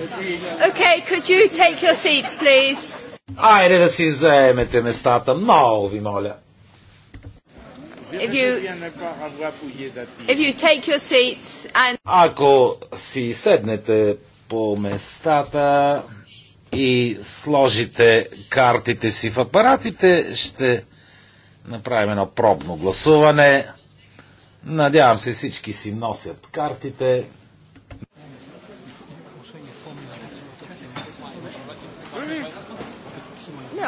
Okay, could you take your seats, please? Айде да си заемете местата, много ви моля. If you, if you take your seats and... Ако си седнете по местата и сложите картите си в апаратите, ще направим едно пробно гласуване. Надявам се всички си носят картите.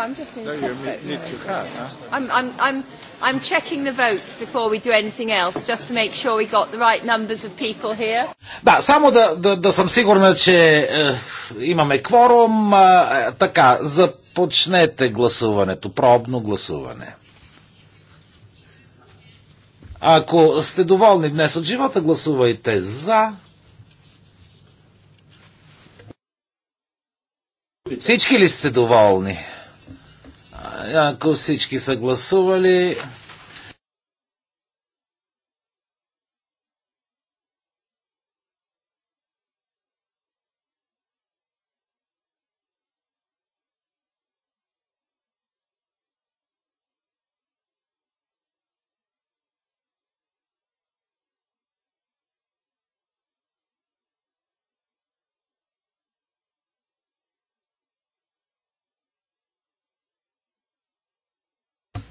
I'm just doing a test vote. Need your card, I'm, I'm, I'm, I'm checking the votes before we do anything else, just to make sure we got the right numbers of people here. Да, само да, да, да съм сигурна, че е, имаме кворум. Е, така, започнете гласуването, пробно гласуване. Ако сте доволни днес от живота, гласувайте за. Всички ли сте доволни? Ако всички са гласували,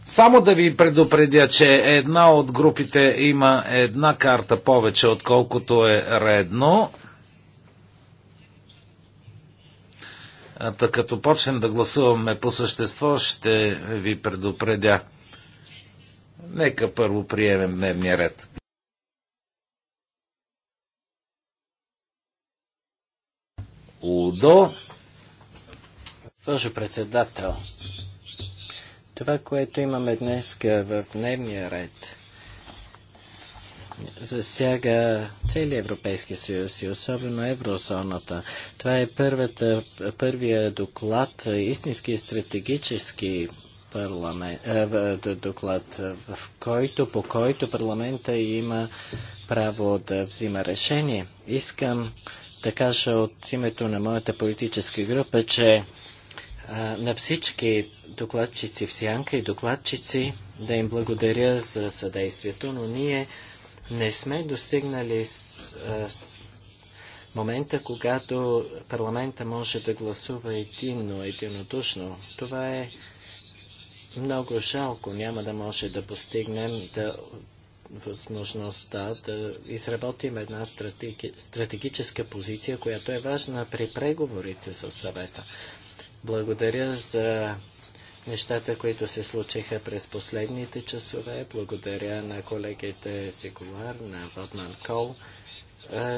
Само да ви предупредя, че една от групите има една карта повече, отколкото е редно. Та като почнем да гласуваме по същество, ще ви предупредя. Нека първо приемем дневния ред. Удо. Тоже председател, това, което имаме днес в дневния ред, засяга цели Европейски съюз и особено еврозоната. Това е първата, първия доклад, истински стратегически парламент, э, доклад, в който, по който парламента има право да взима решение. Искам да кажа от името на моята политическа група, че на всички докладчици в Сянка и докладчици да им благодаря за съдействието, но ние не сме достигнали с, а, момента, когато парламента може да гласува единно, единодушно. Това е много жалко. Няма да може да постигнем да, възможността да изработим една стратеги, стратегическа позиция, която е важна при преговорите с съвета. Благодаря за нещата, които се случиха през последните часове. Благодаря на колегите Сигуар, на Водман Кол.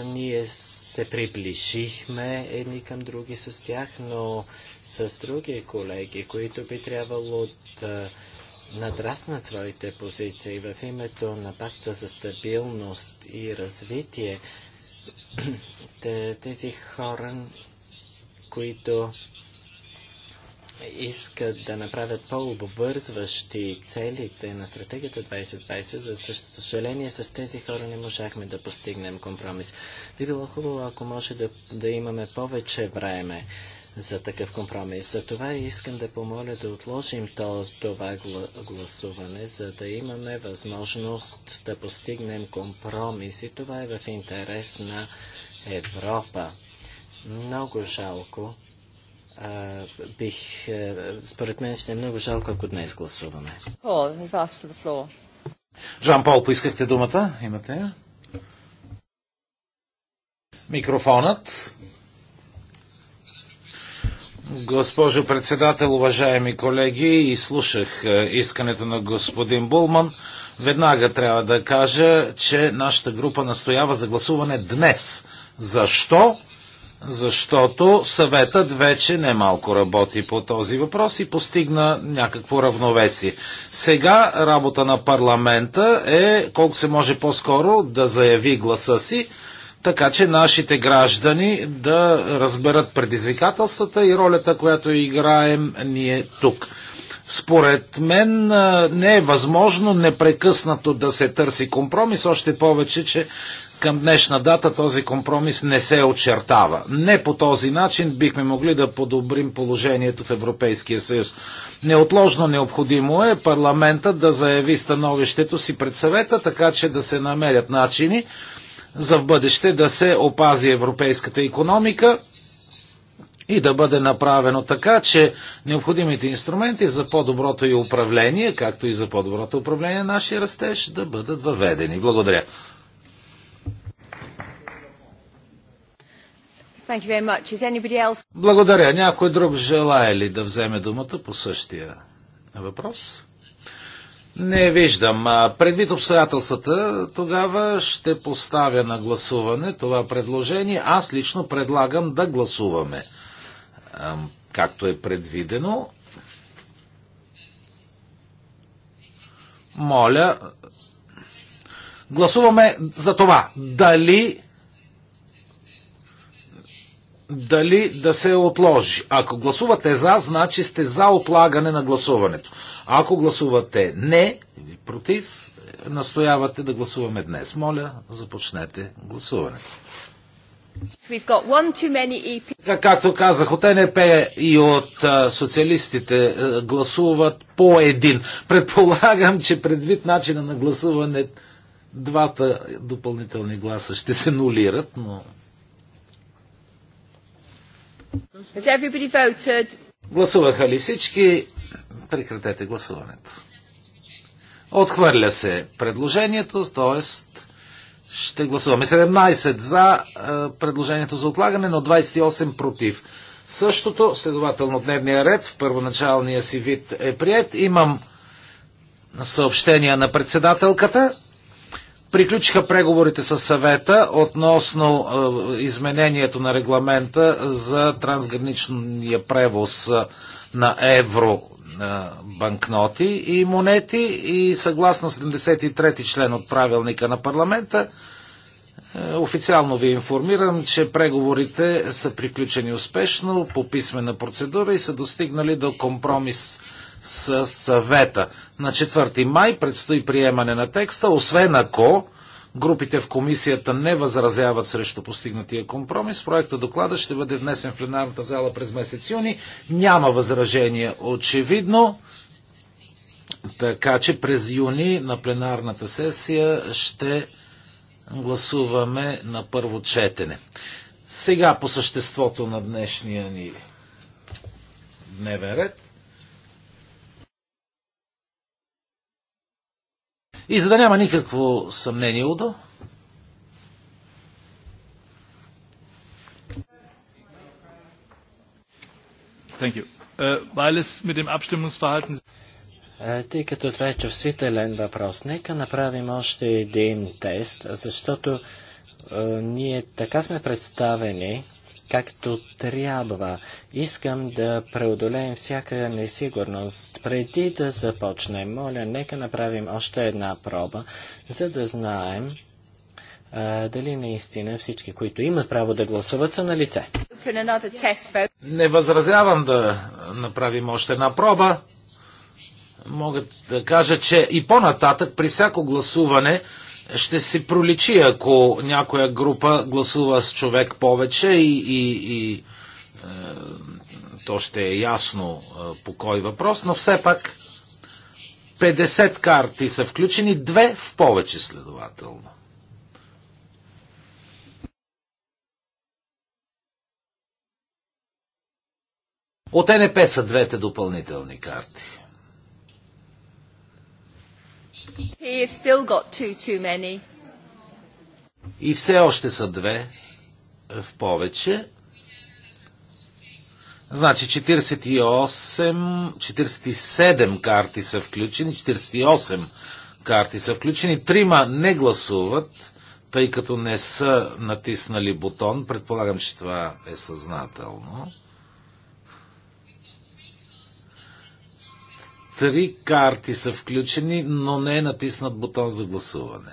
ние се приближихме едни към други с тях, но с други колеги, които би трябвало да надраснат своите позиции в името на пакта за стабилност и развитие. Тези хора, които искат да направят по-обвързващи целите на стратегията 2020. За съжаление, с тези хора не можахме да постигнем компромис. Би било хубаво, ако може да, да имаме повече време за такъв компромис. За това искам да помоля да отложим това гласуване, за да имаме възможност да постигнем компромис и това е в интерес на Европа. Много жалко, а, бих, а, е, според мен ще е много жалко, ако днес гласуваме. Жан Пол, поискахте думата? Имате я? Микрофонът. Госпожо председател, уважаеми колеги, изслушах е, искането на господин Булман. Веднага трябва да кажа, че нашата група настоява за гласуване днес. Защо? защото съветът вече немалко работи по този въпрос и постигна някакво равновесие. Сега работа на парламента е колко се може по-скоро да заяви гласа си, така че нашите граждани да разберат предизвикателствата и ролята, която играем ние тук. Според мен не е възможно непрекъснато да се търси компромис, още повече, че към днешна дата този компромис не се очертава. Не по този начин бихме могли да подобрим положението в Европейския съюз. Неотложно необходимо е парламента да заяви становището си пред съвета, така че да се намерят начини за в бъдеще да се опази европейската економика и да бъде направено така, че необходимите инструменти за по-доброто и управление, както и за по-доброто управление на нашия растеж, да бъдат въведени. Благодаря. Благодаря. Някой друг желая ли да вземе думата по същия въпрос? Не виждам. Предвид обстоятелствата, тогава ще поставя на гласуване това предложение. Аз лично предлагам да гласуваме както е предвидено. Моля, гласуваме за това. Дали дали да се отложи. Ако гласувате за, значи сте за отлагане на гласуването. Ако гласувате не или против, настоявате да гласуваме днес. Моля, започнете гласуването. E както казах, от НП и от социалистите гласуват по един. Предполагам, че предвид начина на гласуване двата допълнителни гласа ще се нулират, но... Гласуваха ли всички? Прекратете гласуването. Отхвърля се предложението, т.е. Ще гласуваме 17 за е, предложението за отлагане, но 28 против. Същото, следователно дневния ред в първоначалния си вид е прият. Имам съобщения на председателката. Приключиха преговорите с съвета относно е, изменението на регламента за трансграничния превоз на евро банкноти и монети и съгласно 73-ти член от правилника на парламента е, официално ви информирам, че преговорите са приключени успешно по писмена процедура и са достигнали до компромис с съвета. На 4 май предстои приемане на текста, освен ако Групите в комисията не възразяват срещу постигнатия компромис. Проекта доклада ще бъде внесен в пленарната зала през месец юни. Няма възражение очевидно. Така че през юни на пленарната сесия ще гласуваме на първо четене. Сега по съществото на днешния ни дневен ред. И за да няма никакво съмнение, Удо, Thank you. weil е, es mit dem Abstimmungsverhalten е, тъй като това е чувствителен въпрос, нека направим още един тест, защото е, ние така сме представени както трябва. Искам да преодолеем всяка несигурност. Преди да започнем, моля, нека направим още една проба, за да знаем а, дали наистина всички, които имат право да гласуват, са на лице. Не възразявам да направим още една проба. Мога да кажа, че и по-нататък при всяко гласуване ще се проличи, ако някоя група гласува с човек повече и, и, и е, то ще е ясно е, по кой въпрос, но все пак 50 карти са включени, две в повече следователно. От НП са двете допълнителни карти. Too, И все още са две е, в повече. Значи 48, 47 карти са включени, 48 карти са включени. Трима не гласуват, тъй като не са натиснали бутон. Предполагам, че това е съзнателно. Три карти са включени, но не е натиснат бутон за гласуване.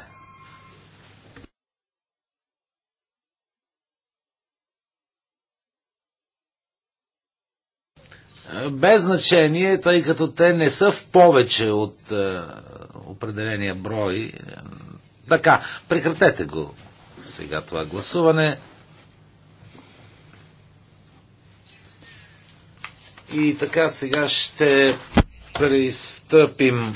Без значение, тъй като те не са в повече от е, определения брой. Така, прекратете го сега това гласуване. И така сега ще пристъпим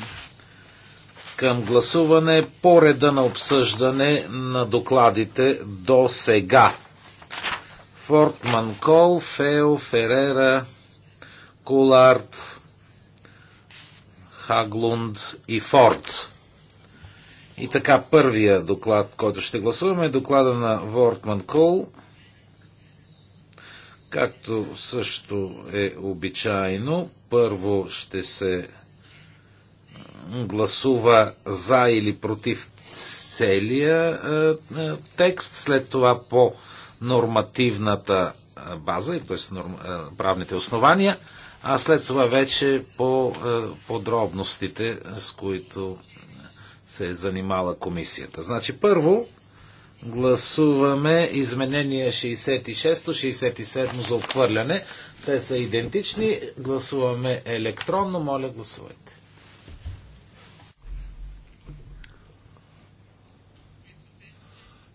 към гласуване по реда на обсъждане на докладите до сега. Фортман Кол, Фео, Ферера, Кулард, Хаглунд и Форд. И така, първия доклад, който ще гласуваме, е доклада на Вортман Кол, както също е обичайно първо ще се гласува за или против целия текст, след това по нормативната база, т.е. правните основания, а след това вече по подробностите, с които се е занимала комисията. Значи първо гласуваме изменение 66-67 за отхвърляне. Те са идентични. Гласуваме електронно. Моля, гласувайте.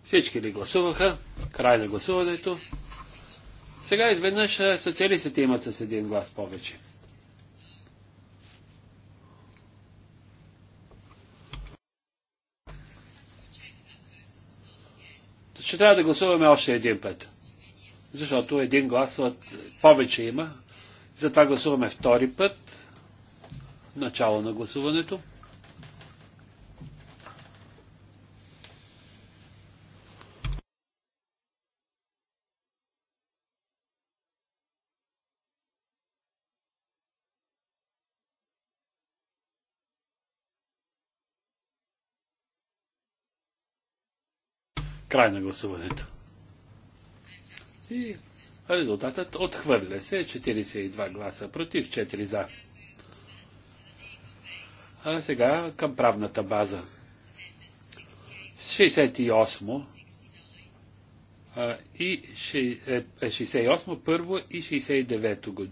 Всички ли гласуваха? Край на гласуването. Сега изведнъж социалистите имат с един глас повече. Ще трябва да гласуваме още един път защото един глас от повече има. Затова гласуваме втори път. Начало на гласуването. Край на гласуването. И резултатът отхвърля се. 42 гласа против, 4 за. А сега към правната база. 68 и 68 е, е, първо и 69 година.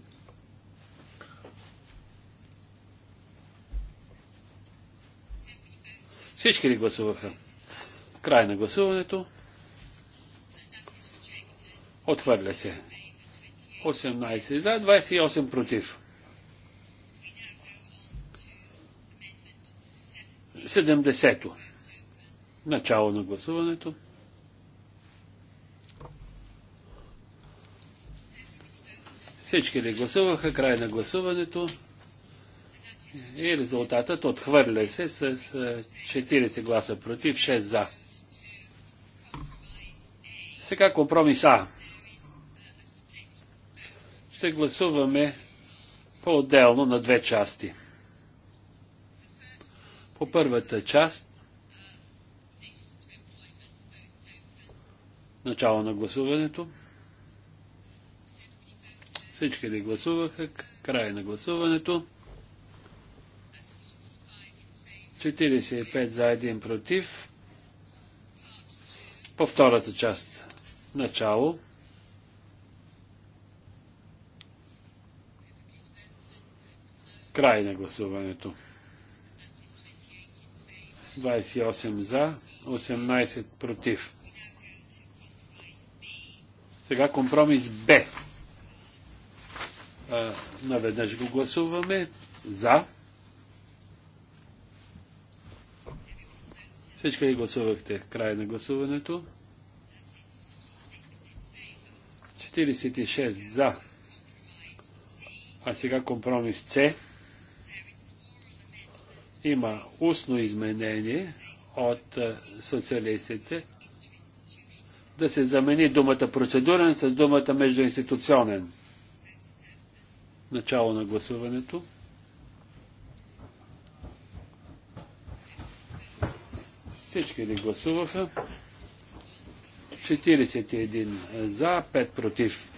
Всички ли гласуваха? Край на гласуването. Отхвърля се. 18 за, 28 против. 70-то. Начало на гласуването. Всички ли гласуваха? Край на гласуването. И резултатът отхвърля се с 40 е, гласа против, 6 за. Сега компромис А ще гласуваме по-отделно на две части. По първата част, начало на гласуването, всички ли гласуваха, край на гласуването, 45 за 1 против, по втората част, начало, Край на гласуването. 28 за, 18 против. Сега компромис Б. наведнъж го гласуваме. За. Всички ли гласувахте? Край на гласуването. 46 за. А сега компромис С. Има устно изменение от е, социалистите да се замени думата процедурен с думата междуинституционен. Начало на гласуването. Всички ли гласуваха? 41 е, за, 5 против.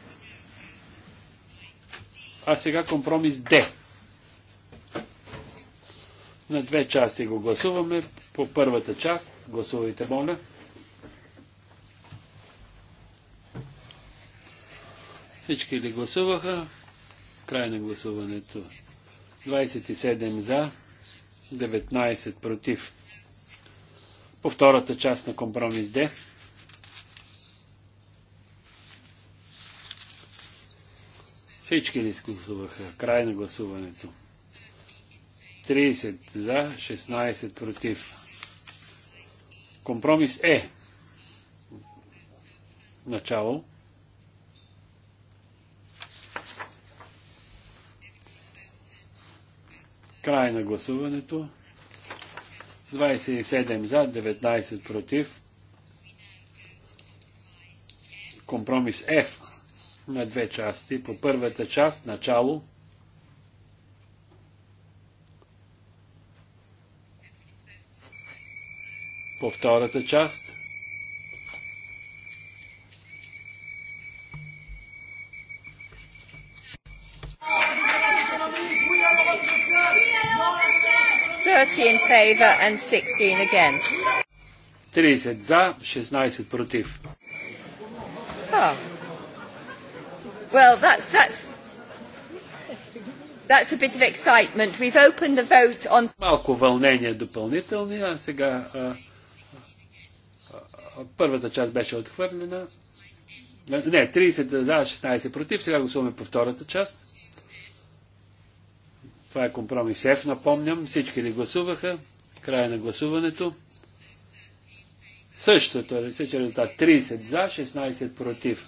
А сега компромис Д. На две части го гласуваме. По първата част гласувайте, моля. Всички ли гласуваха? Край на гласуването. 27 за, 19 против. По втората част на компромис Д. Всички ли гласуваха? Край на гласуването. 30 за, 16 против. Компромис е. Начало. Край на гласуването. 27 за, 19 против. Компромис F на две части. По първата част начало. по втората част. in favor and 16 against. 30 за, 16 против. Oh. Well, that's, that's, That's a bit of excitement. We've opened the vote on... Малко вълнение допълнителни, а сега а, Първата част беше отхвърлена. Не, 30 за, 16 против. Сега гласуваме по втората част. Това е компромис F, напомням. Всички ли гласуваха? Край на гласуването. Същото е същия е резултат. 30 за, 16 против.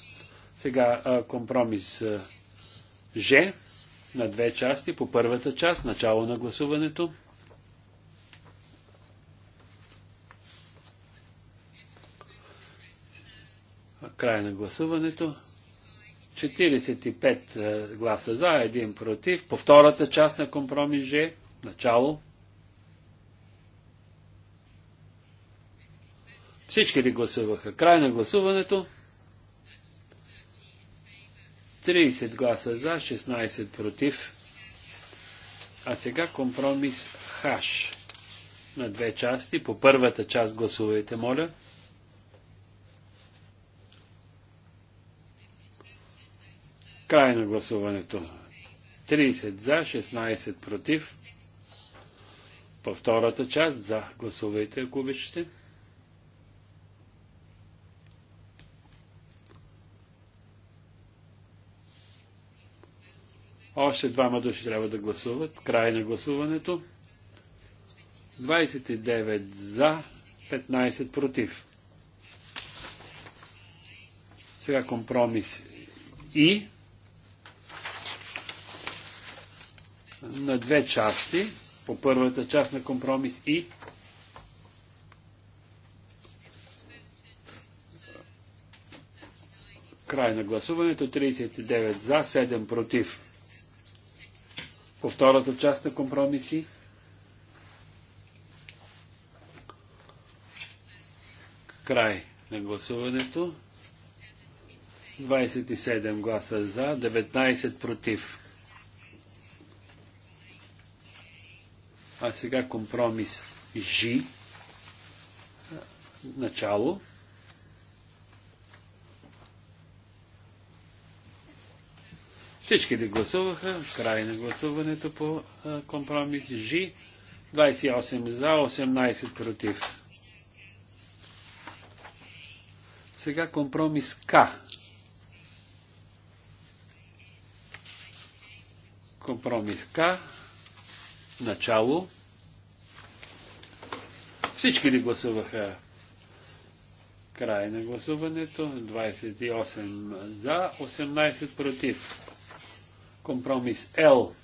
Сега а, компромис а, Ж на две части. По първата част, начало на гласуването. Край на гласуването. 45 е, гласа за, един против. По втората част на компромис Ж, начало. Всички ли гласуваха? Край на гласуването. 30 гласа за, 16 против. А сега компромис Хаш на две части. По първата част гласувайте, моля. Край на гласуването. 30 за, 16 против. По втората част за. Гласувайте, ако обичате. Още двама души трябва да гласуват. Край на гласуването. 29 за, 15 против. Сега компромис и на две части. По първата част на компромис и край на гласуването 39 за, 7 против. По втората част на компромиси край на гласуването 27 гласа за, 19 против. А сега компромис Жи Начало. Всички ли гласуваха? Край на гласуването по компромис Жи. 28 за, 18 против. Сега компромис К. Компромис К начало. Всички ли гласуваха край на гласуването? 28 за, 18 против. Компромис Л.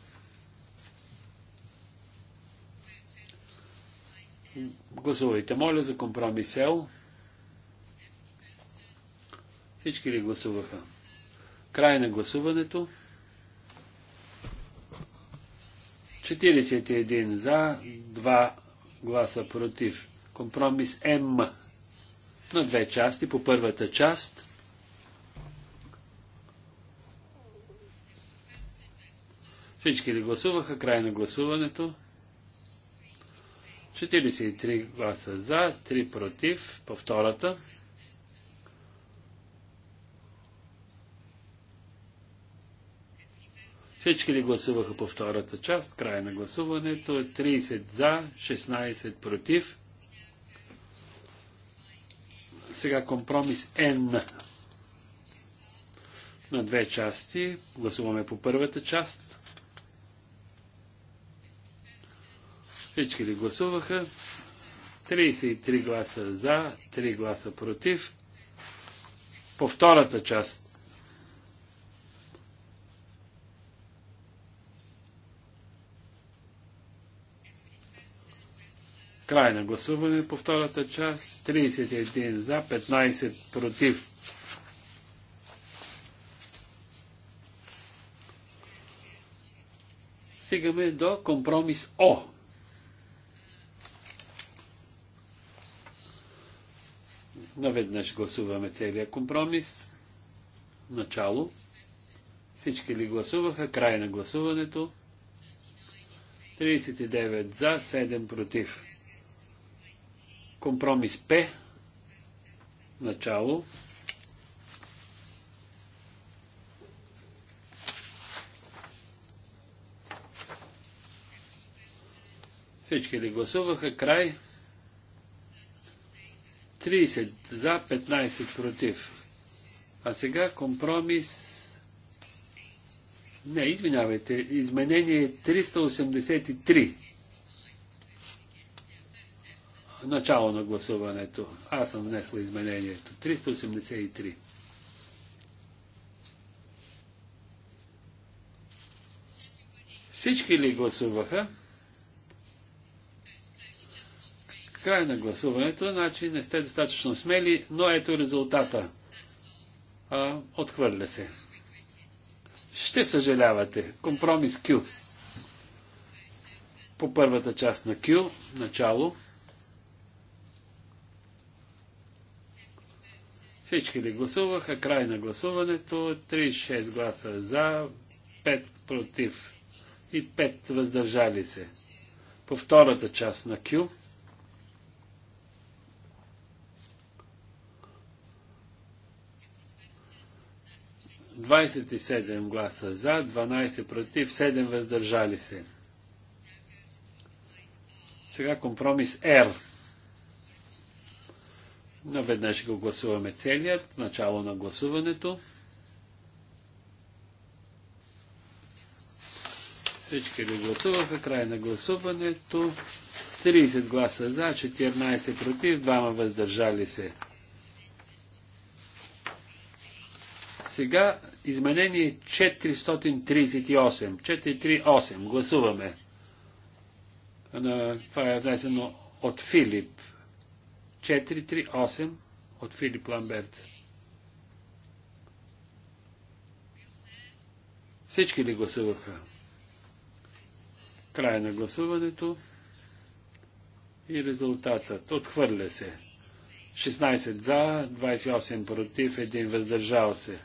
Гласувайте, моля, за компромис Л. Всички ли гласуваха? Край на гласуването. 41 за, 2 гласа против. Компромис М на две части. По първата част всички ли гласуваха? Край на гласуването. 43 гласа за, 3 против. По втората. Всички ли гласуваха по втората част? Край на гласуването. 30 за, 16 против. Сега компромис N на две части. Гласуваме по първата част. Всички ли гласуваха? 33 гласа за, 3 гласа против. По втората част Край на гласуване по втората част. 31 за, 15 против. Стигаме до компромис О. Наведнъж гласуваме целият компромис. Начало. Всички ли гласуваха? Край на гласуването. 39 за, 7 против. Компромис П. Начало. Всички ли гласуваха? Край. 30 за, 15 против. А сега компромис. Не, извинявайте, изменение 383. Начало на гласуването. Аз съм внесла изменението. 383. Всички ли гласуваха? Край на гласуването, значи не сте достатъчно смели, но ето резултата. А, отхвърля се. Ще съжалявате. Компромис Q. По първата част на Q, начало. Всички ли гласуваха? Край на гласуването. 36 гласа за, 5 против и 5 въздържали се. По втората част на Q. Двадесет и седем гласа за, 12 против, 7 въздържали се. Сега компромис Р. Наведнъж го гласуваме целият, начало на гласуването. Всички ли гласуваха? Край на гласуването. 30 гласа за, 14 против, двама въздържали се. Сега изменение 438. 438. Гласуваме. Това е внесено от Филип. 438 от Филип Ламберт. Всички ли гласуваха? Края на гласуването и резултатът. Отхвърля се. 16 за, 28 против, 1 въздържал се.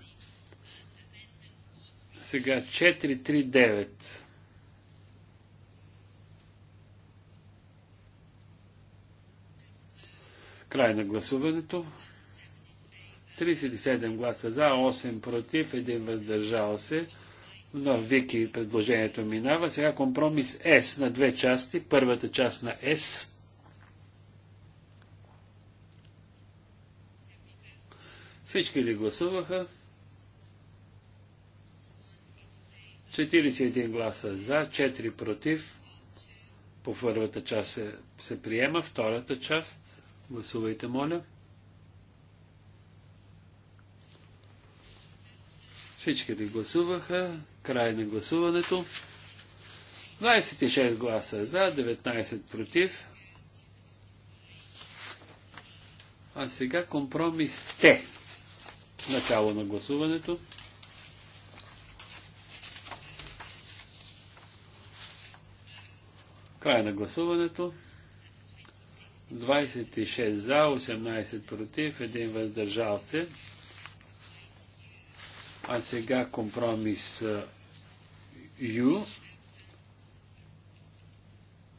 Сега 439. Край на гласуването. 37 гласа за, 8 против, 1 въздържал се. На Вики предложението минава. Сега компромис С на две части. Първата част на С. Всички ли гласуваха? 41 гласа за, 4 против. По първата част се, се приема, втората част Гласувайте, моля. Всички ли гласуваха? Край на гласуването. 26 гласа за, 19 против. А сега компромис Т. Начало на гласуването. Край на гласуването. 26 за, 18 против, 1 въздържал се. А сега компромис Ю.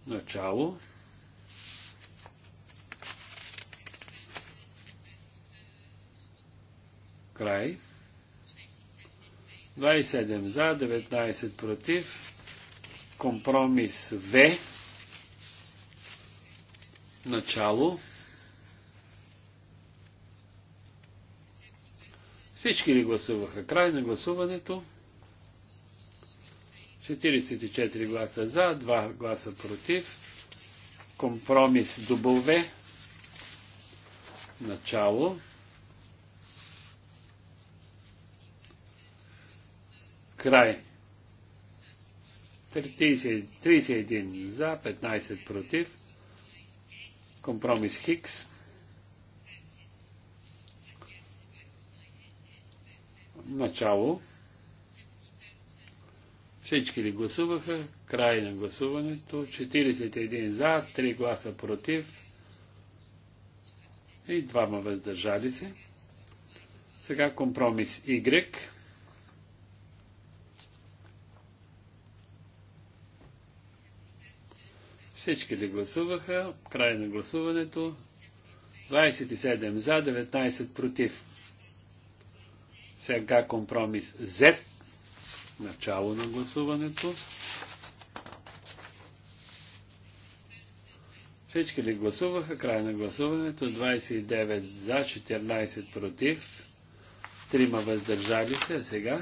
Начало. Край. 27 за, 19 против. Компромис В начало всички ли гласуваха? Край на гласуването 44 гласа за, 2 гласа против, компромис дубове, начало. край. 31 за, 15 против. Компромис Хикс. Начало. Всички ли гласуваха? Край на гласуването. 41 за, 3 гласа против и двама въздържали се. Сега компромис Y. Всички ли гласуваха? Край на гласуването. 27 за, 19 против. Сега компромис Z. Начало на гласуването. Всички ли гласуваха? Край на гласуването. 29 за, 14 против. Трима въздържали се. Сега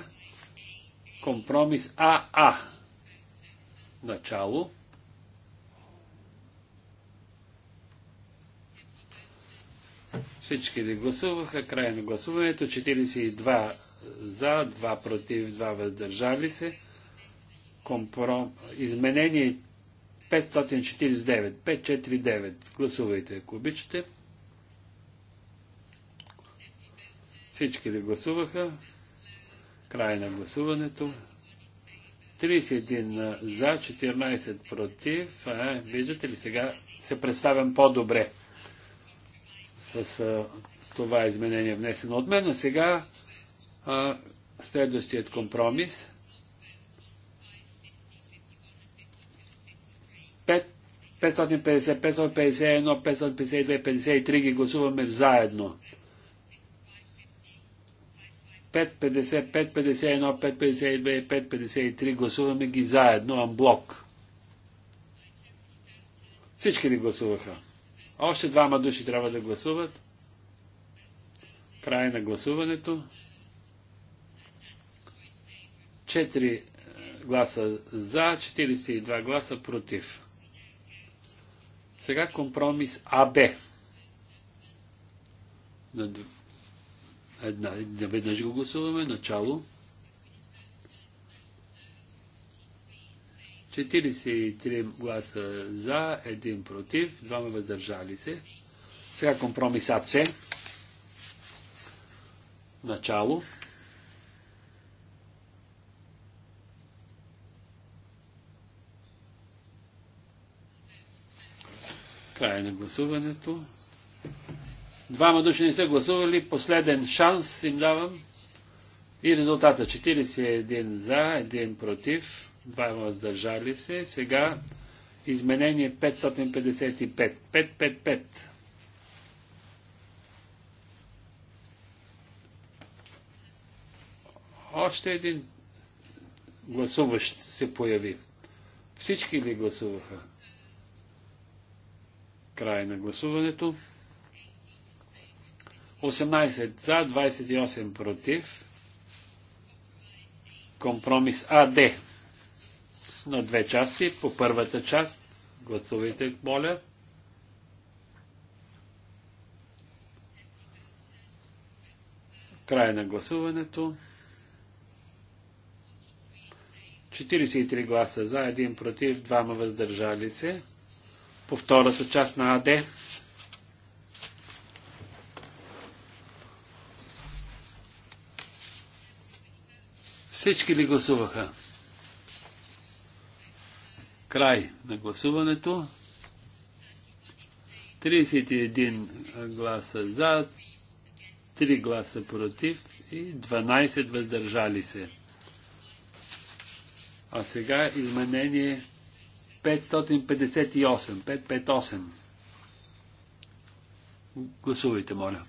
компромис АА. Начало. Всички ли гласуваха? Край на гласуването. 42 за, 2 против, 2 въздържали се. Компром... Изменение 549. 549. Гласувайте, ако обичате. Всички ли гласуваха? Край на гласуването. 31 за, 14 против. А, виждате ли, сега се представям по-добре с а, това изменение внесено от мен. А сега а, следващият компромис. 550, 551, 552, 53 ги гласуваме заедно. 550, 551, 552 и 553 гласуваме ги заедно, амблок. Всички ли гласуваха? Още двама души трябва да гласуват. Край на гласуването. Четири е, гласа за, 42 гласа против. Сега компромис АБ. веднъж го гласуваме. Начало. 43 гласа за, 1 против, 2 въздържали се. Сега компромисът се. Начало. Край на гласуването. Двама души не са гласували. Последен шанс им давам. И резултата 41 за, 1 против двама въздържали се. Сега изменение 555. 555. Още един гласуващ се появи. Всички ли гласуваха? Край на гласуването. 18 за, 28 против. Компромис АД на две части. По първата част гласувайте, моля. Край на гласуването. 43 гласа за, 1 против, 2 въздържали се. По втората част на АД. Всички ли гласуваха? Край на гласуването. 31 гласа за, 3 гласа против и 12 въздържали се. А сега изменение 558. 558. Гласувайте, моля.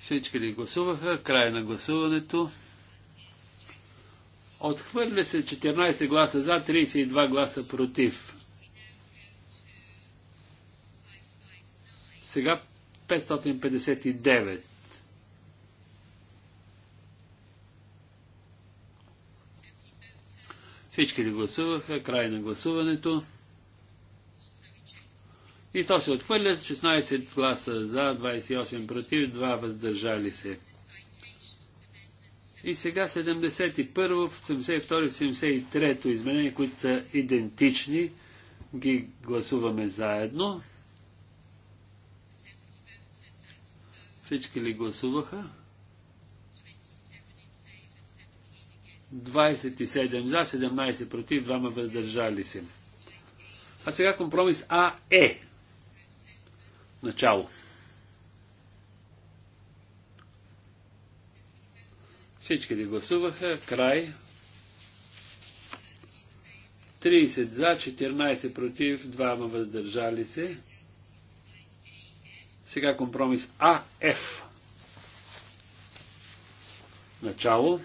Всички ли гласуваха? Край на гласуването. Отхвърля се 14 гласа за, 32 гласа против. Сега 559. Всички ли гласуваха? Край на гласуването. И то се отхвърля с 16 гласа за, 28 против, 2 въздържали се. И сега 71, 72, 73 изменения, които са идентични, ги гласуваме заедно. Всички ли гласуваха? 27 за, 17 против, двама въздържали се. А сега компромис А е. Начало. Всички ли гласуваха? Край. 30 за, 14 против, 2 въздържали се. Сега компромис АФ. Начало.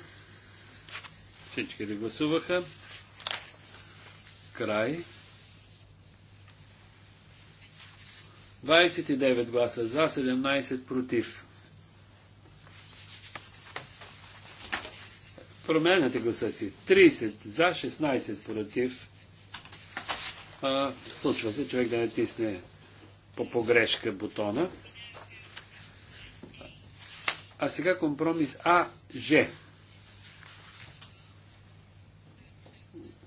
Всички ли гласуваха? Край. 29 гласа за, 17 против. променяте гласа си. 30 за, 16 против. А, случва се човек да натисне по погрешка бутона. А сега компромис А, Ж.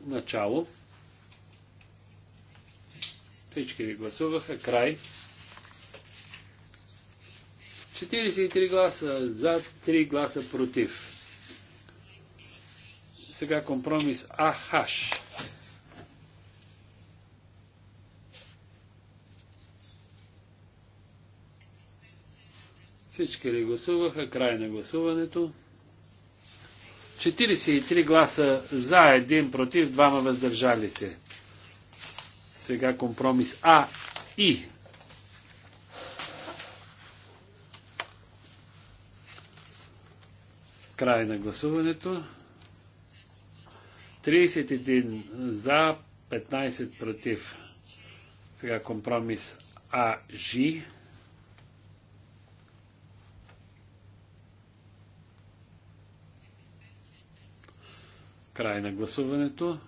Начало. Всички гласуваха. Край. 43 гласа за, 3 гласа против. Сега компромис АХ. Всички ли гласуваха? Край на гласуването. 43 гласа за, един против, двама въздържали се. Сега компромис А и. Край на гласуването. 31 за, 15 против. Сега компромис АЖ. Край на гласуването.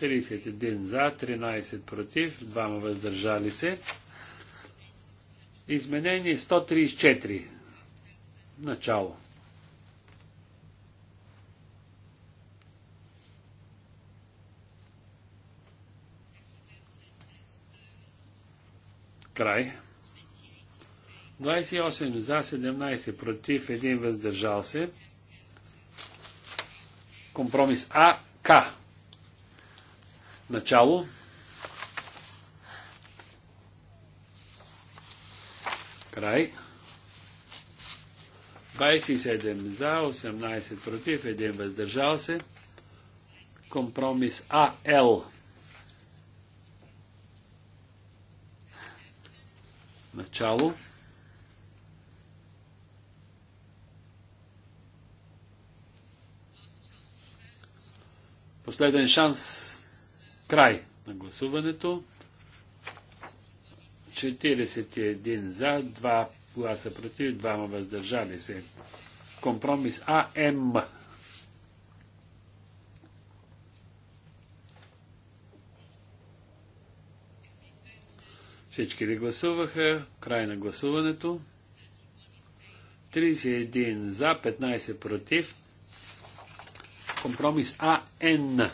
31 за, 13 против, 2 въздържали се. Изменение 134. Начало. Край. 28 за, 17 против, 1 въздържал се. Компромис АК. Начало. Край. 27 за, 18 против, 1 въздържал се. Компромис АЛ. начало. Последен шанс. Край на гласуването. 41 за, 2 гласа против, 2 въздържали се. Компромис АМ Всички ли гласуваха? Край на гласуването. 31 за, 15 против. Компромис АН.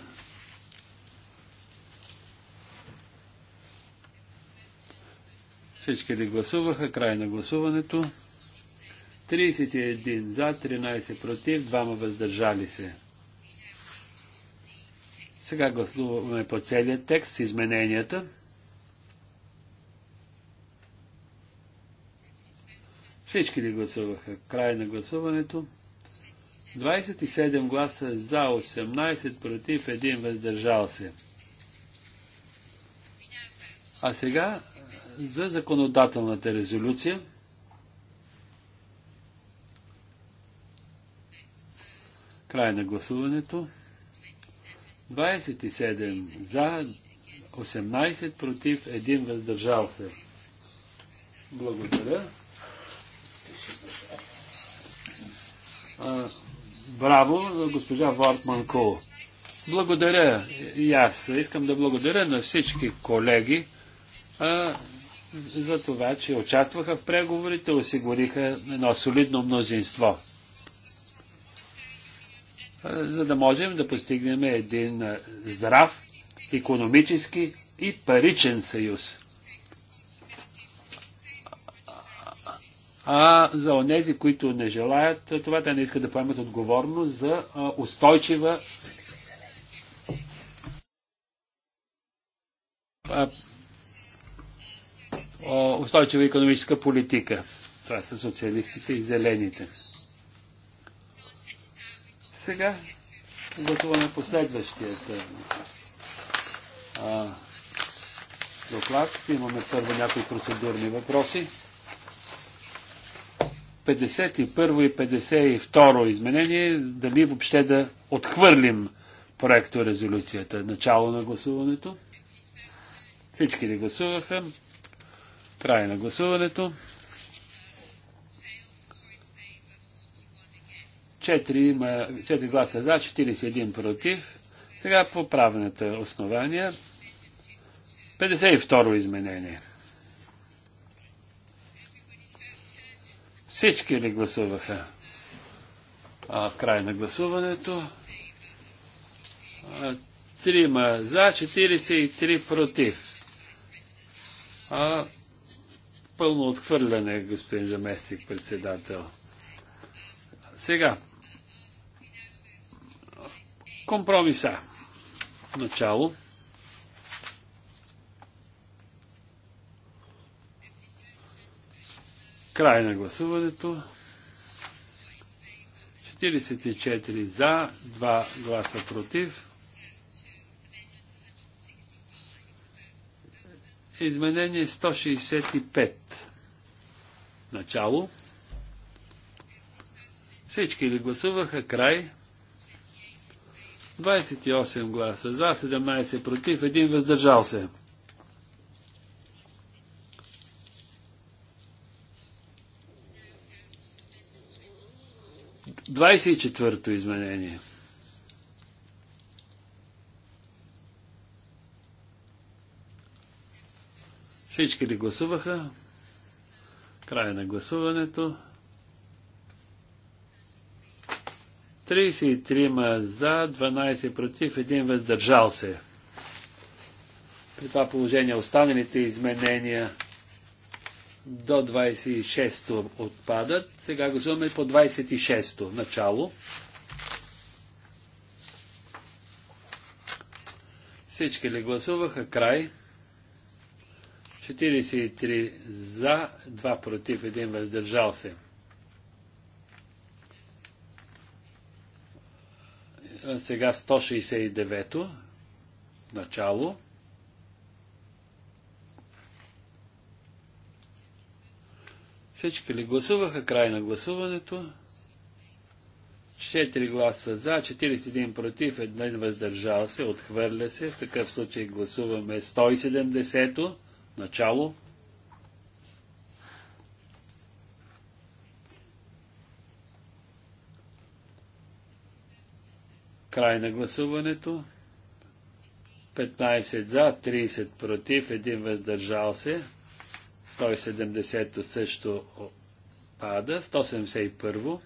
Всички ли гласуваха? Край на гласуването. 31 за, 13 против, 2 въздържали се. Сега гласуваме по целият текст с измененията. Всички ли гласуваха? Край на гласуването. 27 гласа за, 18 против, 1 въздържал се. А сега за законодателната резолюция. Край на гласуването. 27 за, 18 против, 1 въздържал се. Благодаря. Браво за госпожа Вартман Кул. Благодаря и аз. Искам да благодаря на всички колеги а, за това, че участваха в преговорите, осигуриха едно солидно мнозинство, а, за да можем да постигнем един здрав, економически и паричен съюз. а за онези, които не желаят това, те не искат да поемат отговорност за устойчива устойчива економическа политика. Това са социалистите и зелените. Сега готуваме последващият доклад. Имаме първо някои процедурни въпроси. 51 и 52 изменение, дали въобще да отхвърлим проекто резолюцията. Начало на гласуването. Всички ли гласуваха? Край на гласуването. 4, гласа за, 41 против. Сега по правната основания. 52 изменение. Всички ли гласуваха? А, край на гласуването. трима за, 43 против. А, пълно отхвърляне, господин заместник председател. Сега. Компромиса. Начало. Край на гласуването. 44 за, 2 гласа против. Изменение 165. Начало. Всички ли гласуваха? Край. 28 гласа за, 17 против, 1 въздържал се. 24-то изменение. Всички ли гласуваха? Край на гласуването. 33 за, 12 против, 1 въздържал се. При това положение останалите изменения до 26-то отпадат. Сега гласуваме по 26-то начало. Всички ли гласуваха? Край. 43 за, 2 против, 1 въздържал се. Сега 169-то начало. Всички ли гласуваха? Край на гласуването. 4 гласа за, 41 против, 1 въздържал се, отхвърля се. В такъв случай гласуваме 170-то, начало. Край на гласуването. 15 за, 30 против, 1 въздържал се. 170 също пада. 171.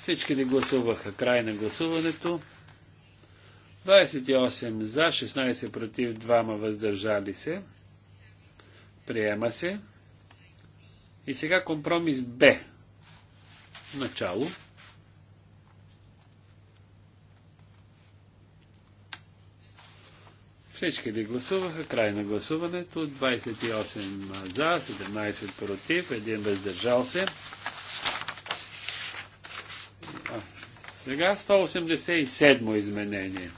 Всички ли гласуваха? Край на гласуването. 28 за, 16 против, 2 ма въздържали се. Приема се. И сега компромис Б. Начало. Всички ли гласуваха? Край на гласуването. 28 за, 17 против, Един въздържал се. сега 187 изменение.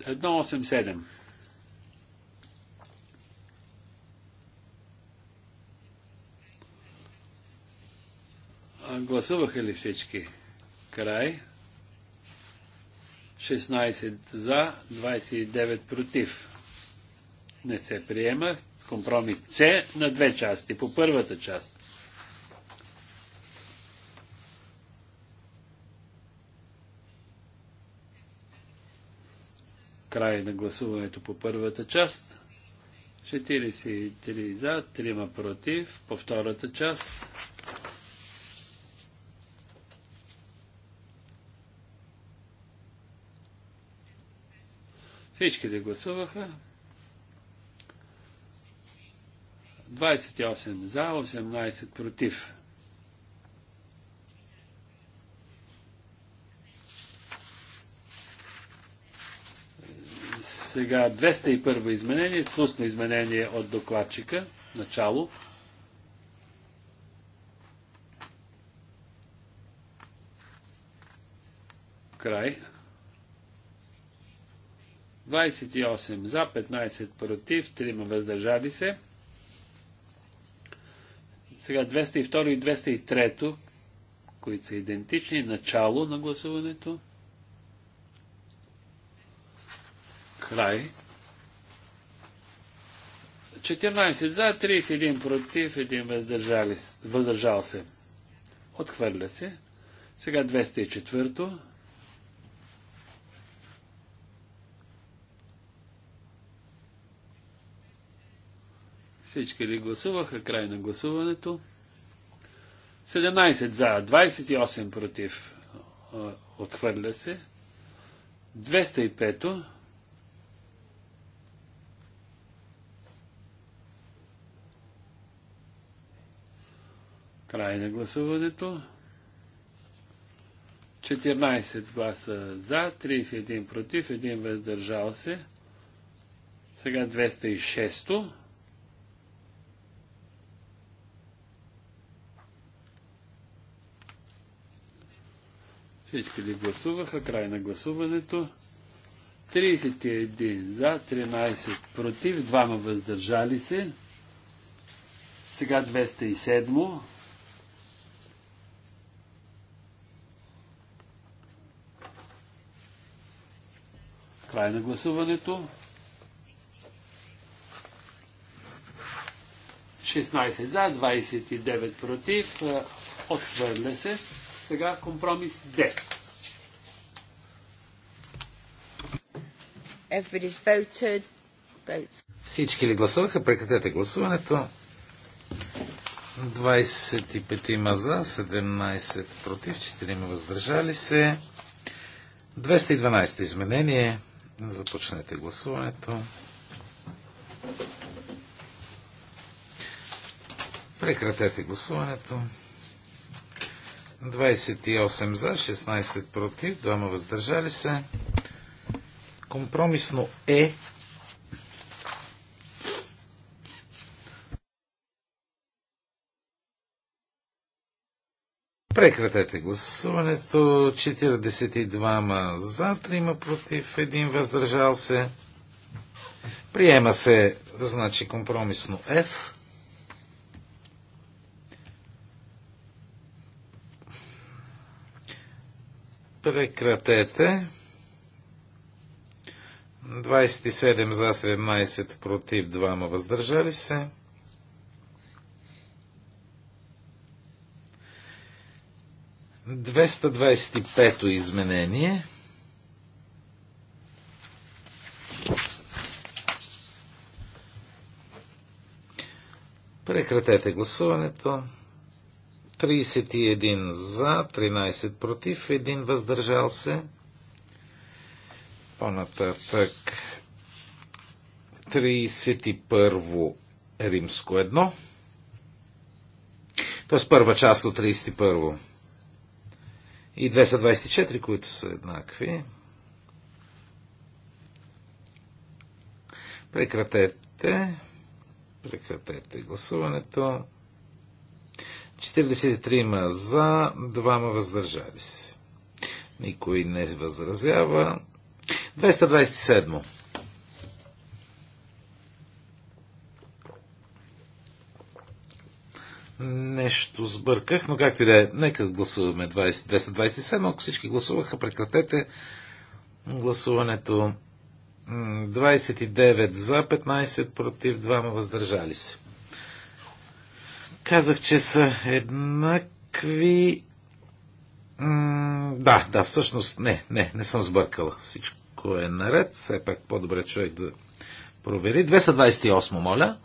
187. гласуваха ли всички? Край. 16 за, 29 против. Не се приема. Компромис С на две части. По първата част. Край на гласуването по първата част. 43 за, 3 против. По втората част. Всички гласуваха? 28 за, 18 против. Сега 201 изменение, сусно изменение от докладчика, начало. Край. 28 за, 15 против, 3 въздържали се. Сега 202 и 203, които са идентични. Начало на гласуването. Край. 14 за, 31 против, 1 въздържали, въздържал се. Отхвърля се. Сега 204. Всички ли гласуваха? Край на гласуването. 17 за, 28 против. Отхвърля се. 205-то. Край на гласуването. 14 гласа за, 31 против, 1 въздържал се. Сега 206-то. Всички ли гласуваха? Край на гласуването. 31 за, 13 против, 2 въздържали се. Сега 207. Край на гласуването. 16 за, 29 против. Отхвърля се. Сега компромис Д. Всички ли гласуваха? Прекратете гласуването. 25 има за, 17 против, 4 има въздържали се. 212 изменение. Започнете гласуването. Прекратете гласуването. 28 за, 16 против, 2 въздържали се. Компромисно е Прекратете гласуването. 42 за, 3 против, 1 въздържал се. Приема се, значи, компромисно F. Прекратете. 27 за 17 против 2 въздържали се. Двеста двадесет пето изменение. Прекратете гласуването. 31 за, 13 против, 1 въздържал се. По-нататък 31 римско 1. Тоест първа част от 31. И 224, които са еднакви. Прекратете. Прекратете гласуването. 43 за, 2 въздържали се. Никой не възразява. 227. Нещо сбърках, но както и да е, нека гласуваме 20, 227. Ако всички гласуваха, прекратете гласуването. 29 за, 15 против, 2 въздържали се. Казах, че са еднакви. М да, да, всъщност не, не, не съм сбъркала. Всичко е наред. Все пак по-добре човек да провери. 228, моля.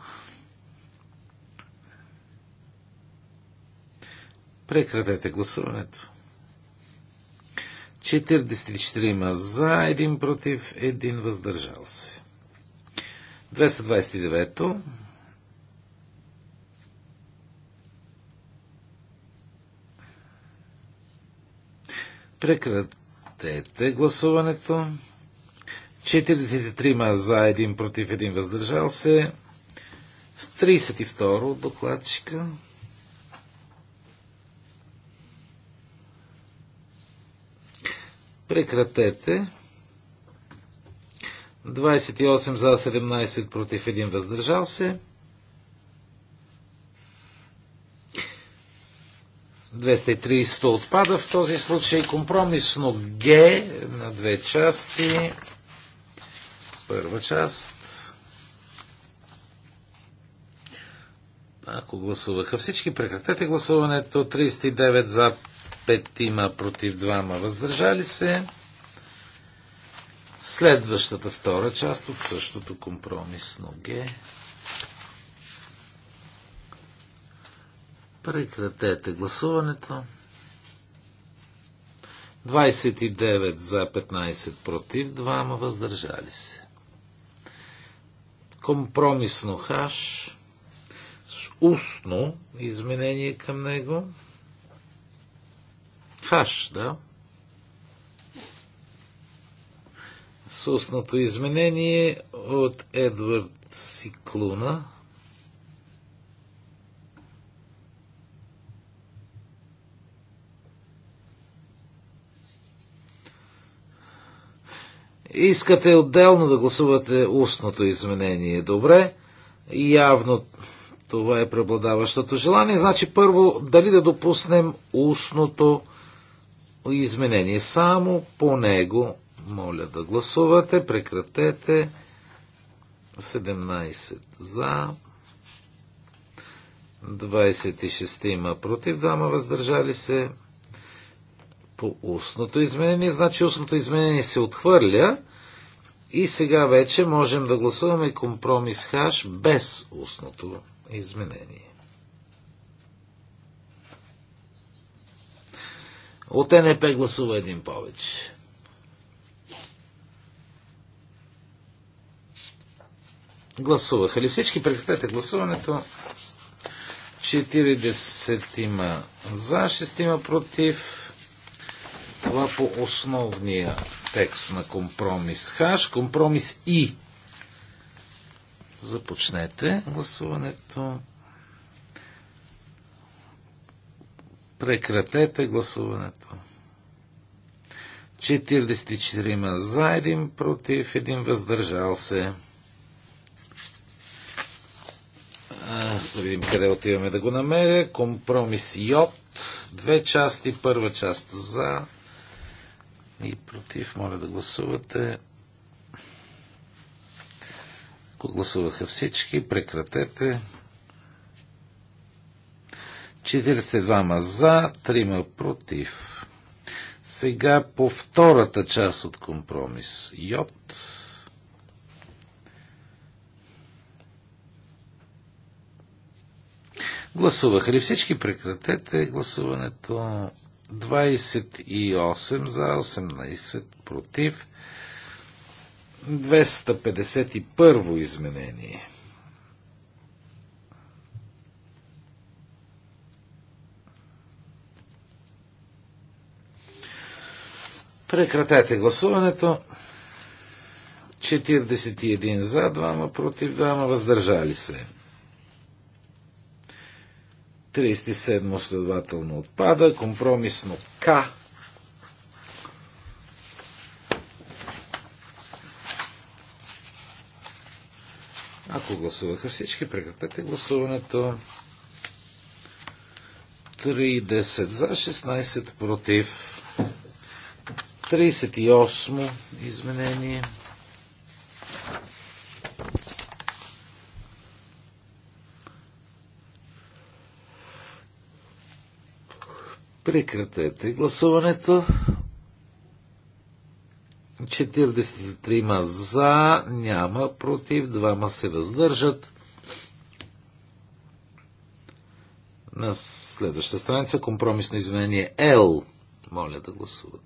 Прекратете гласуването. 44 за, 1 против, 1 въздържал се. 229. Прекратете гласуването. 43 за, 1 против, 1 въздържал се. С 32 докладчика. Прекратете. 28 за, 17 против, 1 въздържал се. 230 отпада в този случай. Компромисно Г на две части. Първа част. Ако гласуваха всички, прекратете гласуването. 39 за 5 има против 2 въздържали се. Следващата втора част от същото компромисно Г. Прекратете гласуването. 29 за 15 против, 2 въздържали се. Компромисно хаш с устно изменение към него. Хаш, да. С устното изменение от Едвард Сиклуна. Искате отделно да гласувате устното изменение. Добре. Явно това е преобладаващото желание. Значи първо, дали да допуснем устното изменение. Само по него моля да гласувате. Прекратете. 17 за. 26 има против, 2 въздържали се по устното изменение. Значи устното изменение се отхвърля и сега вече можем да гласуваме компромис хаш без устното изменение. От НП гласува един повече. Гласуваха ли всички? Прекратете гласуването. 40 има за, 6 има против. Това по основния текст на компромис Хаш. Компромис И. Започнете гласуването. Прекратете гласуването. 44 за, 1 против, 1 въздържал се. А, да видим къде отиваме да го намеря. Компромис Йод. Две части. Първа част за, и против. Моля да гласувате. Ако гласуваха всички, прекратете. 42 за, 3 против. Сега по втората част от компромис. Йод. Гласуваха ли всички? Прекратете гласуването. 28 за 18 против. 251 изменение. Прекратете гласуването. 41 за, 2 против, 2 въздържали се. 37 следователно отпада. Компромисно К. Ако гласуваха всички, прекратете гласуването. 30 за, 16 против. 38 изменение. Прекратете гласуването. 43 за, няма против, двама се въздържат. На следващата страница компромисно изменение L. Моля да гласуват.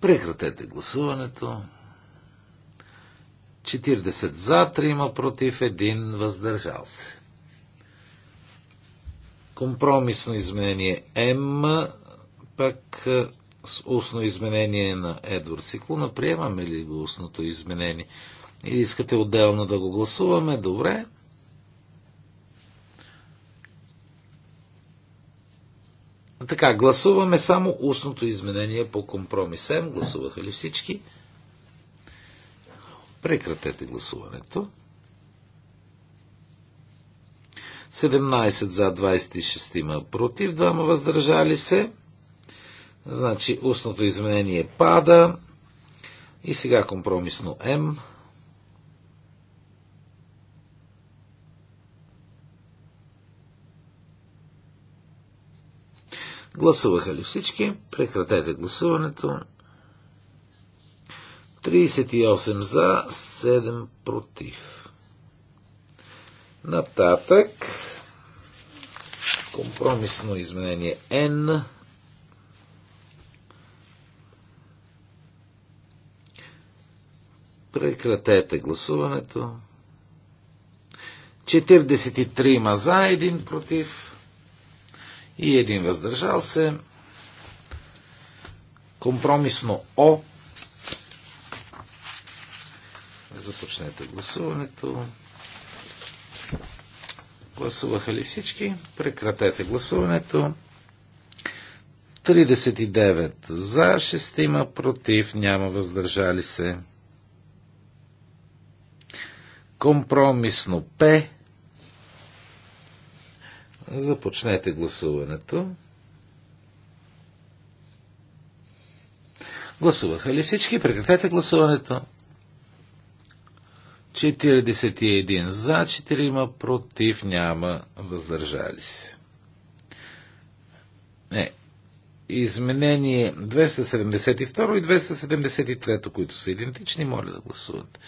Прекратете гласуването. 40 за, 3 против, 1 въздържал се. Компромисно изменение М, пак е, с устно изменение на Едвард Циклона. Приемаме ли го устното изменение? Или искате отделно да го гласуваме? Добре. Така, гласуваме само устното изменение по компромис М. Гласуваха ли всички? Прекратете гласуването. 17 за 26 има против, 2 въздържали се. Значи устното изменение пада. И сега компромисно М. Гласуваха ли всички? Прекратете гласуването. 38 за, 7 против. Нататък компромисно изменение N. Прекратете гласуването. 43 ма за, 1 против и 1 въздържал се. Компромисно О Започнете гласуването. Гласуваха ли всички? Прекратете гласуването. 39 за, 6 има против, няма въздържали се. Компромисно П. Започнете гласуването. Гласуваха ли всички? Прекратете гласуването. 41 за, 4 против, няма въздържали се. Не. Изменение 272 и 273, които са идентични, моля да гласуват.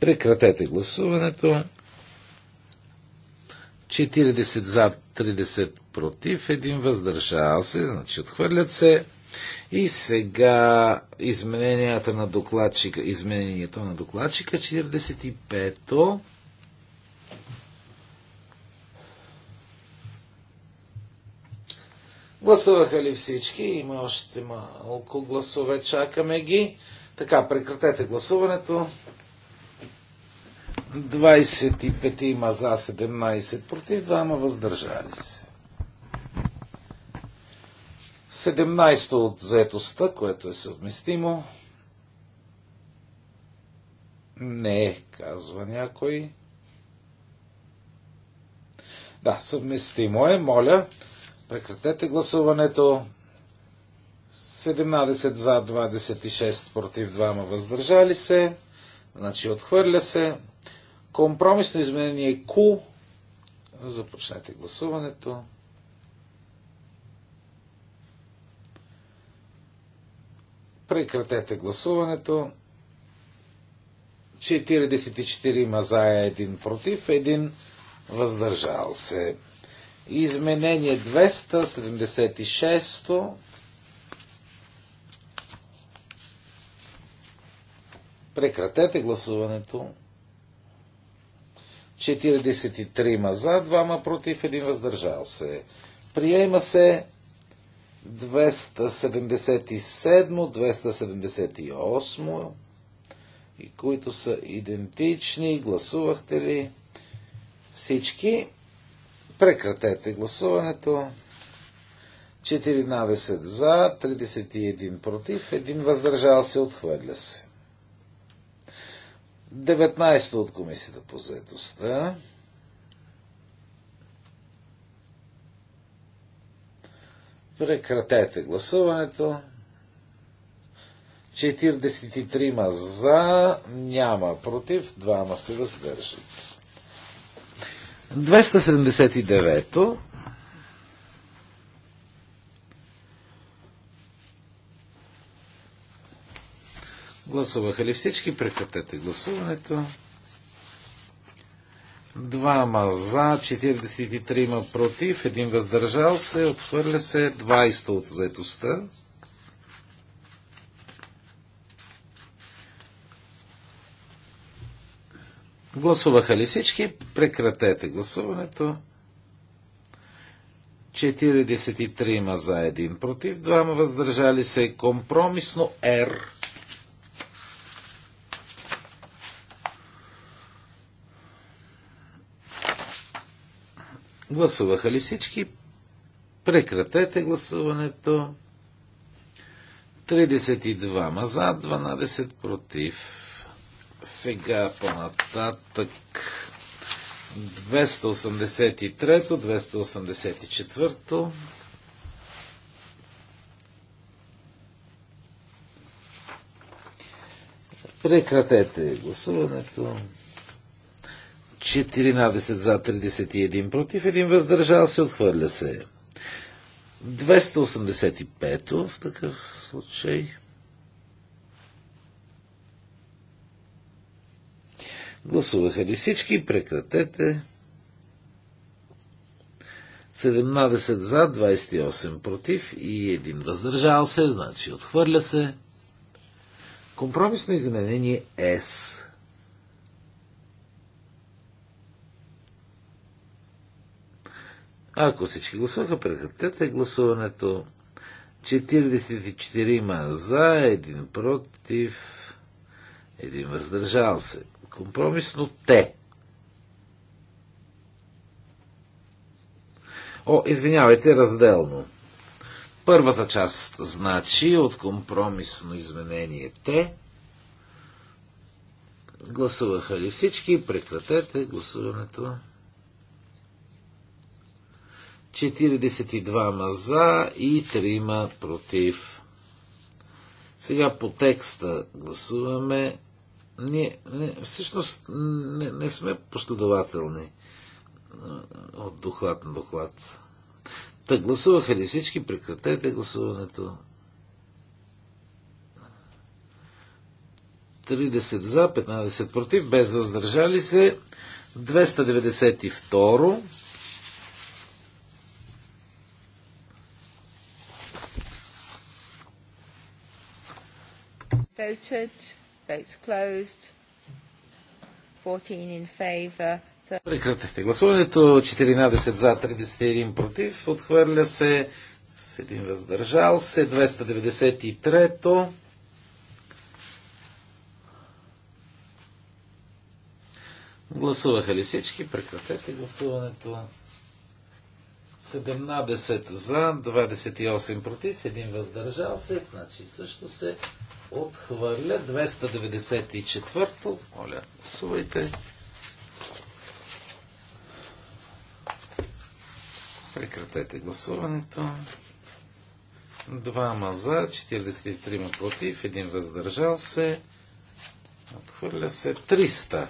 Прекратете гласуването. 40 за, 30 против, 1 въздържал се, значи отхвърлят се. И сега измененията на докладчика, изменението на докладчика 45-то. Гласуваха ли всички? Има още малко гласове. Чакаме ги. Така, прекратете гласуването. 25 има за 17 против, 2 въздържали се. 17 от заетостта, което е съвместимо. Не, е, казва някой. Да, съвместимо е, моля. Прекратете гласуването. 17 за, 26 против 2 въздържали се. Значи отхвърля се. Компромисно изменение Q. Започнете гласуването. Прекратете гласуването. 44 има за, един против, един въздържал се. Изменение 276 Прекратете гласуването. 43 за, 2 ма против, 1 въздържал се. Приема се 277-278 и които са идентични. Гласувахте ли всички? Прекратете гласуването. 14 за, 31 против, 1 въздържал се, отхвърля се. 19 от комисията по заедостта. Прекратете гласуването. 43 за, няма против, двама се въздържат. 279-то. Гласуваха ли всички? Прекратете гласуването. Двама за, 43 против, един въздържал се, отхвърля се 20 от заедостта. Гласуваха ли всички? Прекратете гласуването. 43 за, 1 против, 2 въздържали се. Компромисно Р. Гласуваха ли всички? Прекратете гласуването. 32 ма за, 12 против. Сега по-нататък 283, 284. Прекратете гласуването. 14 за 31 против, един въздържал се, отхвърля се. 285 в такъв случай. Гласуваха ли всички? Прекратете. 17 за, 28 против и 1 въздържал се, значи отхвърля се. Компромисно изменение С. Ако всички гласуваха, прекратете гласуването. 44 за, един против, един въздържал се. Компромисно те. О, извинявайте, разделно. Първата част значи от компромисно изменение те. Гласуваха ли всички? Прекратете гласуването. 42 за и 3 против. Сега по текста гласуваме. Ние, не, всъщност не, не сме последователни от доклад на доклад. Та гласуваха ли всички? Прекратете гласуването. 30 за, 15 против, без въздържали се. 292 voted. Votes closed. 14 in favor. Прекратете гласуването. 14 за, 31 против. Отхвърля се с един въздържал се. 293-то. Гласуваха ли всички? Прекратете гласуването. 17 за, 28 против, 1 въздържал се, значи също се отхвърля. 294-то, моля, гласувайте. Прекратете гласуването. Двама за, 43 против, 1 въздържал се. Отхвърля се 300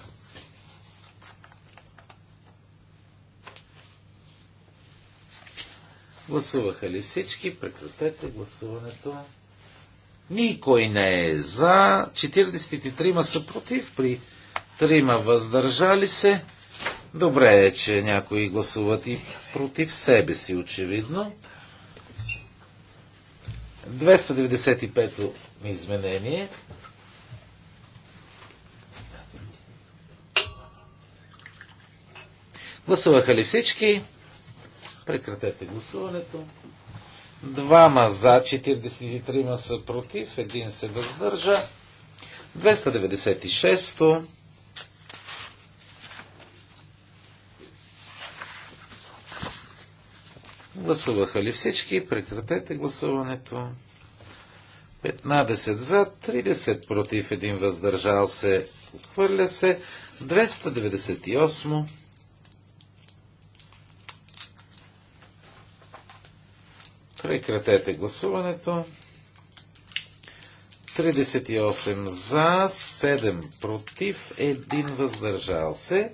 Гласуваха ли всички? Прекратете гласуването. Никой не е за. 43 са против при 3 въздържали се. Добре е, че някои гласуват и против себе си, очевидно. 295-то изменение. Гласуваха ли всички? Прекратете гласуването. Двама за, 43 са против, един се въздържа. 296-то. Гласуваха ли всички? Прекратете гласуването. 15 за, 30 против, един въздържал се, отхвърля се. 298. Прекратете гласуването. 38 за, 7 против, 1 въздържал се.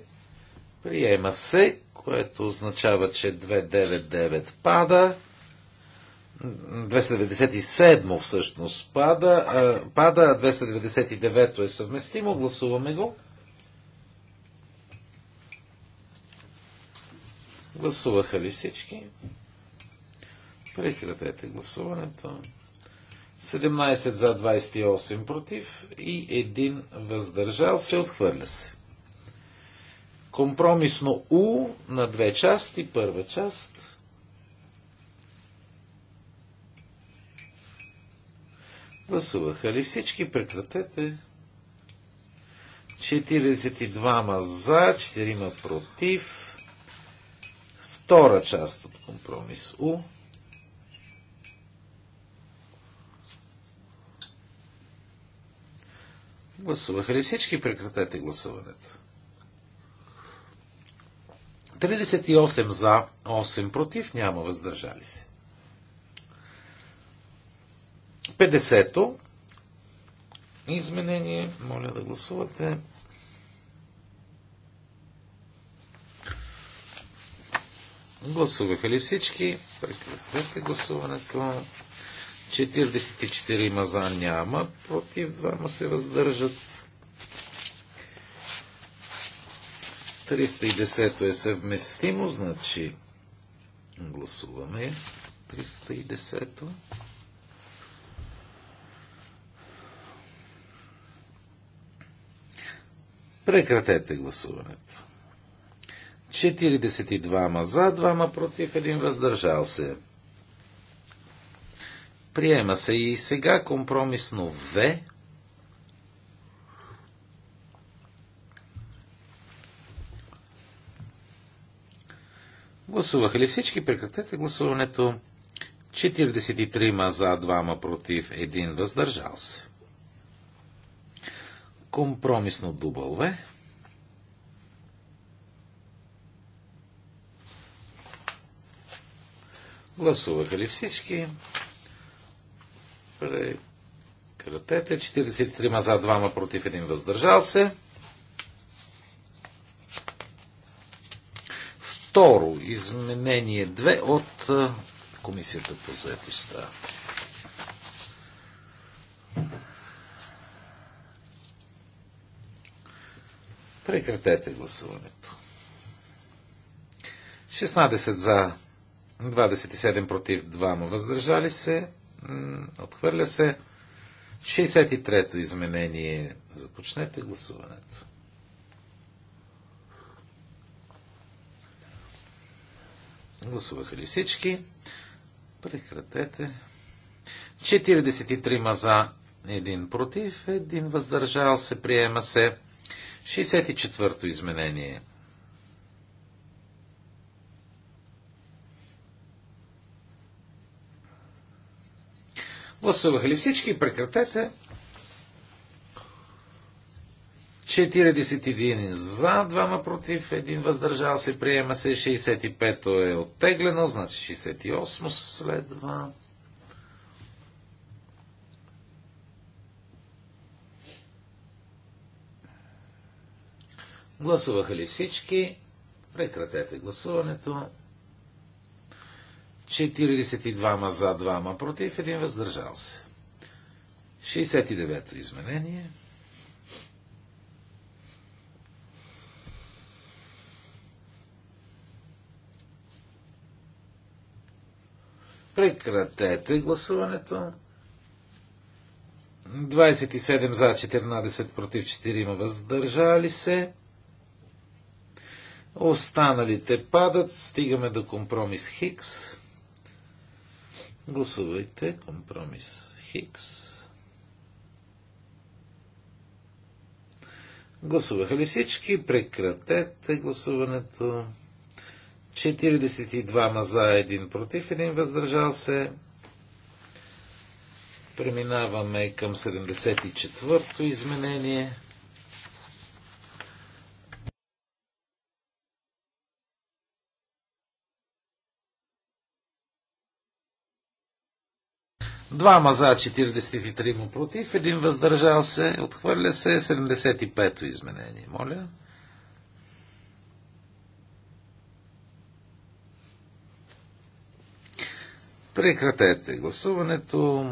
Приема се, което означава, че 299 пада. 297 всъщност пада, а, пада, 299 е съвместимо, гласуваме го. Гласуваха ли всички? Прекратете гласуването. 17 за 28 против и 1 въздържал се, отхвърля се. Компромисно У на две части. Първа част. Гласуваха ли всички? Прекратете. 42 за, 4 против. Втора част от компромис У. Гласуваха ли всички? Прекратете гласуването. 38 за, 8 против, няма въздържали се. 50-то изменение, моля да гласувате. Гласуваха ли всички? Прекратете гласуването. 44 маза за няма, против 2 се въздържат. 310 е съвместимо, значи гласуваме 310. Прекратете гласуването. 42 ма за, 2 ма против, 1 въздържал се. Приема се и сега компромисно В. Гласуваха ли всички? Прекратете гласуването. 43 за, 2 против, 1 въздържал се. Компромисно дубъл В. Гласуваха ли всички? Прекратете. 43 за, 2 ма против, 1 въздържал се. Второ, изменение 2 от Комисията по заедостта. Прекратете гласуването. 16 за, 27 против, 2 въздържали се. Отхвърля се. 63-то изменение. Започнете гласуването. Гласуваха ли всички? Прекратете. 43 маза, един против, един въздържал се, приема се. 64-то изменение. Гласуваха ли всички? Прекратете. 41 за, 2 против, 1 въздържал се, приема се, 65-то е оттеглено, значи 68 следва. Гласуваха ли всички? Прекратете гласуването. 42 за 2 ма против, 1 въздържал се. 69-то изменение. Прекратете гласуването. 27 за 14 против 4 въздържали се. Останалите падат. Стигаме до компромис Хикс. Гласувайте компромис Хикс. Гласуваха ли всички? Прекратете гласуването. 42 за, 1 против, 1 въздържал се. Преминаваме към 74-то изменение. Двама за, 43 му против, един въздържал се, отхвърля се 75-то изменение. Моля. Прекратете гласуването.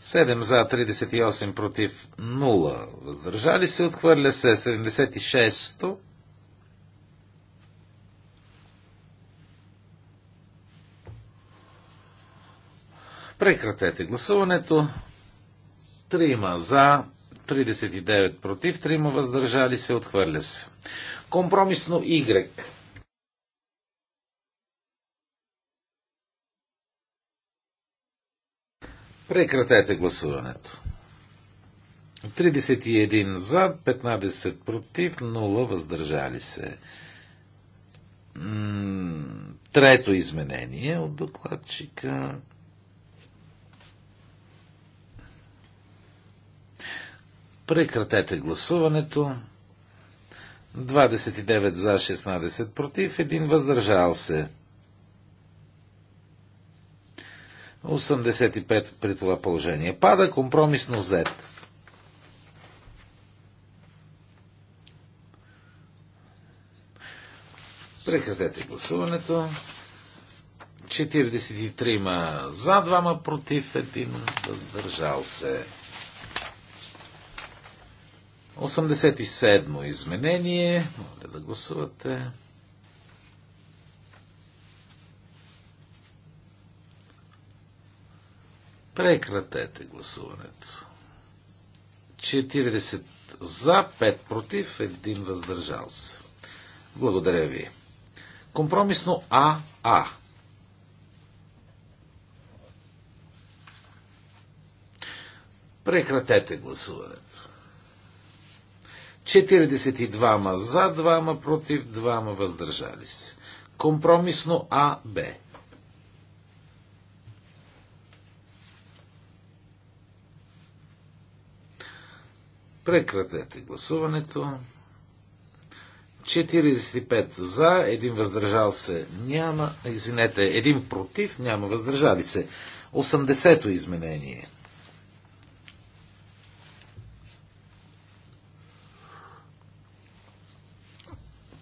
7 за, 38 против, 0 въздържали се, отхвърля се 76-то. Прекратете гласуването. Трима за, 39 против, 3 въздържали се, отхвърля се. Компромисно Y. Прекратете гласуването. 31 за, 15 против, 0 въздържали се. Трето изменение от докладчика. Прекратете гласуването. 29 за, 16 против, 1 въздържал се. 85 при това положение. Пада компромисно Z. Прекратете гласуването. 43 за, 2 ма против, 1 въздържал се. 87 о изменение. Моля да гласувате. Прекратете гласуването. 40 за, 5 против, 1 въздържал се. Благодаря ви. Компромисно АА. Прекратете гласуването. 42 за, 2 против, 2 въздържали се. Компромисно А, Б. Прекратете гласуването. 45 за, един въздържал се няма, извинете, един против, няма въздържали се. 80-то изменение.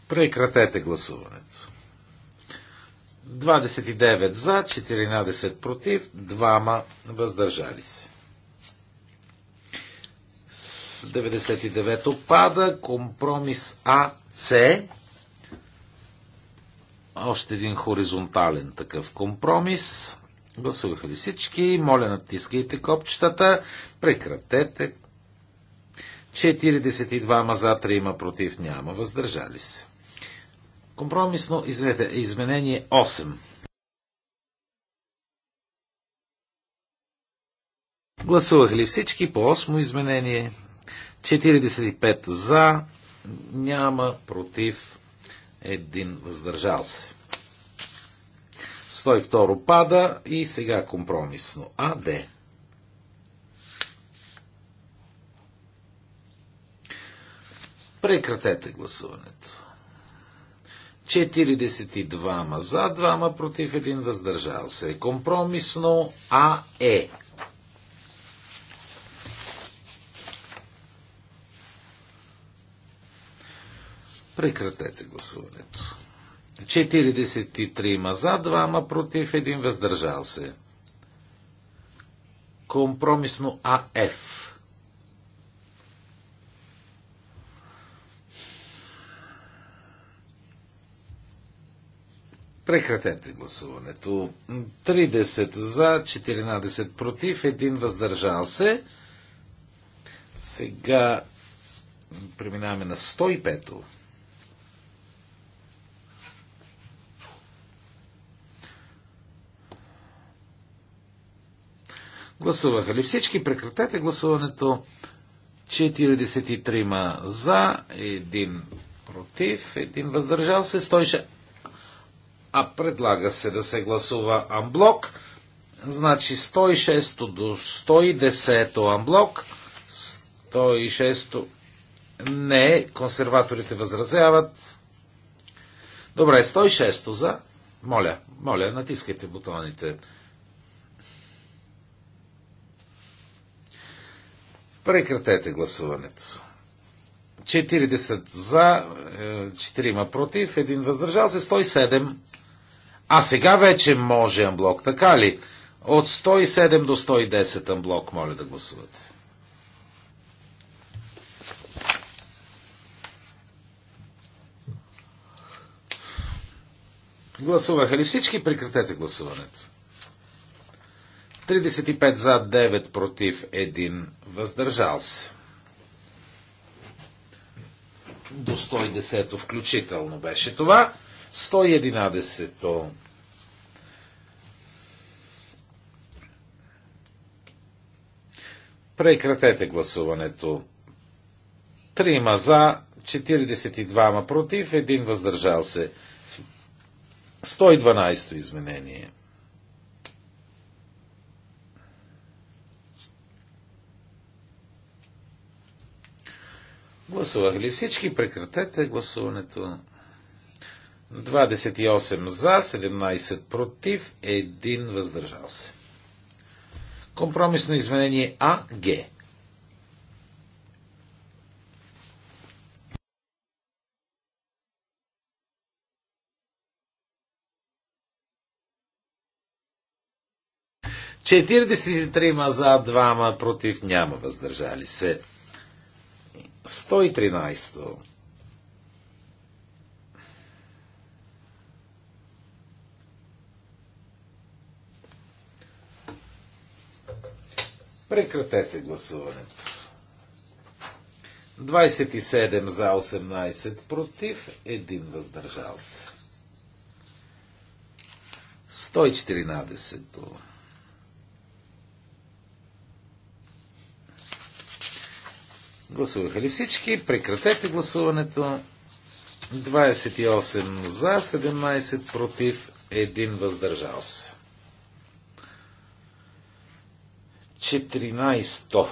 Прекратете гласуването. 29 за, 14 против, 2 въздържали се. С 99 опада, компромис АЦ. Още един хоризонтален такъв компромис. Гласуваха ли всички? Моля, натискайте копчетата. Прекратете. 42 за, 3 против, няма. Въздържали се. Компромисно, извете, изменение 8. Гласувах ли всички по 8 изменение? 45 за, няма против, един въздържал се. 102 пада и сега компромисно. А, Д. Прекратете гласуването. 42 за, 2 против, 1 въздържал се. Компромисно А е. Прекратете гласуването. 43 за, 2 против, 1 въздържал се. Компромисно АФ. Прекратете гласуването. 30 за, 14 против, 1 въздържал се. Сега преминаваме на 105-то. Гласуваха ли всички? Прекратете гласуването. 43 за, 1 против, 1 въздържал се. 106 а предлага се да се гласува амблок. Значи 106 до 110 амблок, 106 не, консерваторите възразяват. Добре, 106 за. Моля, моля, натискайте бутоните. Прекратете гласуването. 40 за, 4 е, против, 1 въздържал се, 107 а сега вече може амблок, така ли? От 107 до 110 амблок, моля да гласувате. Гласуваха ли всички? Прекратете гласуването. 35 за, 9 против, 1 въздържал се. До 110 включително беше това. 111-то. Прекратете гласуването. Трима за, 42 против, един въздържал се. 112-то изменение. Гласувах ли всички? Прекратете гласуването. 28 за, 17 против, 1 въздържал се. Компромисно изменение А, Г. Четиридесет и трима за, двама против, няма въздържали се. 113. Прекратете гласуването. 27 за 18 против, 1 въздържал се. 114. Гласуваха ли всички? Прекратете гласуването. 28 за, 17 против, 1 въздържал се. 14-то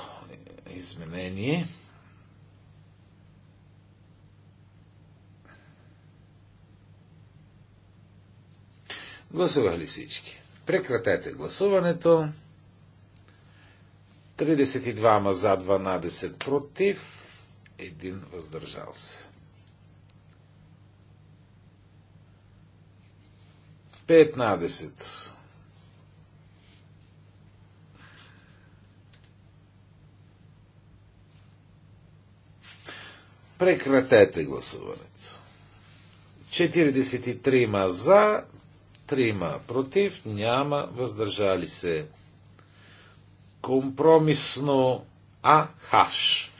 изменение. Гласували всички. Прекратете гласуването. 32 ма за 12 против, Един въздържал се. 15-то. Прекратете гласуването. 43 за, 3 против, няма въздържали се. Компромисно А хаш.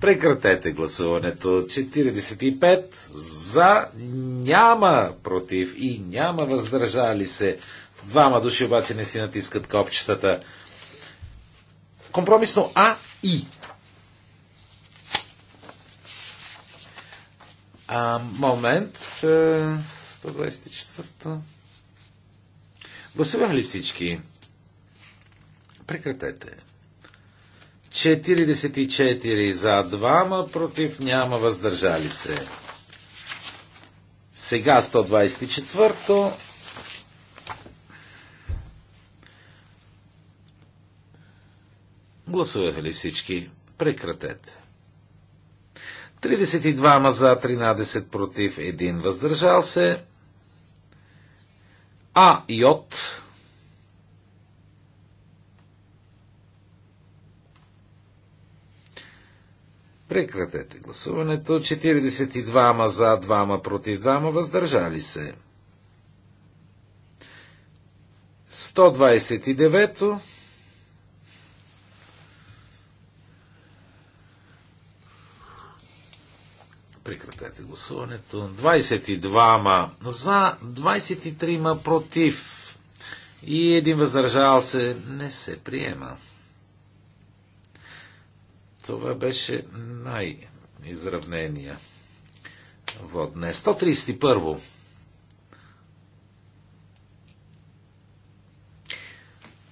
Прекратете гласуването. 45 за, няма против и няма въздържали се. Двама души обаче не си натискат копчетата. Компромисно А и. А, момент. 124-то. Е, Гласуваме ли всички? Прекратете. 44 за 2, ма против няма, въздържали се. Сега 124-то Гласуваха ли всички? Прекратете. 32 за, 13 против, 1 въздържал се. А и от Прекратете гласуването. 42 за, 2 против, 2 въздържали се. 129 Прекратете гласуването. 22 за, 23 против и един въздържал се. Не се приема. Това беше най-изравнения в днес. 131.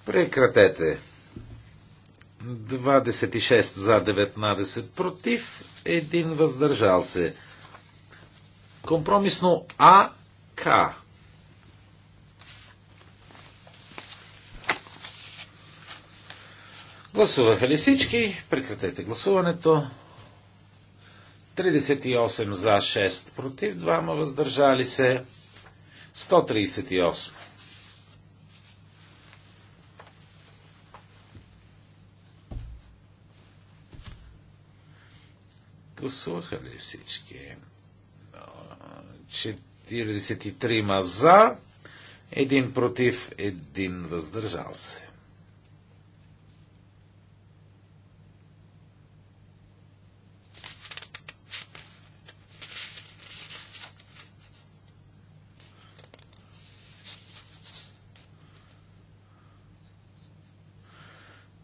Прекратете. 26 за 19 против един въздържал се. Компромисно АК. Гласуваха ли всички? Прекратете гласуването. 38 за 6 против, 2 въздържали се. 138. Гласуваха ли всички? 43 за, един против, един въздържал се.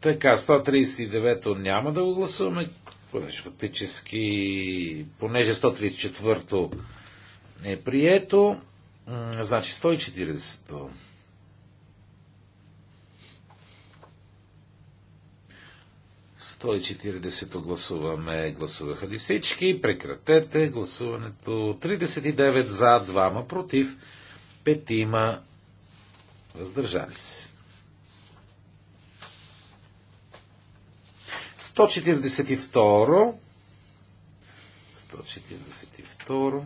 Така, 139-то няма да го гласуваме. Понеже фактически, понеже 134-то е прието, значи 140-то. гласуваме. Гласуваха ли всички? Прекратете гласуването. 39 за, 2 против, 5 въздържали се. 142. 142.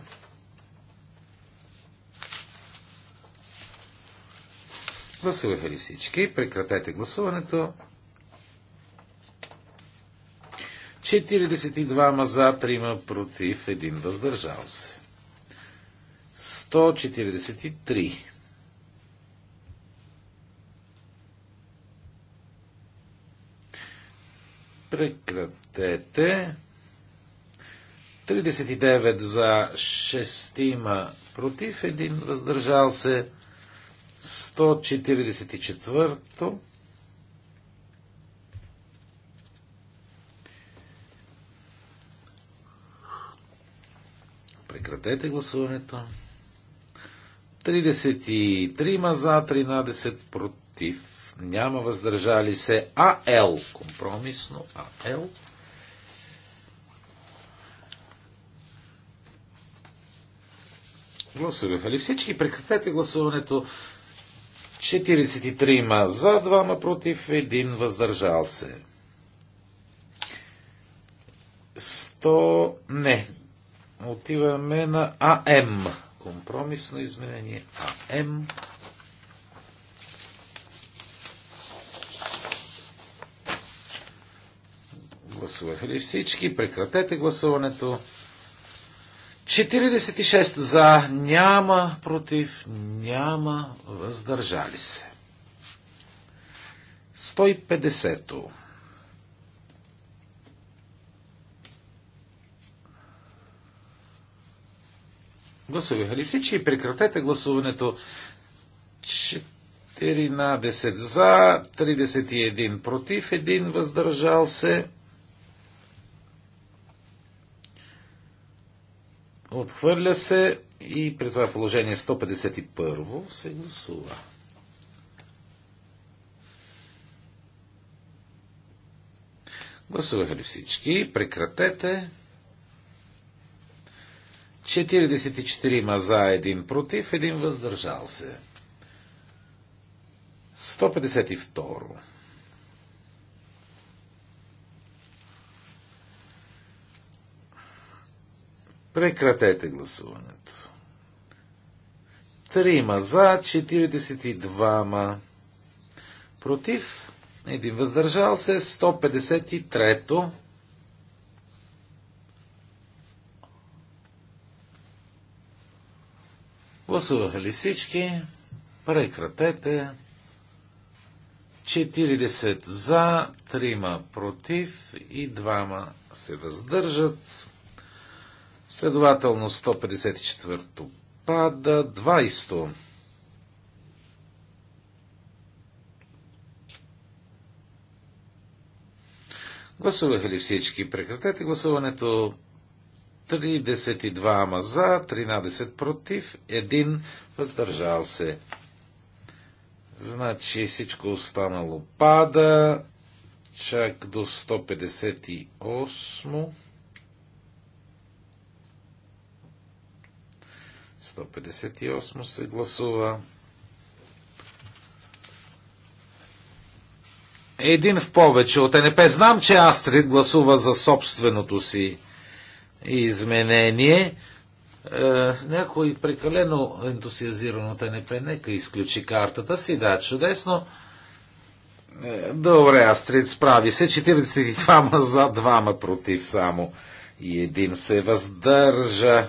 Гласуваха ли всички? Прекратете гласуването. 42 ма за, 3 ма против, 1 въздържал се. 143. Прекратете. 39 за 6 против, 1 въздържал се. 144-то. Прекратете гласуването. 33 за 13 против няма въздържали се. АЛ, компромисно, АЛ. Гласуваха ли всички? Прекратете гласуването. 43 има за, 2 ма против, 1 въздържал се. 100... Не. Отиваме на АМ. Компромисно изменение АМ. Гласуваха ли всички? Прекратете гласуването. 46 за, няма против, няма въздържали се. 150-то. Гласуваха ли всички? Прекратете гласуването. 14 за, 31 против, 1 въздържал се. Отхвърля се и при това положение 151 се гласува. Гласуваха ли всички? Прекратете. 44 за, 1 против, 1 въздържал се. 152. Прекратете гласуването. Трима за, 42 против, един въздържал се, 153-то. Гласуваха ли всички? Прекратете. 40 за, 3 против и 2 се въздържат. Следователно 154-то пада 20-то. Гласуваха ли всички? Прекратете гласуването. 32 за, 13 против, 1 въздържал се. Значи всичко останало пада. Чак до 158. 158 се гласува. Един в повече от НП. Знам, че Астрид гласува за собственото си изменение. Е, някой прекалено ентусиазиран от НП, нека изключи картата си. Да, чудесно. Е, добре, Астрид справи се. 42 за, 2 против само. И един се въздържа.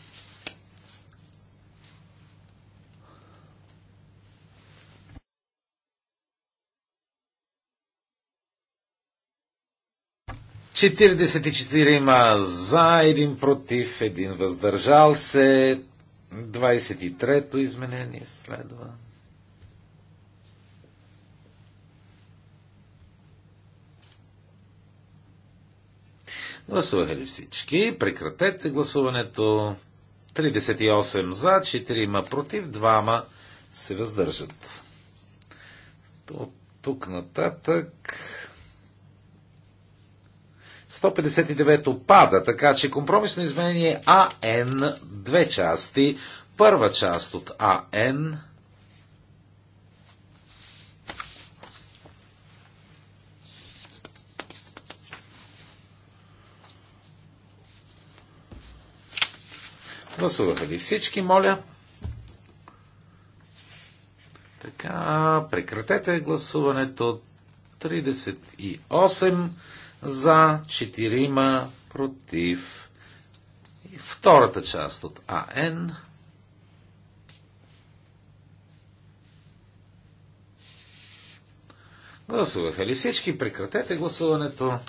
44 има за, 1 против, 1 въздържал се. 23-то изменение следва. Гласуваха ли всички? Прекратете гласуването. 38 за, 4 против, 2 се въздържат. От тук нататък 159 пада, така че компромисно изменение АН, две части. Първа част от АН. Гласуваха ли всички, моля? Така, прекратете гласуването. 38 за, 4 против. И втората част от АН. Гласуваха ли всички? Прекратете гласуването.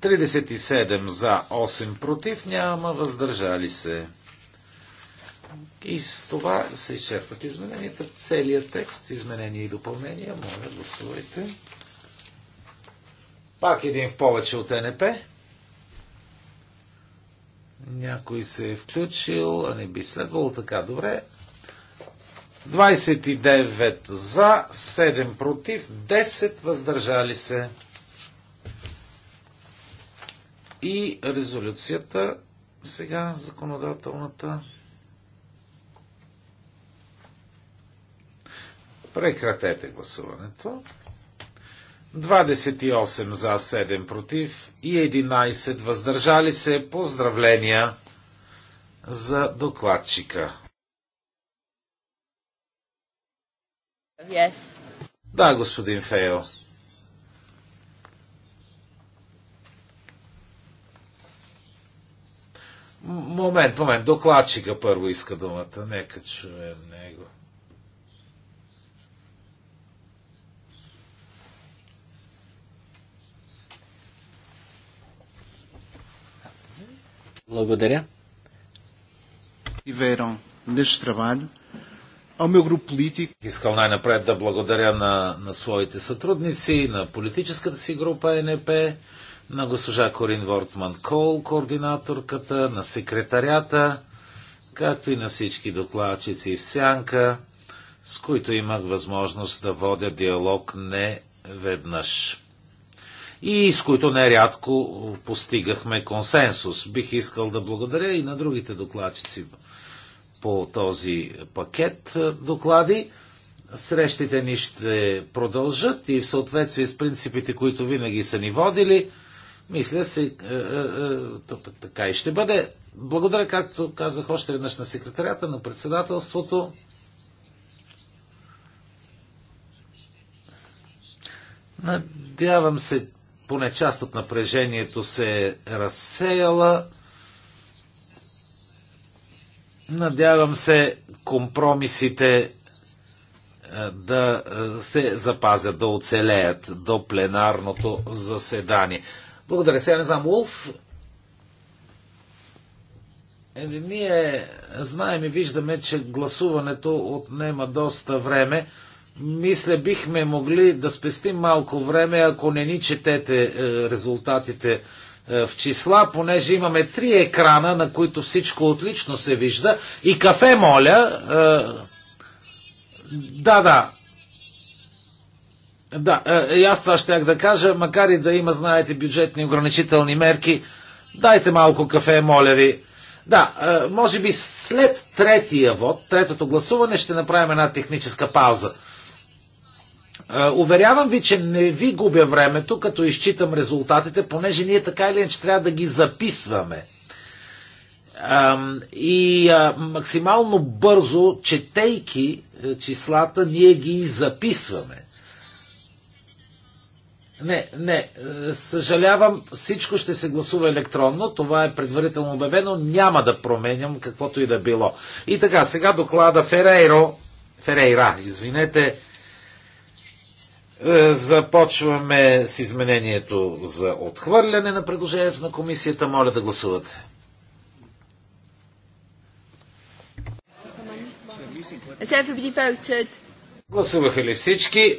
37 за, 8 против, няма въздържали се. И с това се изчерпват измененията. Целият текст, изменения и допълнения, моля, гласувайте. Пак един в повече от НП. Някой се е включил, а не би следвало така. Добре. 29 за, 7 против, 10 въздържали се. И резолюцията сега законодателната. Прекратете гласуването. 28 за 7 против и 11 въздържали се. Поздравления за докладчика. Yes. Да, господин Фейл. Момент, момент. Докладчика първо иска думата. Нека чуем него. Благодаря. Tiveram neste trabalho. Ao meu grupo político. Искал най-напред да благодаря на, на своите сътрудници, на политическата си група НП, на госпожа Корин Вортман Кол, координаторката, на секретарята, както и на всички докладчици в Сянка, с които имах възможност да водя диалог не веднъж и с които нерядко постигахме консенсус. Бих искал да благодаря и на другите докладчици по този пакет доклади. Срещите ни ще продължат и в съответствие с принципите, които винаги са ни водили, мисля се, е, е, е, така и ще бъде. Благодаря, както казах още веднъж на секретарята, на председателството. Надявам се, поне част от напрежението се е разсеяла. Надявам се компромисите е, да е, се запазят, да оцелеят до пленарното заседание. Благодаря. Сега не знам, Улф, е, ние знаем и виждаме, че гласуването отнема доста време мисля, бихме могли да спестим малко време, ако не ни четете е, резултатите е, в числа, понеже имаме три екрана, на които всичко отлично се вижда. И кафе, моля. Е, да, да. Да, и аз това щях да кажа, макар и да има, знаете, бюджетни ограничителни мерки, дайте малко кафе, моля ви. Да, може би след третия вод, третото гласуване, ще направим една техническа пауза. Е, уверявам ви, че не ви губя времето, като изчитам резултатите, понеже ние така или иначе трябва да ги записваме. И максимално бързо, четейки е, числата, ние ги записваме. Не, не, е, съжалявам, всичко ще се гласува електронно, това е предварително обявено, няма да променям каквото и да било. И така, сега доклада Ферейро, Ферейра, извинете, е, започваме с изменението за отхвърляне на предложението на комисията. Моля да гласувате. Гласуваха ли всички?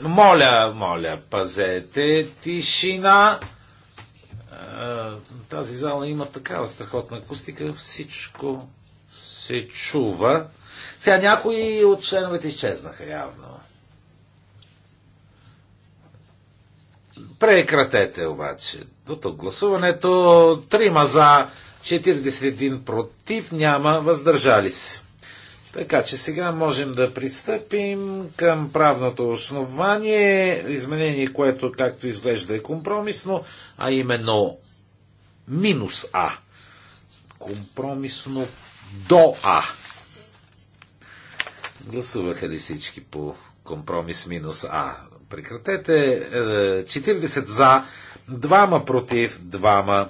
Моля, моля, пазете тишина. Е, тази зала има такава страхотна акустика. Всичко се чува. Сега някои от членовете изчезнаха явно. Прекратете обаче. До гласуването. Трима за, 41 против, няма въздържали се. Така че сега можем да пристъпим към правното основание, изменение, което както изглежда е компромисно, а именно минус А. Компромисно до А. Гласуваха ли всички по компромис минус А? прекратете. 40 е, за, 2 против, 2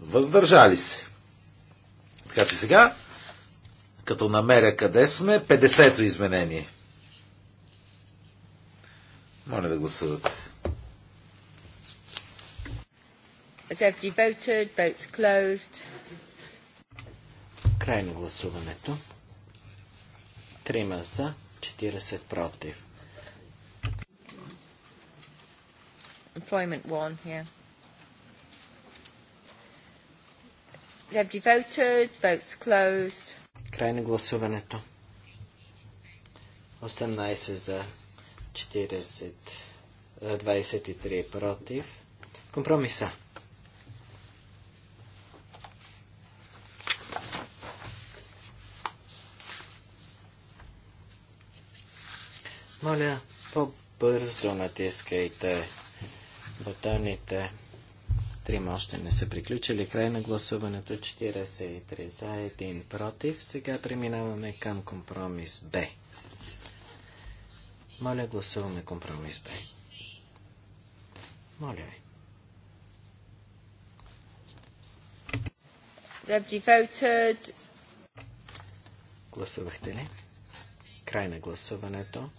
въздържали се. Така че сега, като намеря къде сме, 50-то изменение. Моля да гласувате. Край на гласуването. Трима за, 40 против. employment one, yeah. Has everybody voted? Votes closed. Край на гласуването. 18 за 40, 23 против. Компромиса. Моля, по-бързо натискайте Бутоните Трима още не са приключили. Край на гласуването 43 за, 1 против. Сега преминаваме към компромис Б. Моля, гласуваме компромис Б. Моля ви. Гласувахте ли? Край на гласуването.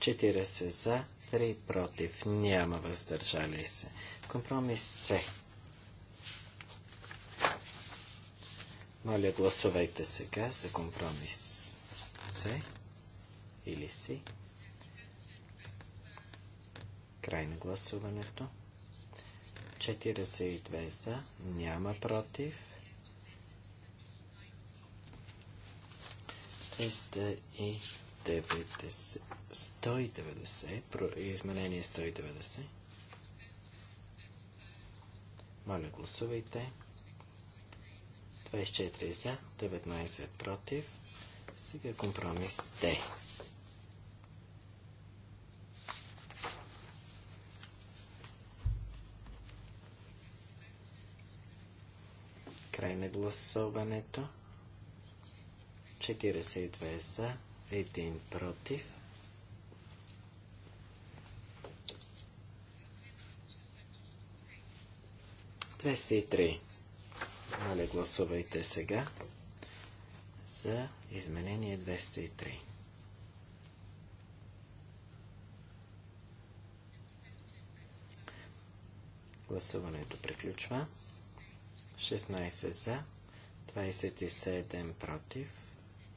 40 за, 3 против, няма въздържали се. Компромис С. Моля, гласувайте сега за компромис С или Си. Край на гласуването. 42 за, няма против. 90, 190, изменение 190. Моля, гласувайте. 24 за, 19 против. Сега компромис Д. Край на гласуването. 42 за, един против. Двеста и три. Мале, гласувайте сега за изменение 203. Гласуването приключва. 16 за, 27 против,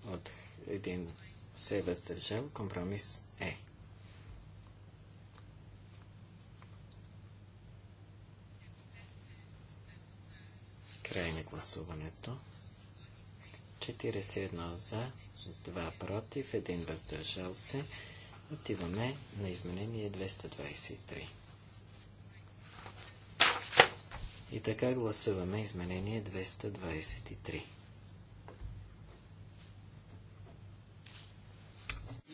от един се е въздържал, компромис е. Край на гласуването. 41 за, 2 против, 1 въздържал се. Отиваме на изменение 223. И така гласуваме изменение 223. 223.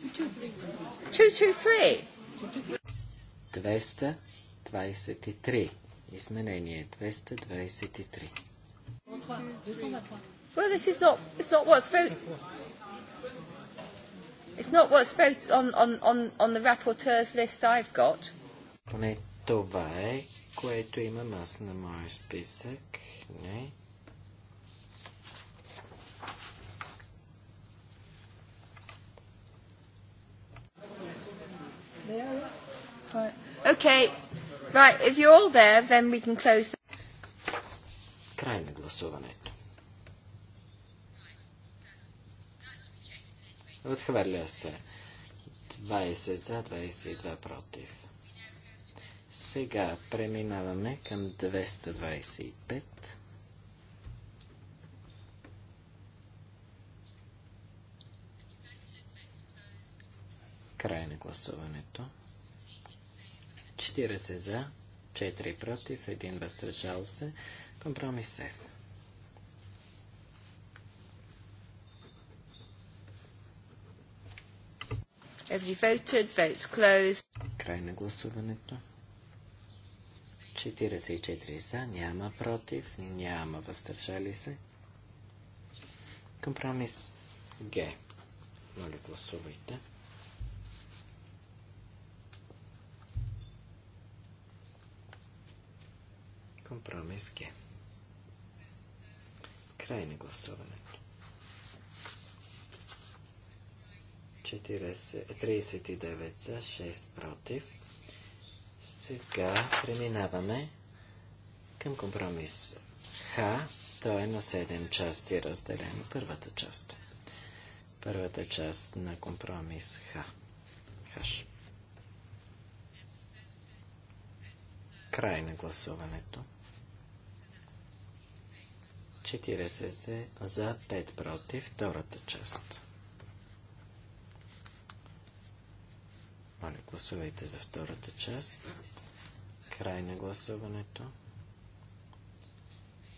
Изменение 223. Well, this is not, it's not what's voted. It's not what's voted on, on, on, on the rapporteur's list I've got. Поне това е, което имам аз на моя списък. Не. Okay. Right, if you're all there, then we can close. Край на гласуването. Отхвърля се. 20 за, 22 против. Сега преминаваме към 225. Край на гласуването. 40 за, 4 против, 1 въздържал се. Компромис F. Every voted, votes closed. Край на гласуването. 44 за, няма против, няма въздържали се. Компромис Г. Моля, гласувайте. Компромис Г. Край на гласуването. 39 е, за, 6 против. Сега преминаваме към компромис Х. Той е на 7 части разделено. Първата част. Първата част на компромис Х. Хаш. Край на гласуването. 40 се е за 5 против втората част. Моля, гласувайте за втората част. Край на гласуването.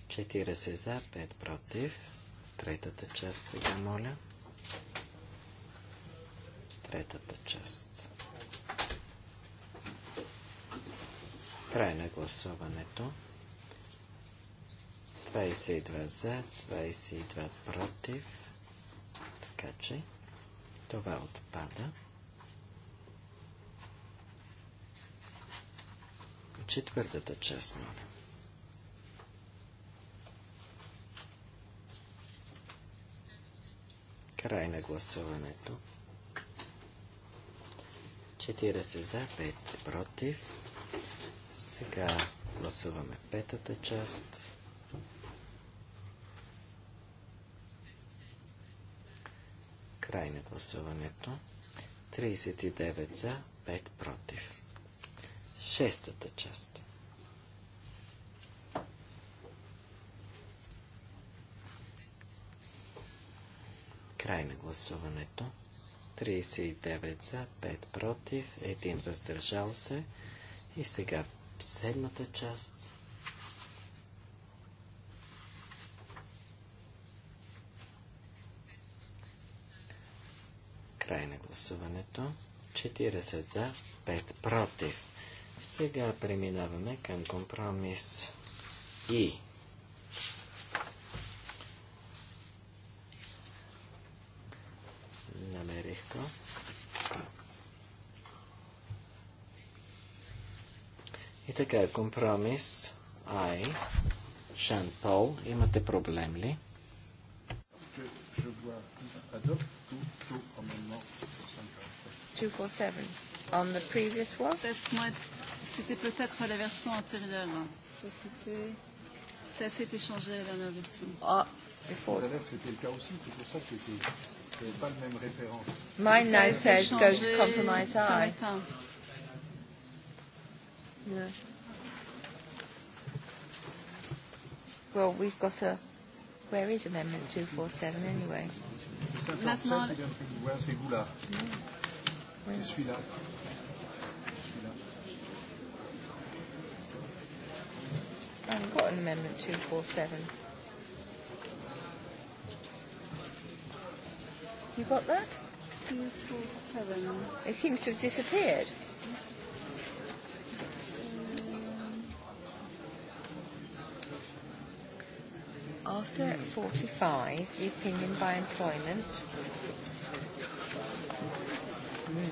40 за, 5 против. Третата част сега, моля. Третата част. Край на гласуването. 22 за, 22 против. Така че това отпада. Четвъртата част, моля. Край на гласуването. 40 за, 5 против. Сега гласуваме петата част. Край на гласуването. 39 за, 5 против. Шестата част. Край на гласуването. 39 за, 5 против, 1 въздържал се. И сега седмата част. Край на гласуването. 40 за, 5 против. Сега преминаваме към компромис И. Намерих го. И така, компромис Ай. Шан Пол, имате проблем ли? devoir adopter tout, tout amendement 247. On the previous one? C'était peut-être la version antérieure. Ça, c'était... Ça s'est échangé la dernière version. Ah, il faut... Tout à l'heure, c'était le cas aussi. C'est pour ça que n'avais pas la même référence. Mine now says go to compromise I. Yeah. Well, we've got a... Where is Amendment 247 anyway? Maintenant. Ouais, c'est I haven't got an Amendment 247. You got that? 247. It seems to have disappeared. after 45, the opinion by employment. Mm.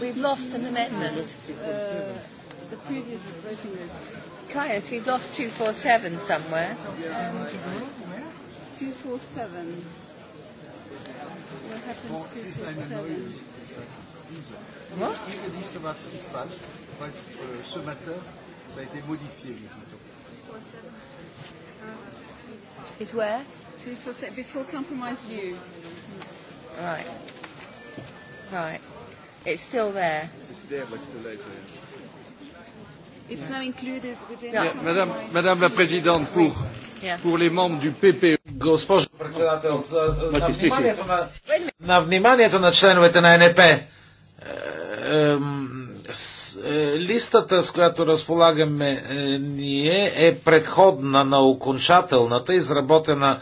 We've lost an amendment. Uh, the previous voting list. Caius, we've lost 247 somewhere. Um, 247. Ihre Liste war ziemlich falsch, weil ce matin, ça a été modifié. where? To, for, before compromise you. Right. Right. It's still there. It's there, but It's included within yeah. Madame, Madame la Présidente, pour, yeah. pour les membres du PPE, Госпожо председател, за, на, вниманието на, на вниманието на членовете на НП, е, е, с, е, листата, с която разполагаме е, ние, е предходна на окончателната, изработена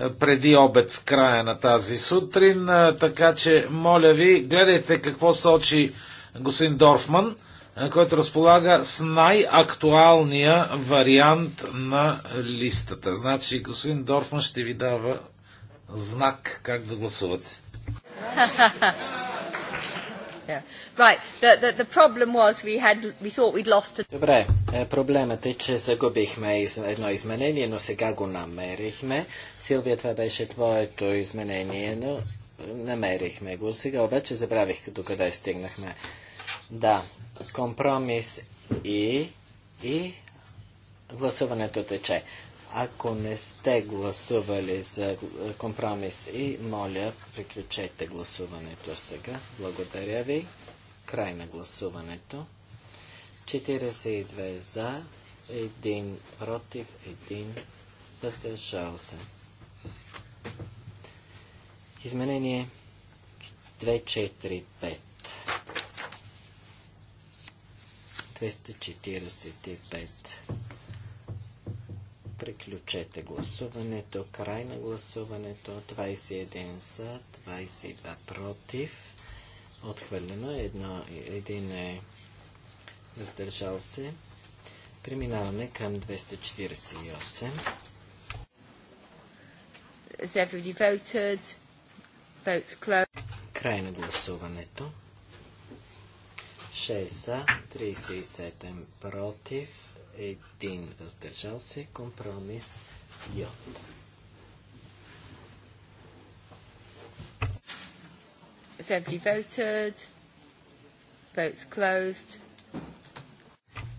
е, преди обед в края на тази сутрин, е, така че моля ви, гледайте какво сочи господин Дорфман – е, който разполага с най-актуалния вариант на листата. Значи, господин Дорфман ще ви дава знак как да гласувате. Добре, е, проблемът е, че загубихме едно изменение, но сега го намерихме. Силвия, това беше твоето изменение, но намерихме го. Сега обаче забравих докъде къде стигнахме. Да, компромис и, и гласуването тече. Ако не сте гласували за компромис и, моля, приключете гласуването сега. Благодаря ви. Край на гласуването. 42 за, 1 против, 1 въздържал се. Изменение 2, 4, 5. 245. Приключете гласуването. Край на гласуването. 21 за, 22 против. Отхвърлено едно, един е въздържал се. Преминаваме към 248. Край на гласуването. 6 за, 37 против, 1 въздържал се, компромис Й. Has everybody voted? Votes closed.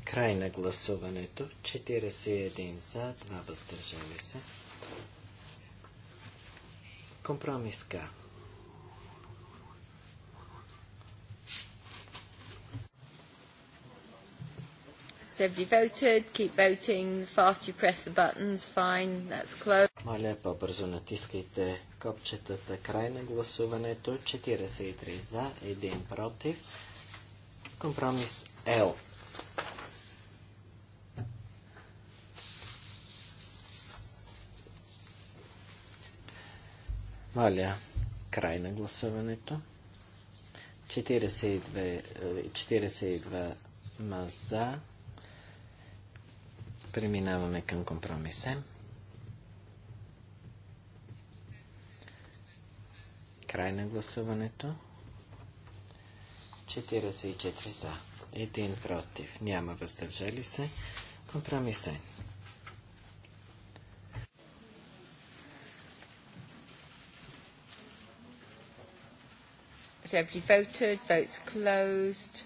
Край на гласуването. 41 за, 2 въздържали се. Компромис К. Everybody voted. Keep voting. The faster you press the buttons, fine. That's closed. Моля, по-бързо натискайте копчетата. Край на гласуването. 43 за, 1 против. Компромис L. Моля, край на гласуването. 42, 42 маза, Преминаваме към компромисен. Край на гласуването. 44 за. Един против. Няма въздържали се. Компромисен. Has everybody voted? Votes closed.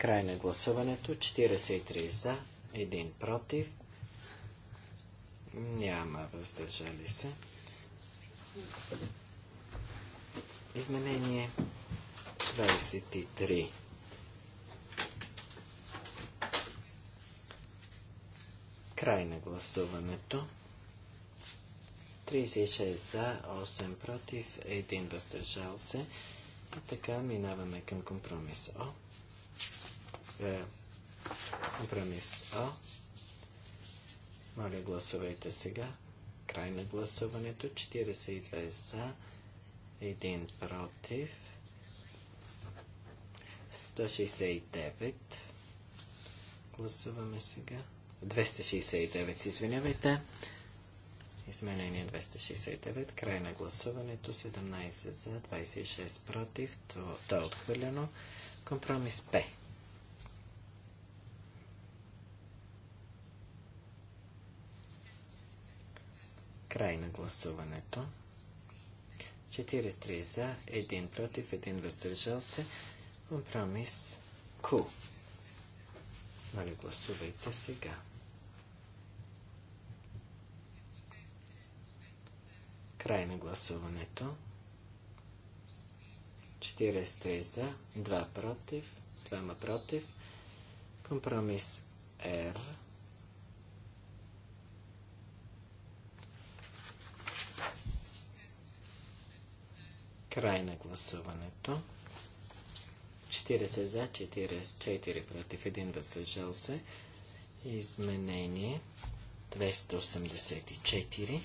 Край на гласуването. 43 за, 1 против. Няма въздържали се. Изменение 23. Край на гласуването. 36 за, 8 против, 1 въздържал се. И така минаваме към компромис О. Е компромис А. Моля, гласувайте сега. Край на гласуването. 42 за, 1 против, 169. Гласуваме сега. 269, извинявайте. Изменение 269. Край на гласуването. 17 за, 26 против. То, то е отхвърлено. Компромис П. Край на гласуването. 43 за, 1 против, 1 въздържал се. Компромис Q. Моля, гласувайте сега. Край на гласуването. 43 за, 2 против, 2 против. Компромис R. Край на гласуването. 40 за, 44 против, 1 въздържал се. Изменение 284.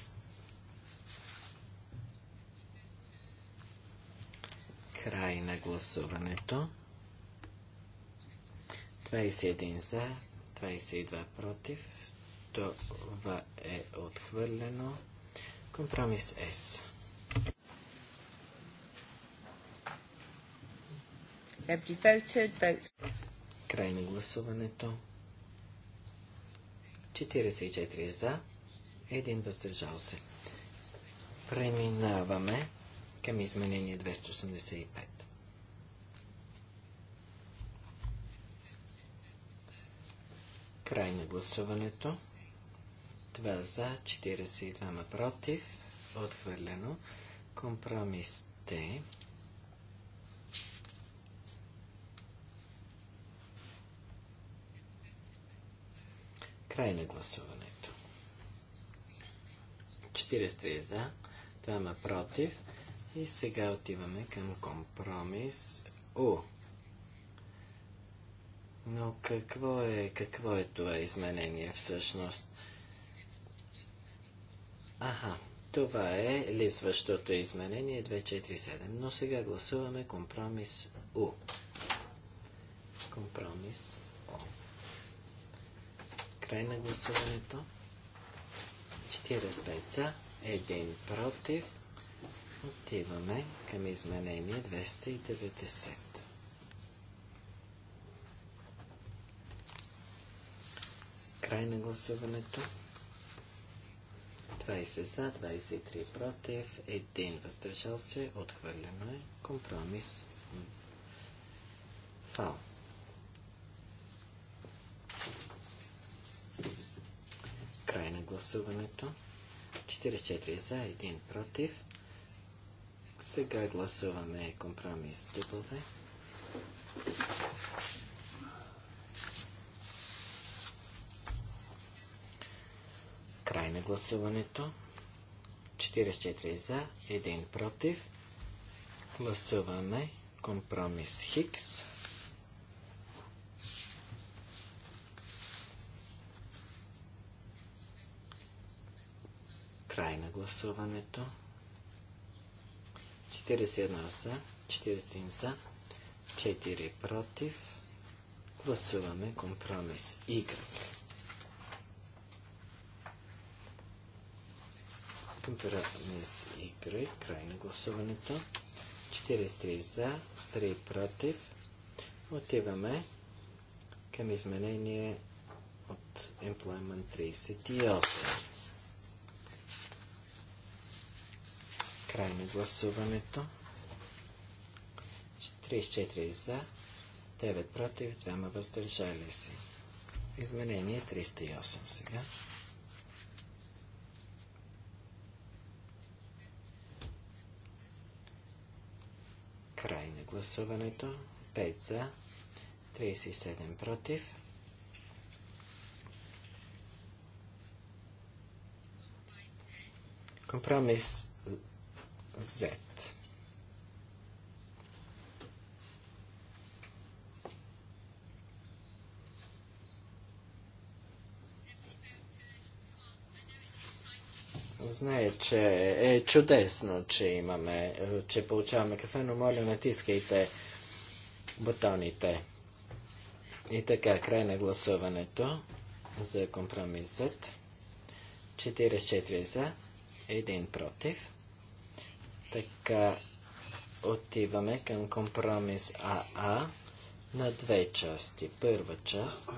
Край на гласуването. 21 за, 22 против. Това е отхвърлено. Компромис С. Край на гласуването. 44 за, 1 въздържал се. Преминаваме към изменение 285. Край на гласуването. 2 за, 42 против. Отхвърлено. Компромис Т. Край на гласуването. 43 е за, 2 против. И сега отиваме към компромис У. Но какво е, какво е това изменение всъщност? Аха, това е липсващото изменение 247. Но сега гласуваме компромис У. Компромис Край на гласуването. 45 за, 1 против. Отиваме към изменение 290. Край на гласуването. 20 за, 23 против, 1 въздържал се, отхвърлено е компромис. Фал. Край на гласуването. 44 за, 1 против. Сега гласуваме компромис дубове. Край на гласуването. 44 за, 1 против. Гласуваме компромис Хикс. Край на гласуването. 41 са, 41 за, 4 против. Гласуваме компромис Y. Компромис Y. Край на гласуването. 43 за, 3 против. Отиваме към изменение от Employment 38. Край на гласуването. 34 за, 9 против, 2 въздържали се. Изменение 308 сега. Край на гласуването. 5 за, 37 против. Компромис взет. Знае, че е чудесно, че имаме, че получаваме кафе, но моля натискайте бутоните. И така, край на гласуването за компромисът. 44 за, 1 против. Така отиваме към компромис АА на две части. Първа част.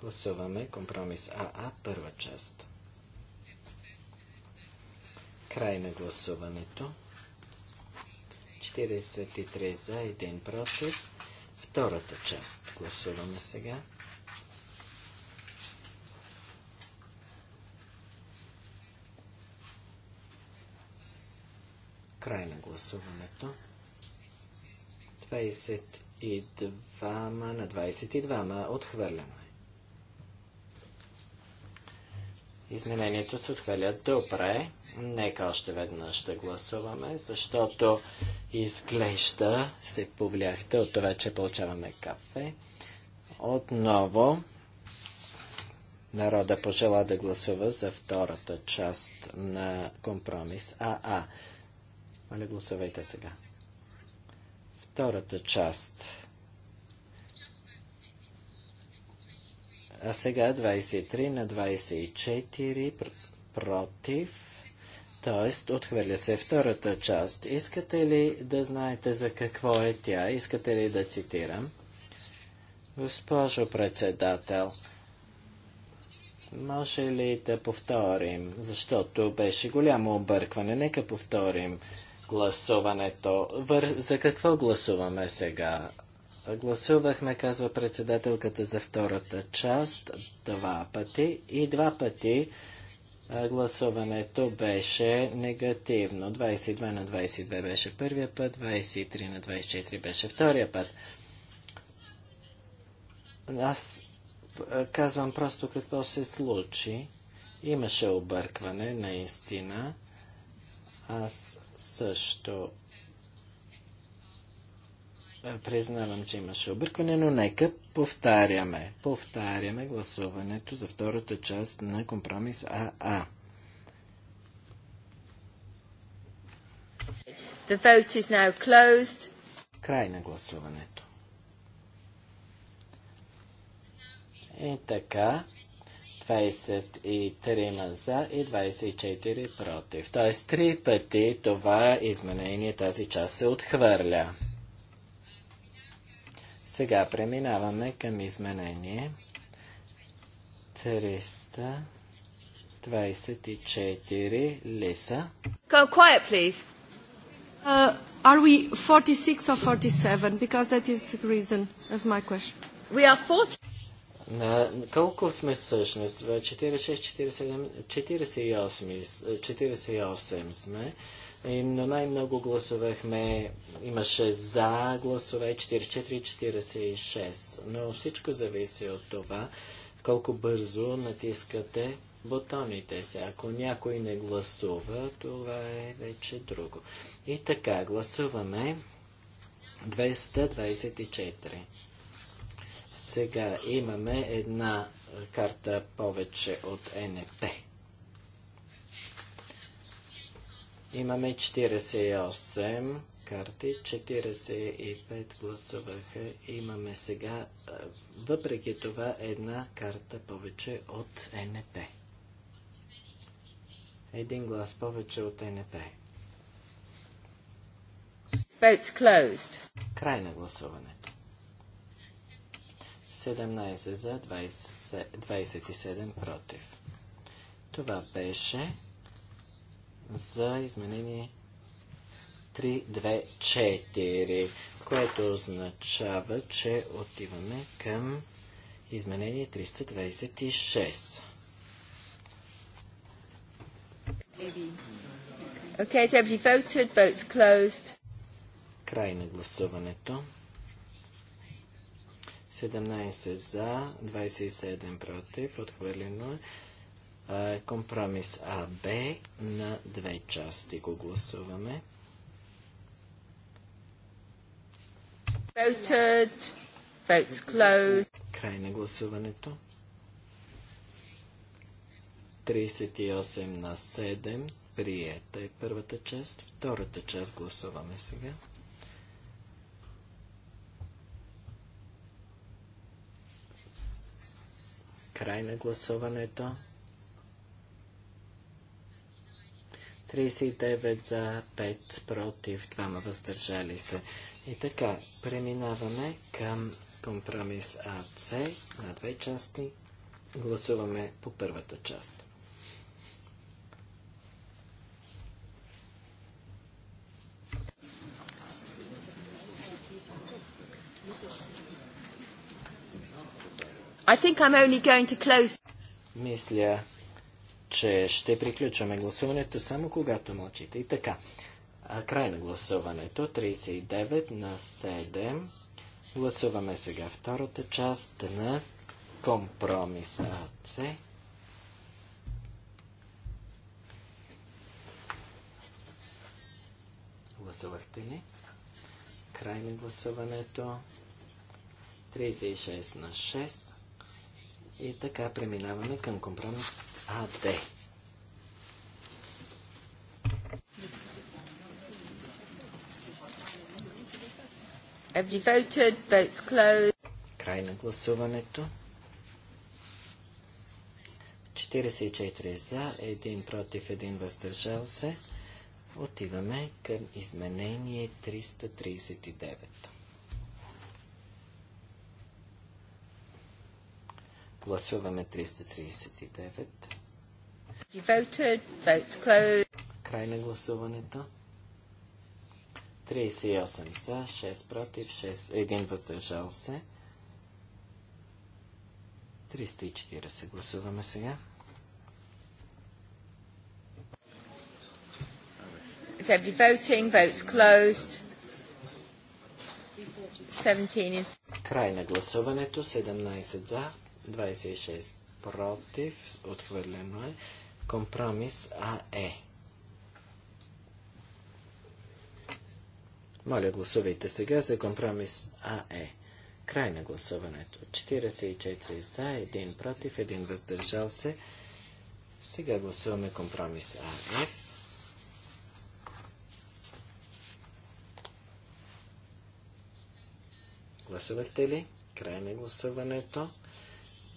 Гласуваме компромис АА, първа част. Край на гласуването. 43 за, 1 против. Втората част. Гласуваме сега. Край на гласуването. 22 на 22 ма отхвърлено е. Изменението се отхвърля добре. Нека още веднъж ще гласуваме, защото изглежда се повляхте от това, че получаваме кафе. Отново народа пожела да гласува за втората част на компромис АА. Моля, гласувайте сега. Втората част. А сега 23 на 24 против. Т.е. отхвърля се втората част. Искате ли да знаете за какво е тя? Искате ли да цитирам? Госпожо председател, може ли да повторим, защото беше голямо объркване, нека повторим гласуването. Вър... За какво гласуваме сега? Гласувахме, казва председателката, за втората част два пъти и два пъти гласуването беше негативно. 22 на 22 беше първия път, 23 на 24 беше втория път. Аз казвам просто какво се случи. Имаше объркване, наистина. Аз също е, признавам, че имаше объркване, но нека повтаряме. Повтаряме гласуването за втората част на компромис АА. The vote is now closed. Край на гласуването. И така, 23 за и 24 против. Т.е. три пъти това изменение, тази част се отхвърля. Сега преминаваме към изменение 324 леса. Go quiet, please. Uh, are we 46 or 47? Because that is the reason of my question. We are 40. На колко сме всъщност? 46, 47, 48, 48 сме. Но най-много гласовехме, имаше за гласове 44, 46. Но всичко зависи от това колко бързо натискате бутоните се. Ако някой не гласува, това е вече друго. И така, гласуваме 224. Сега имаме една карта повече от НП. Имаме 48 карти, 45 гласуваха. Имаме сега, въпреки това, една карта повече от НП. Един глас повече от НП. Край на гласуването. 17 за, 20, 27 против. Това беше за изменение 324, което означава, че отиваме към изменение 326. Okay, voted, votes closed. Край на гласуването. 17 за, 27 против, отхвърлено е. Компромис АБ на две части го гласуваме. Voted. Votes closed. Край на гласуването. 38 на 7. Приета е първата част. Втората част гласуваме сега. Край на гласуването. 39 за 5 против 2 въздържали се. И така, преминаваме към компромис АЦ на две части. Гласуваме по първата част. I think I'm only going to close. Мисля, че ще приключваме гласуването само когато мълчите. И така, край на гласуването, 39 на 7. Гласуваме сега втората част на компромиса АЦ. Гласувахте ли? Край на гласуването. 36 на 6. И така преминаваме към компромис АД. Край на гласуването. 44 за, 1 против, 1 въздържал се. Отиваме към изменение 339. Гласуваме 339. voted. Votes closed. Край на гласуването. 38 са, 6 против, 6, 1 въздържал се. 340 гласуваме сега. Is everybody voting? Votes closed. 17 in... Край на гласуването, 17 за, 26 против, отхвърлено е. Компромис АЕ. Моля, гласувайте сега за компромис АЕ. Край на гласуването. 44 за, 1 против, 1 въздържал се. Сега гласуваме компромис Ае. Гласувахте ли? Край на гласуването.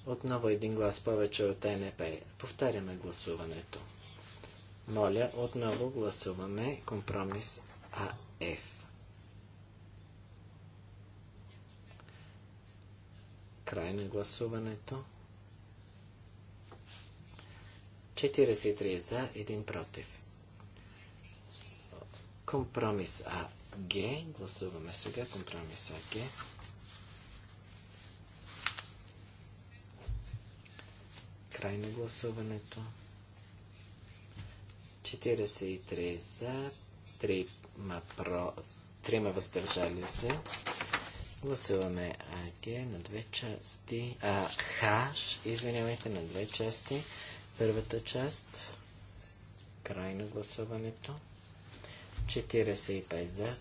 Отново един глас повече от НП. Повтаряме гласуването. Моля, отново гласуваме компромис АФ. Край на гласуването. 43 за, 1 против. Компромис АГ. Гласуваме сега компромис АГ. Край на гласуването. 43 за, 3 ма про, 3 ма въздържали се. Гласуваме АГ на две части. А, ХАШ, извинявайте, на две части. Първата част. Край на гласуването. 45 за,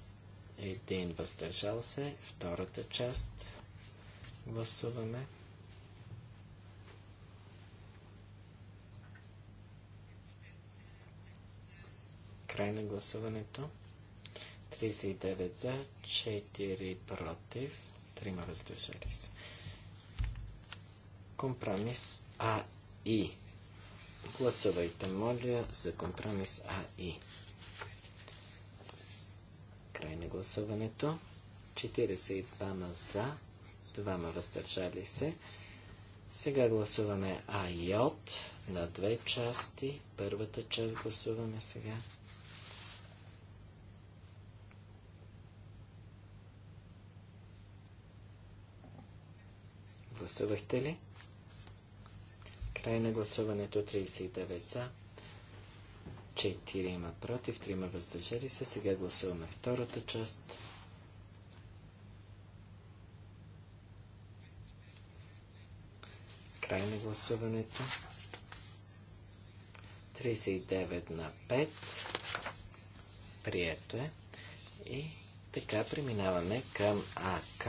1 въздържал се. Втората част. Гласуваме. Край на гласуването. 39 за, 4 против, 3 въздържали се. Компромис А и. Гласувайте, моля, за компромис А и. Край на гласуването. 42 за, 2 въздържали се. Сега гласуваме А и от на две части. Първата част гласуваме сега. Гласувахте ли? Край на гласуването 39 за. 4 има против, 3 има въздържали се. Сега гласуваме втората част. Край на гласуването. 39 на 5. Прието е. И така преминаваме към АК.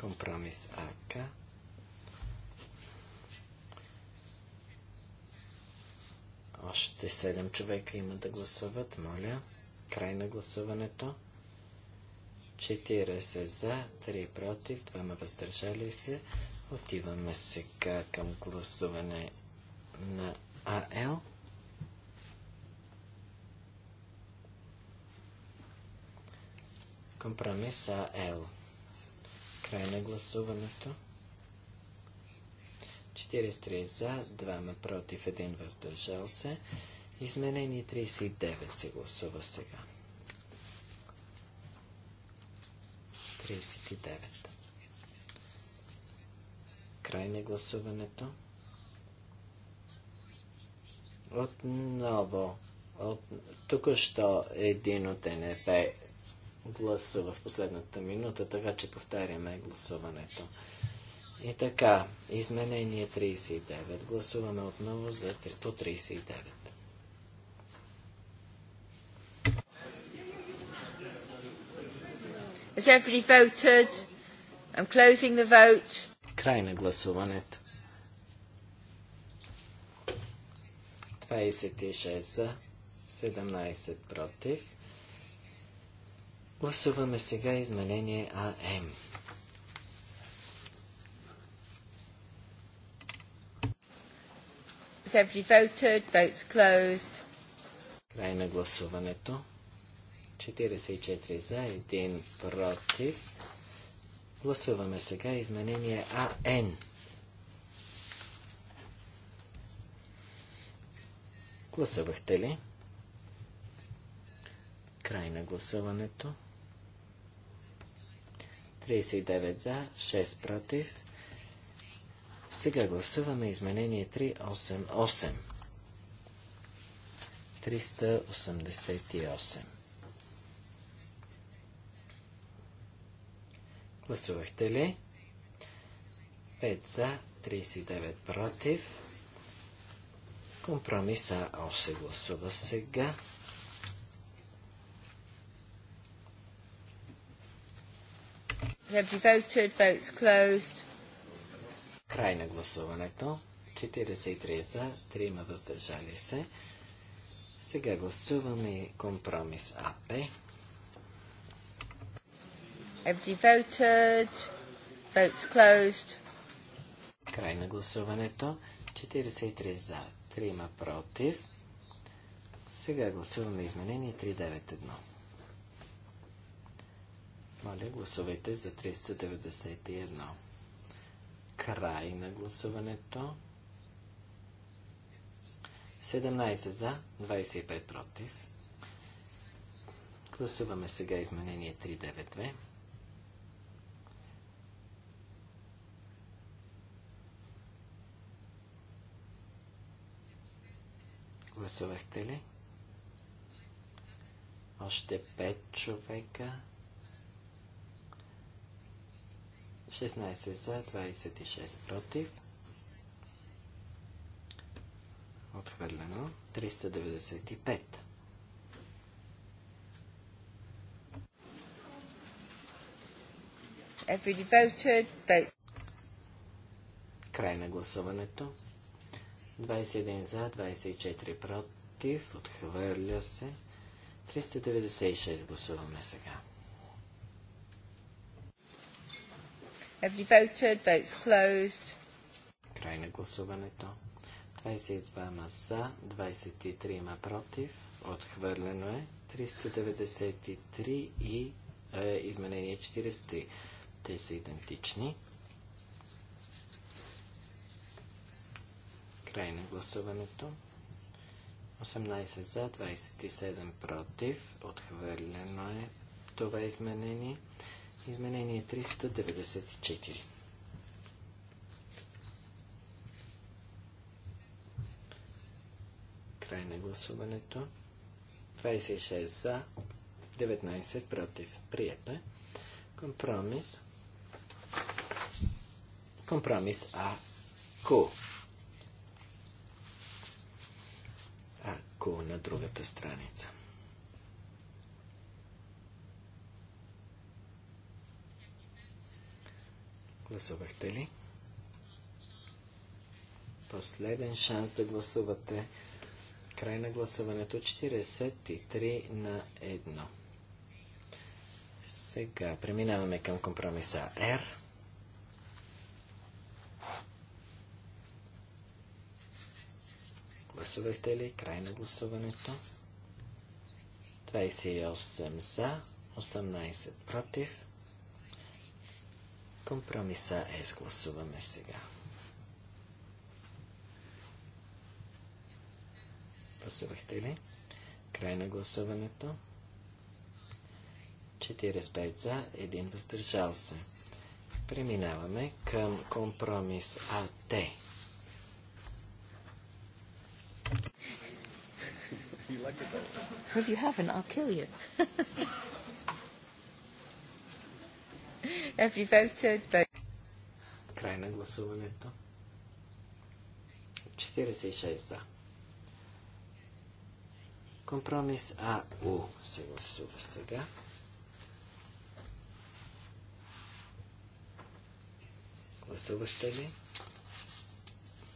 Компромис АК. Още седем човека има да гласуват, моля. Край на гласуването. 40 за, 3 против, 2 въздържали се. Отиваме сега към гласуване на АЛ. Компромис АЛ. Край на гласуването. 43 за, 2 против, 1 въздържал се. Изменение 39 се гласува сега. 39. Край на гласуването. Отново. От, Тук що един от НП гласа в последната минута, така че повтаряме гласуването. И така, изменение 39. Гласуваме отново за 3, по 39. Has everybody voted? I'm closing the vote. Край на гласуването. 26 за, 17 против. Гласуваме сега изменение АМ. Край на гласуването. 44 за, 1 против. Гласуваме сега изменение АН. Гласувахте ли? Край на гласуването. 39 за, 6 против. Сега гласуваме изменение 388. 388. Гласувахте ли? 5 за, 39 против. Компромиса А се гласува сега. voted? Votes closed. Край на гласуването. 43 за, 3 ма въздържали се. Сега гласуваме компромис АП. Everybody voted. Votes closed. Край на гласуването. 43 за, 3 ма против. Сега гласуваме изменение 391. Моля, гласувайте за 391. Край на гласуването. 17 за, 25 против. Гласуваме сега изменение 392. Гласувахте ли? Още 5 човека. 16 за, 26 против. Отхвърлено. 395. Every voted, Край на гласуването. 21 за, 24 против. Отхвърля се. 396 гласуваме сега. Край на гласуването. 22 са, 23 ма против. Отхвърлено е 393 и е, изменение 43. Те са идентични. Край на гласуването. 18 за, 27 против. Отхвърлено е това изменение. Изменение 394. Край на гласуването. 26 за, 19 против. Прието е. Компромис. Компромис АКО. АКО на другата страница. Гласувахте ли? Последен шанс да гласувате. Край на гласуването 43 на 1. Сега преминаваме към компромиса R. Гласувахте ли? Край на гласуването. 28 за, 18 против. Компромиса е гласуваме сега. Гласувахте ли? Край на гласуването. 45 за, 1 въздържал се. Преминаваме към компромис АТ. If you haven't, I'll kill you. Every voted. Край на гласуването. 46 за. Компромис АУ се гласува сега. Гласувахте ли?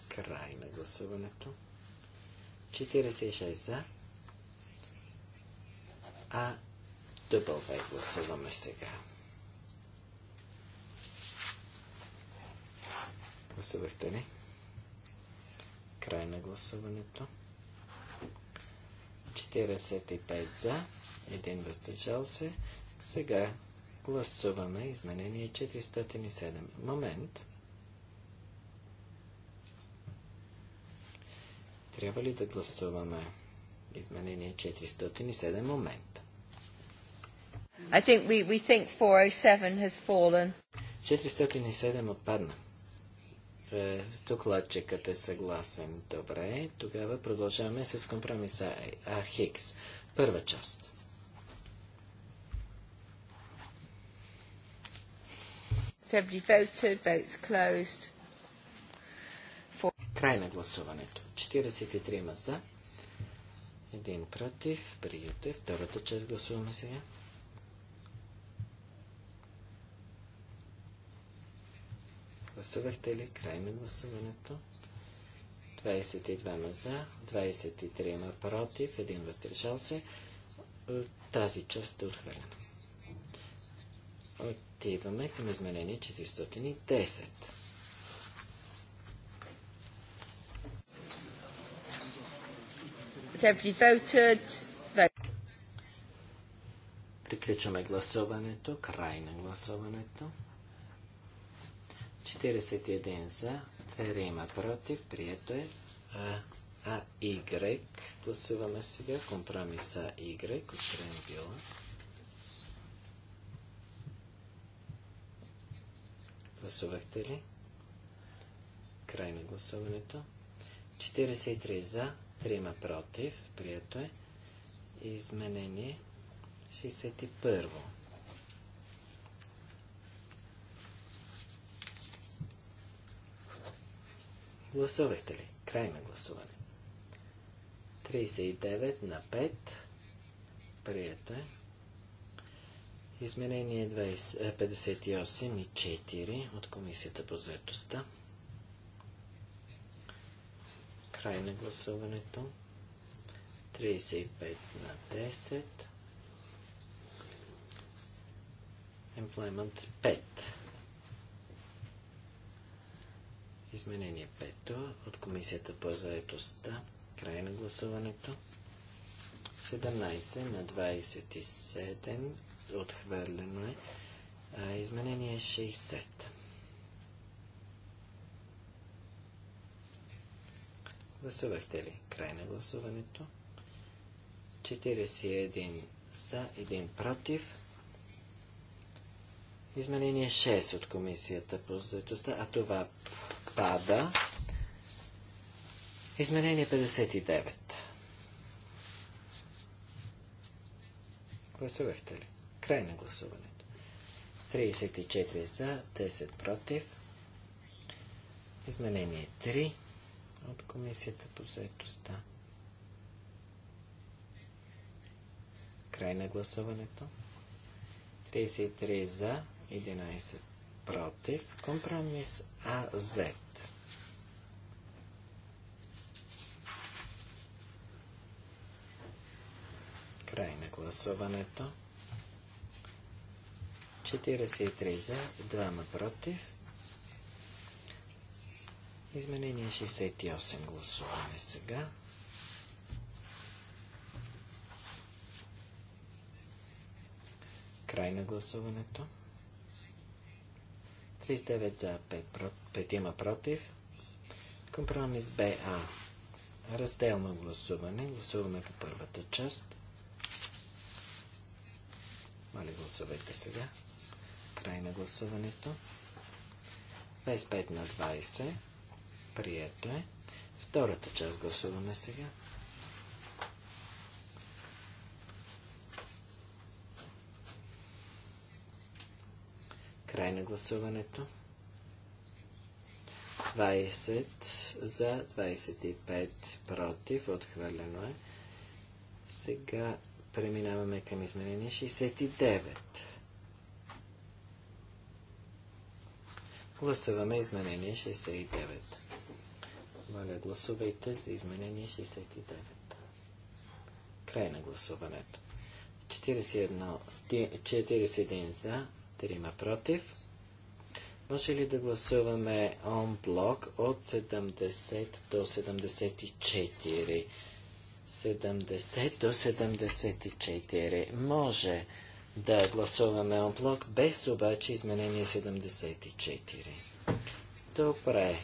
Край на гласуването. 46 за. А дубъл гласуваме сега. Гласувахте ли? Край на гласуването. 45 за, 1 въздържал се. Сега гласуваме изменение 407. Момент. Трябва ли да гласуваме изменение 407 момент? I think we, we think 407 has fallen. 407 отпадна. Е, докладчикът е съгласен. Добре, тогава продължаваме с компромиса А. Хикс. Първа част. Край на гласуването. 43 ма за, против, Приятел. е. Втората част гласуваме сега. Гласувахте ли край на гласуването? 22 за, 23 против, 1 въздържал се. Тази част е отхвърлена. Отиваме към изменение 410. Приключваме гласуването, край на гласуването. 41 за, 2 има против, прието е. А, а, Y. Гласуваме сега компромиса Y Откроем била. Гласувахте ли? Край на гласуването. 43 за, 3 против, прието е. Изменение 61. Гласувахте ли? Край на гласуване. 39 на 5. Прието е. Изменение 20, 58 е, и 4 от Комисията по заедостта. Край на гласуването. 35 на 10. Employment 5. Изменение 5 от Комисията по заедостта. Край на гласуването. 17 на 27 отхвърлено е. изменение 60. Гласувахте ли? Край на гласуването. 41 за, 1 против. Изменение 6 от комисията по заедостта, а това отпада. Изменение 59. Гласувахте ли? Край на гласуването. 34 за, 10 против. Изменение 3 от Комисията по заедостта. Край на гласуването. 33 за, 11 против. Компромис АЗ. Край на гласуването. 43 за, 2 против. Изменение 68 гласуваме сега. Край на гласуването. 39 за, 5, 5 има против. Компромис БА. Разделно гласуване. Гласуваме по първата част. Моля, гласувайте сега. Край на гласуването. 25 на 20. Прието е. Втората част гласуваме сега. Край на гласуването. 20 за 25 против. Отхвърлено е. Сега Преминаваме към изменение 69. Гласуваме изменение 69. Моля, гласувайте за изменение 69. Край на гласуването. 41, 41 за, 3 против. Може ли да гласуваме он блок от 70 до 74? 70 до 74. Може да гласуваме блок, без обаче изменение 74. Добре,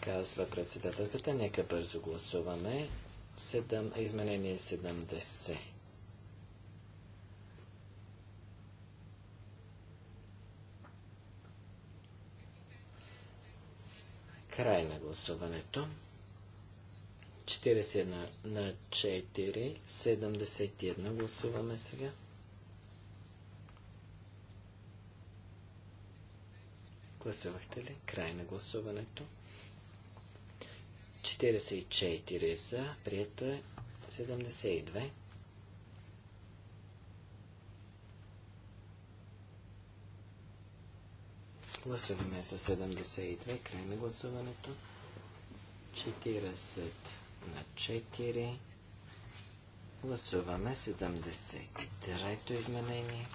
казва председателката. Нека бързо гласуваме. 7, изменение 70. Край на гласуването. 41 на 4, 71 гласуваме сега. Гласувахте ли? Край на гласуването. 44 за, прието е 72. Гласуваме с 72, край на гласуването. 40 на 4. Гласуваме 73-то изменение.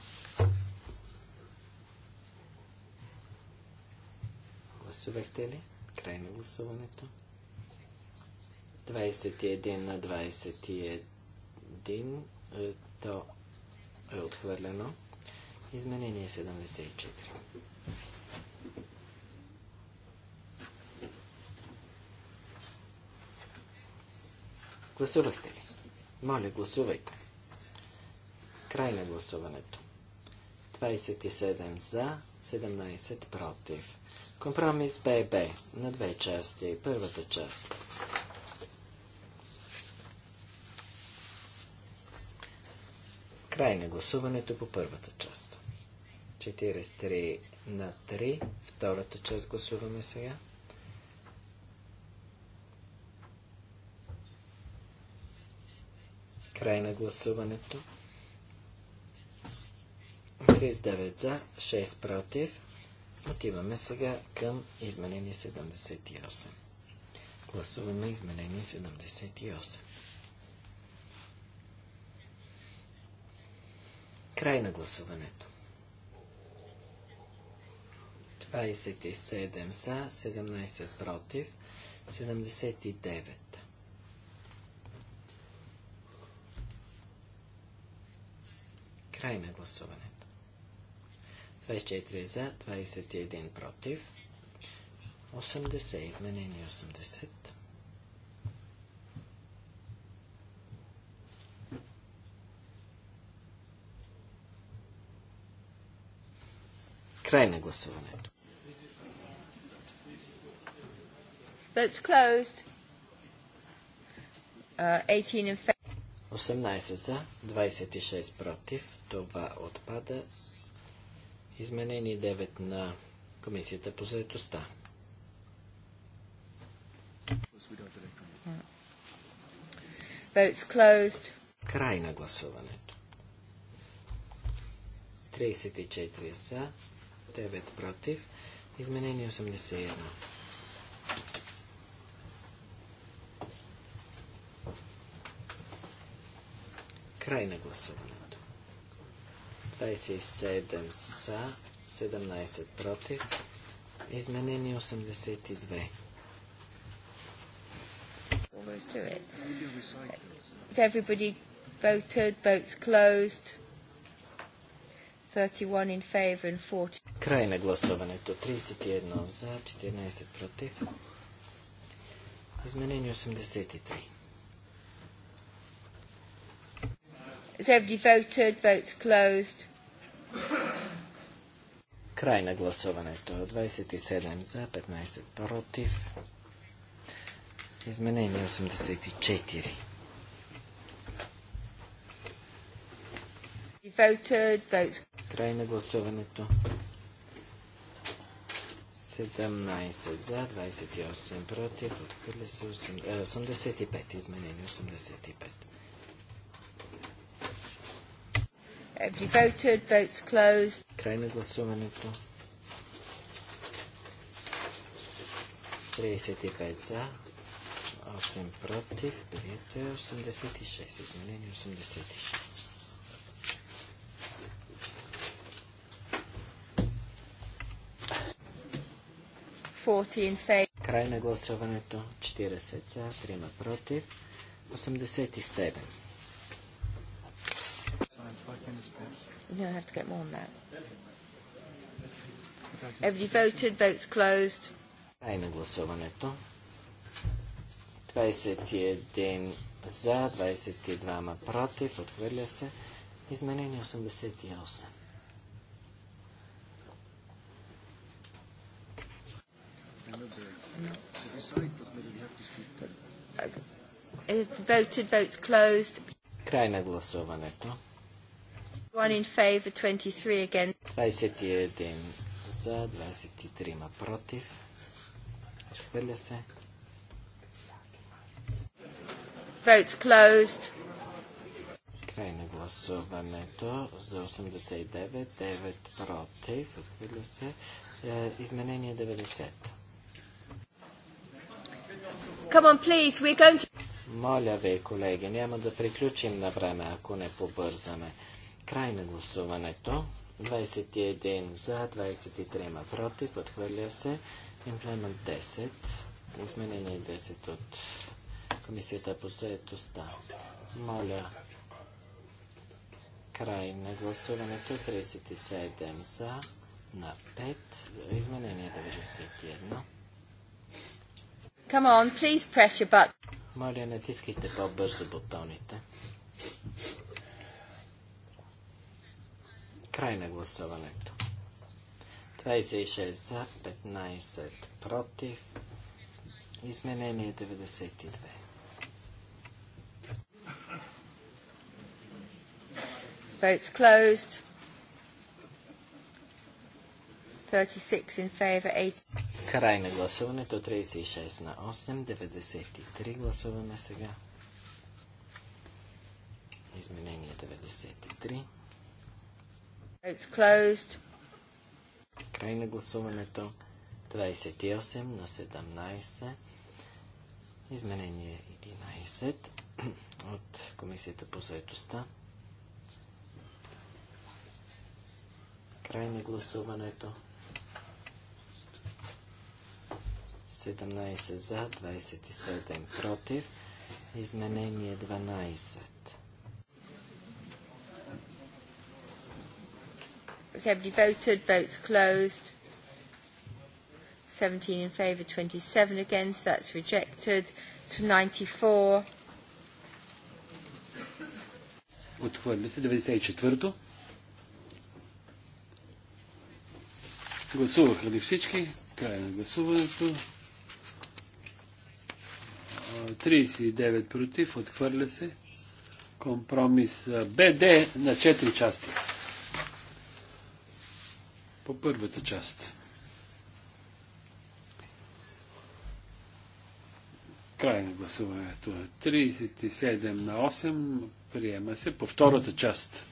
Гласувахте ли? Край на гласуването. 21 на 21 е, то е отхвърлено. Изменение 74. Гласувахте ли? Моля, гласувайте. Край на гласуването. 27 за, 17 против. Компромис ББ на две части. Първата част. Край на гласуването по първата част. 43 на 3. Втората част гласуваме сега. Край на гласуването. 39 за, 6 против. Отиваме сега към изменение 78. Гласуваме изменение 78. Край на гласуването. 27 за, 17 против, 79. Край на гласуването. 24 за, 21 против. 80, изменени 80. Край на гласуването. Votes closed. Uh, 18 in 18 за, 26 против. Това отпада. Изменени 9 на Комисията по заедостта. Край на гласуването. 34 за, 9 против. Изменени 81. Край на гласуването. 27 за, 17 против. Изменение 82. Almost to it. everybody voted? Votes closed. 31 in favor and 40. Край на гласуването. 31 за, 14 против. Изменение 83. Has everybody voted? Votes closed. Край на гласуването. 27 за, 15 против. Изменение 84. Voted, votes. Край на гласуването. 17 за, 28 против. Отхвърля се 85. Е, Изменение 85. Everybody voted. Votes closed. Край на гласуването. 35 за, 8 против, прието е 86, изменение 86. Край на гласуването 40 за, 3 против, 87. You don't have to get more than that. Everybody voted, votes closed. Край на гласуването. 21 за, 22 ма против, отхвърля се. Изменение 88. Voted, votes closed. Край на гласуването favor, 23 again. 21 за, 23 против. Отхвърля се. Votes closed. Край на гласуването за 89, 9 против. Отхвърля се. Е, изменение 90. Come on, please, we're going to... Моля ви, колеги, няма да приключим на време, ако не побързаме. Край на гласуването. 21 за, 23 против, отхвърля се. Имплемент 10. Изменение 10 от Комисията по заедостта. Моля. Край на гласуването. 37 за на 5. Изменение 91. Come on, please press your button. Моля, натискайте по-бързо бутоните. Край на гласуването. 26 за, 15 против. Изменение 92. Votes closed. 36 in favor, 8. Край на гласуването 36 на 8, 93 гласуваме сега. Изменение 93. Край на гласуването. 28 на 17. Изменение 11 от Комисията по заедостта. Край на гласуването. 17 за, 27 против. Изменение 12. Has everybody voted? Votes closed. 17 in favour, 27 against. That's rejected. To 94. Отхвърля се 94-то. Гласуваха ли всички? Край на гласуването. 39 против, отхвърля се. Компромис БД на 4 части. По първата част. Край на гласуването. 37 е на 8 приема се по втората част.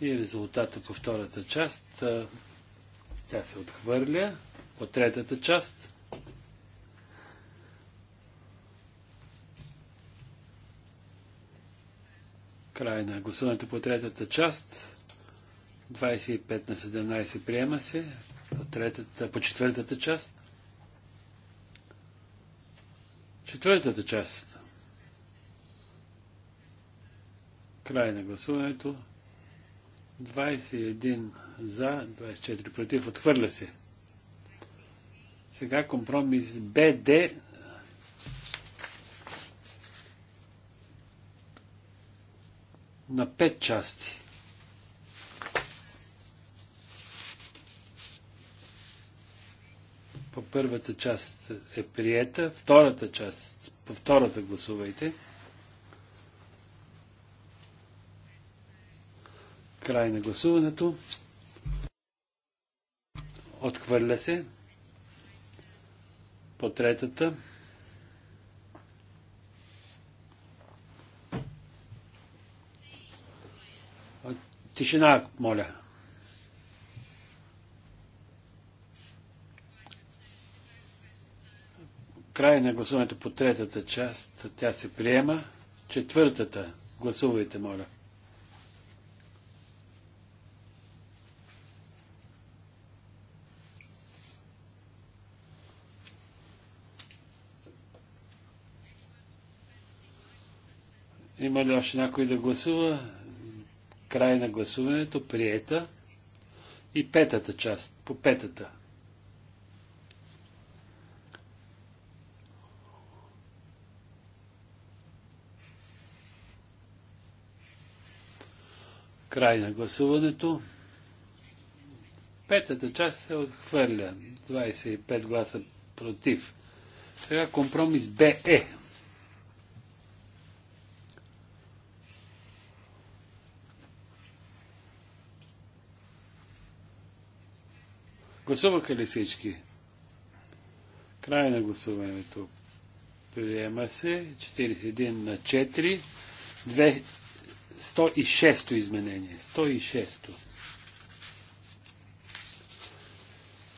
И резултата по втората част, тя се отхвърля. По третата част Край на гласуването по третата част. 25 на 17 приема се. По, третата, по четвъртата част. Четвъртата част. Край на гласуването. 21 за, 24 против. Отхвърля се. Сега компромис БД на пет части. По първата част е приета, втората част, по втората гласувайте. Край на гласуването. Отхвърля се. По третата. Тишина, моля. Край на гласуването по третата част. Тя се приема. Четвъртата. Гласувайте, моля. Има ли още някой да гласува? Край на гласуването. Приета. И петата част. По петата. Край на гласуването. Петата част се отхвърля. 25 гласа против. Сега компромис БЕ. Гласуваха ли всички? Край на гласуването. Приема се 41 на 4. 106 изменение. 106.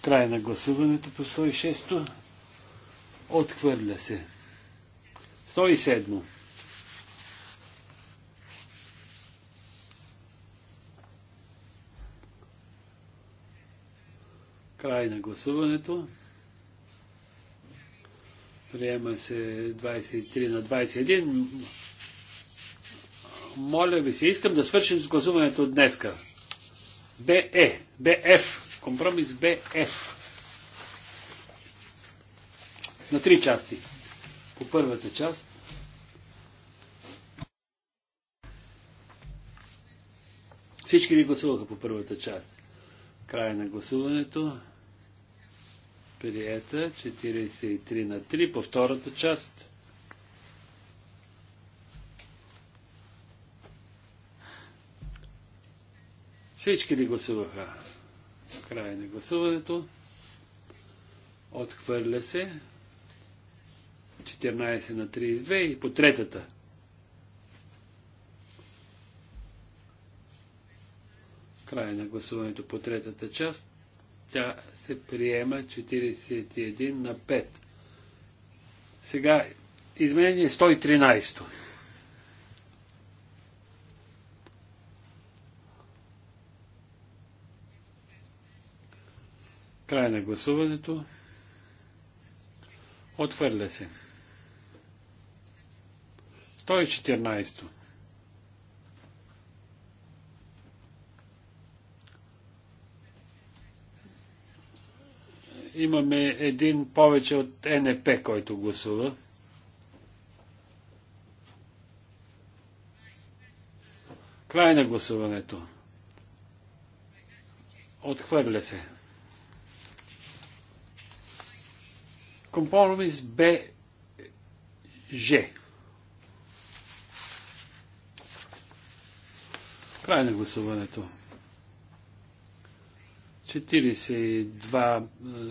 Край на гласуването по 106. Отхвърля се. 107. Край на гласуването. Приема се 23 на 21. Моля ви се, искам да свършим с гласуването днеска. БЕ, е, БФ, компромис БФ. На три части. По първата част Всички ли гласуваха по първата част? Край на гласуването. Приета 43 на 3 по втората част. Всички ли гласуваха? Край на гласуването. Отхвърля се. 14 на 32 и по третата. Край на гласуването по третата част. Тя се приема 41 на 5. Сега изменение 113. Край на гласуването. Отвърля се. 114. имаме един повече от НП, който гласува. Край на гласуването. Отхвърля се. Компромис Б Ж. Край на гласуването. 42 е,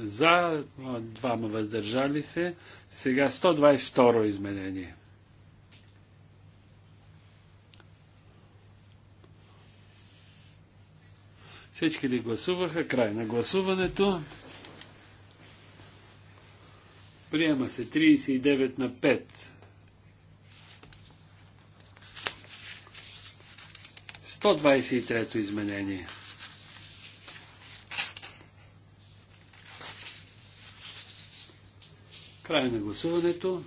за, 2 въздържали се. Сега 122 изменение. Всички ли гласуваха? Край на гласуването. Приема се 39 на 5. 123 изменение. Край на гласуването.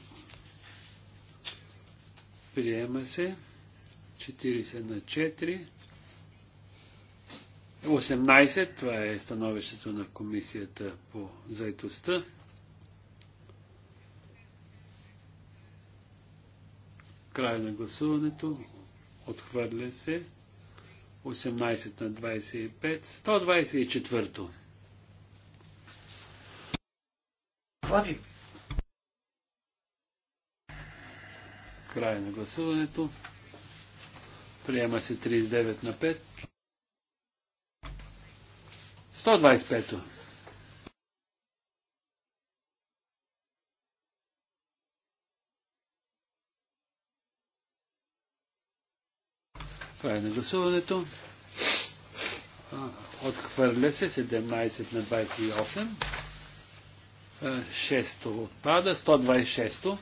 Приема се. 40 на 4. 18. Това е становището на комисията по заетостта. Край на гласуването. Отхвърля се. 18 на 25. 124. Слави. Края на гласуването. Приема се 39 на 5. 125-то. Край на гласуването. Отхвърля се 17 на 28. 6 отпада. 126-то.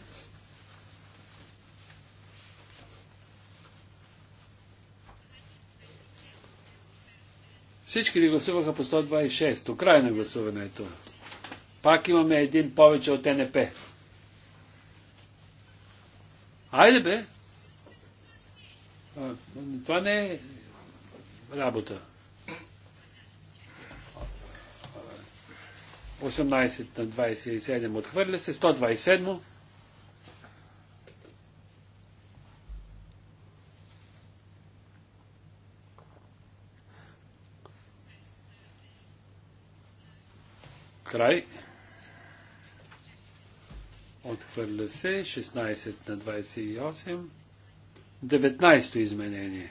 Всички ли гласуваха по 126? Край на гласуването. Пак имаме един повече от НП. Айде бе! А, това не е работа. 18 на 27 отхвърля се, 127 Край. Отхвърля се 16 на 28. 19 изменение.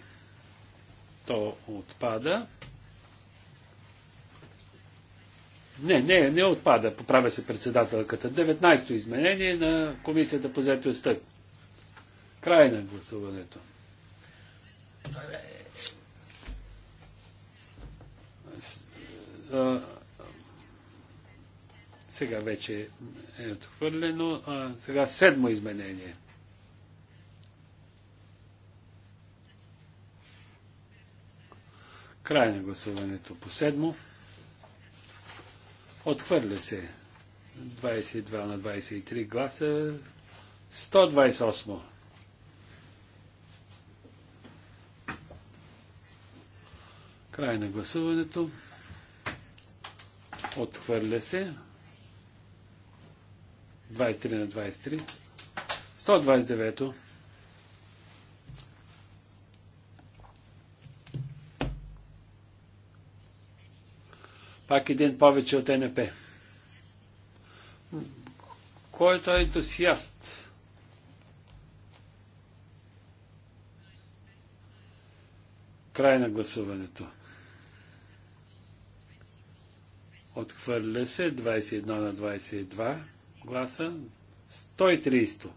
То отпада. Не, не, не отпада, поправя се председателката. 19-то изменение на Комисията по заедостта. Край на гласуването. Сега вече е отхвърлено. А, сега седмо изменение. Край на гласуването по седмо. Отхвърля се 22 на 23 гласа. 128. Край на гласуването. Отхвърля се. 23 на 23. 129-то. Пак един повече от НП. Който е ентусиаст. Край на гласуването. Отхвърля се 21 на 22 гласа 130.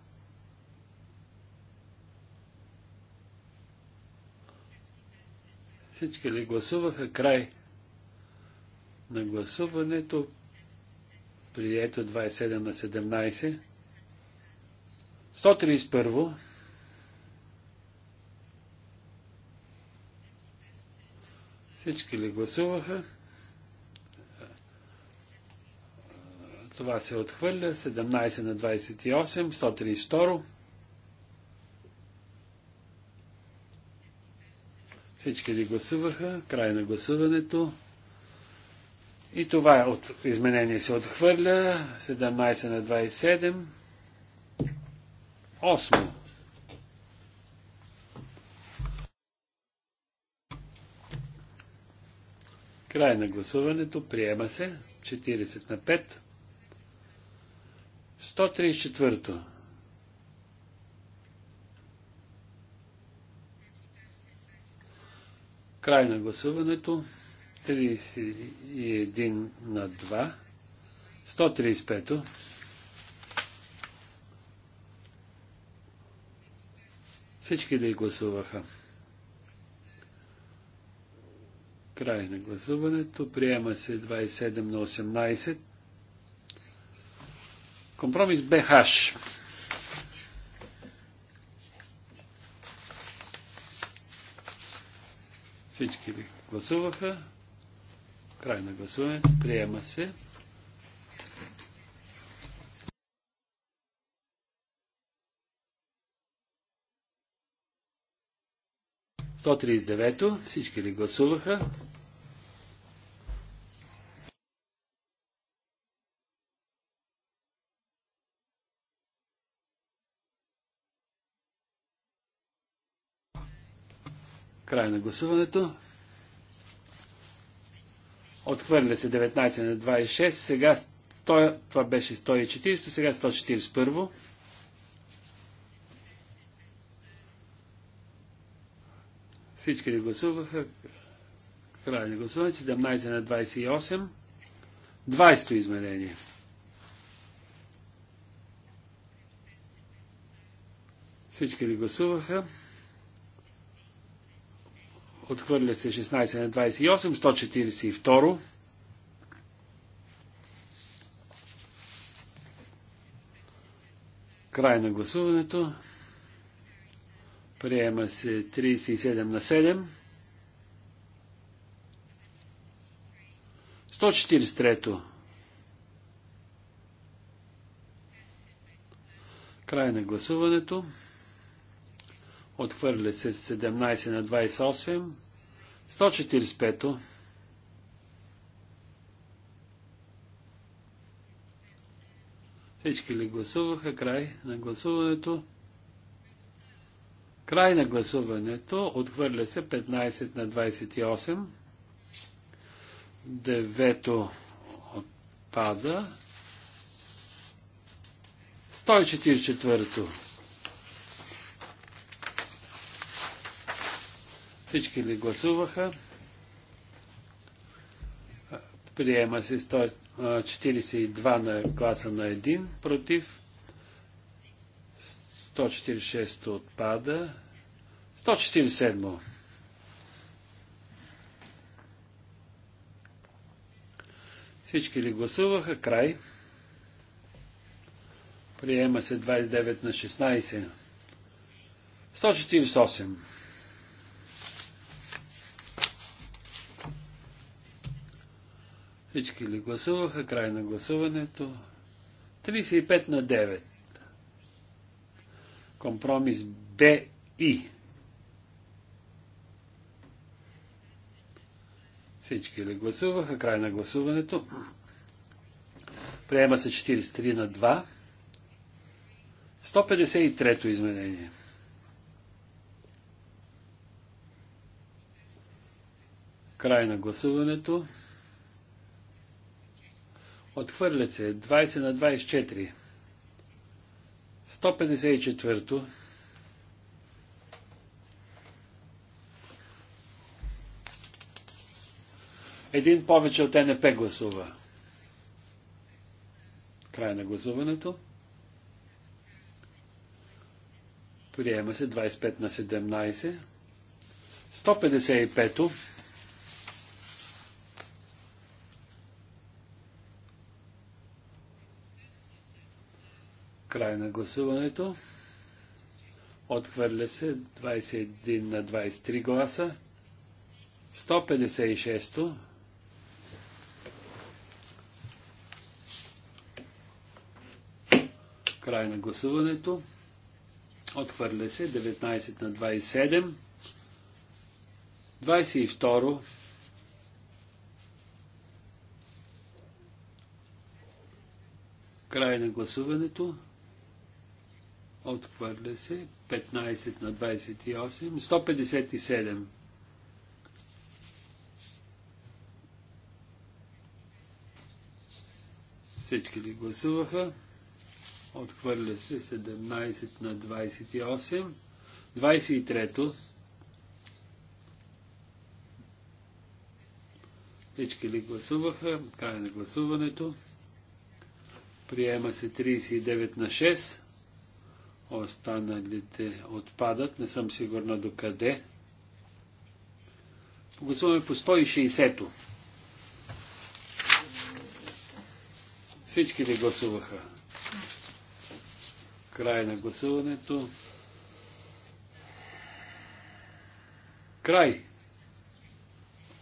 Всички ли гласуваха край на гласуването? Прието 27 на 17. 131. Всички ли гласуваха? Това се отхвърля. 17 на 28. 132. Всички ли гласуваха? Край на гласуването. И това е от, изменение се отхвърля. 17 на 27. 8. Край на гласуването. Приема се. 40 на 5. 134-то. Край на гласуването. 31 на 2. 135-то. Всички и гласуваха? Край на гласуването. Приема се 27 на 18. Компромис БХ. Всички ли гласуваха? Край на гласуването. Приема се. Сто Всички ли гласуваха? Край на гласуването. Отхвърля се 19 на 26. Сега това беше 140, сега 141. Всички ли гласуваха? Край на гласуването. 17 на 28. 20-то изменение. Всички ли гласуваха? Отхвърля се 16 на 28, 142. Край на гласуването. Приема се 37 на 7. 143. Край на гласуването. Отхвърля се 17 на 28. 145 Всички ли гласуваха? Край на гласуването. Край на гласуването. Отхвърля се 15 на 28. Девето отпада. 144-то. Всички ли гласуваха? Приема се 142 на гласа на 1 против. 146 отпада. 147. Всички ли гласуваха? Край. Приема се 29 на 16. 148. Всички ли гласуваха? Край на гласуването. 35 на 9. Компромис Б и. Всички ли гласуваха? Край на гласуването. Приема се 43 на 2. 153-то изменение. Край на гласуването. Отхвърля се 20 на 24. 154 Един повече от НП гласува. Край на гласуването. Приема се 25 на 17. 155-то. Край на гласуването. Отхвърля се 21 на 23 гласа. 156-то. Край на гласуването. Отхвърля се 19 на 27. 22 Край на гласуването. Отхвърля се. 15 на 28. 157. Всички ли гласуваха? Отхвърля се 17 на 28. 23-то. Всички ли гласуваха? Край на гласуването. Приема се 39 на 6. Останалите отпадат. Не съм сигурна до къде. Гласуваме по 160-то. Всички ли гласуваха? Край на гласуването. Край.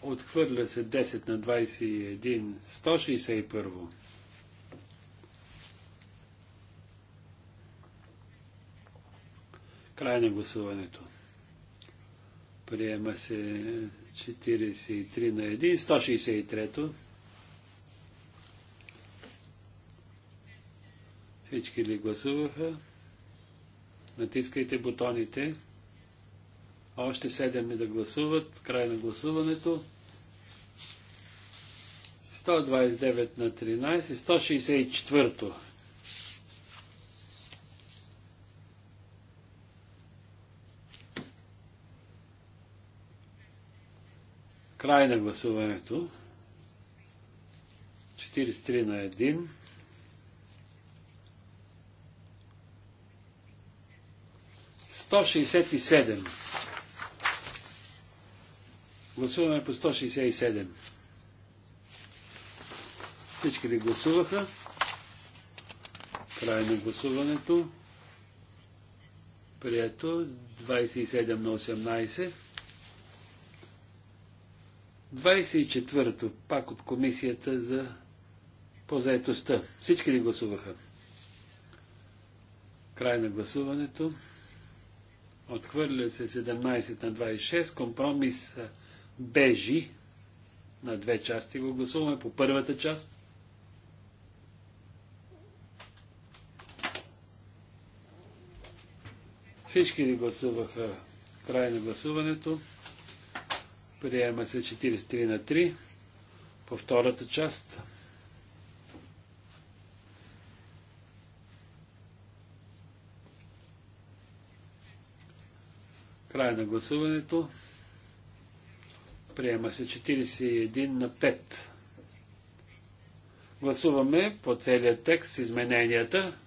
Отхвърля се 10 на 21. 161. Край на гласуването. Приема се 43 на 1, 163-то. Всички ли гласуваха? Натискайте бутоните. Още 7 ли да гласуват? Край на гласуването. 129 на 13, 164-то. Край на гласуването. 43 на 1. 167. Гласуваме по 167. Всички ли гласуваха? Край на гласуването. Прието 27 на 18. 24-то, пак от комисията за по заедостта. Всички ли гласуваха? Край на гласуването. Отхвърля се 17 на 26. Компромис бежи. На две части го гласуваме. По първата част. Всички ли гласуваха край на гласуването? Приема се 43 на 3 по втората част. Край на гласуването. Приема се 41 на 5. Гласуваме по целия текст с измененията.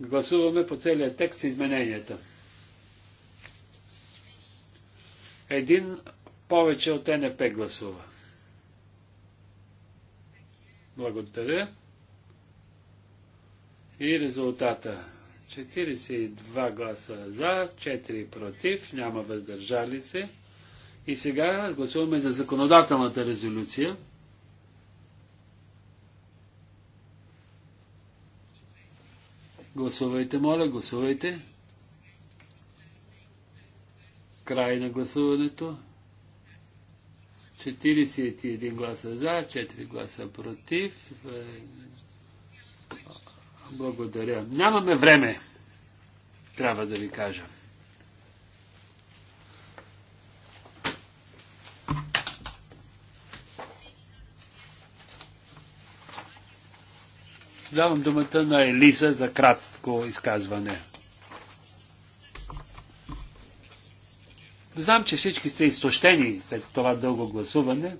Гласуваме по целия текст с измененията. Един повече от НП гласува. Благодаря. И резултата. 42 гласа за, 4 против, няма въздържали се. И сега гласуваме за законодателната резолюция. Гласувайте, моля, гласувайте. Край на гласуването. 41 гласа за, 4 гласа против. Благодаря. Нямаме време, трябва да ви кажа. Давам думата на Елиза за кратко изказване. Знам, че всички сте изтощени след това дълго гласуване,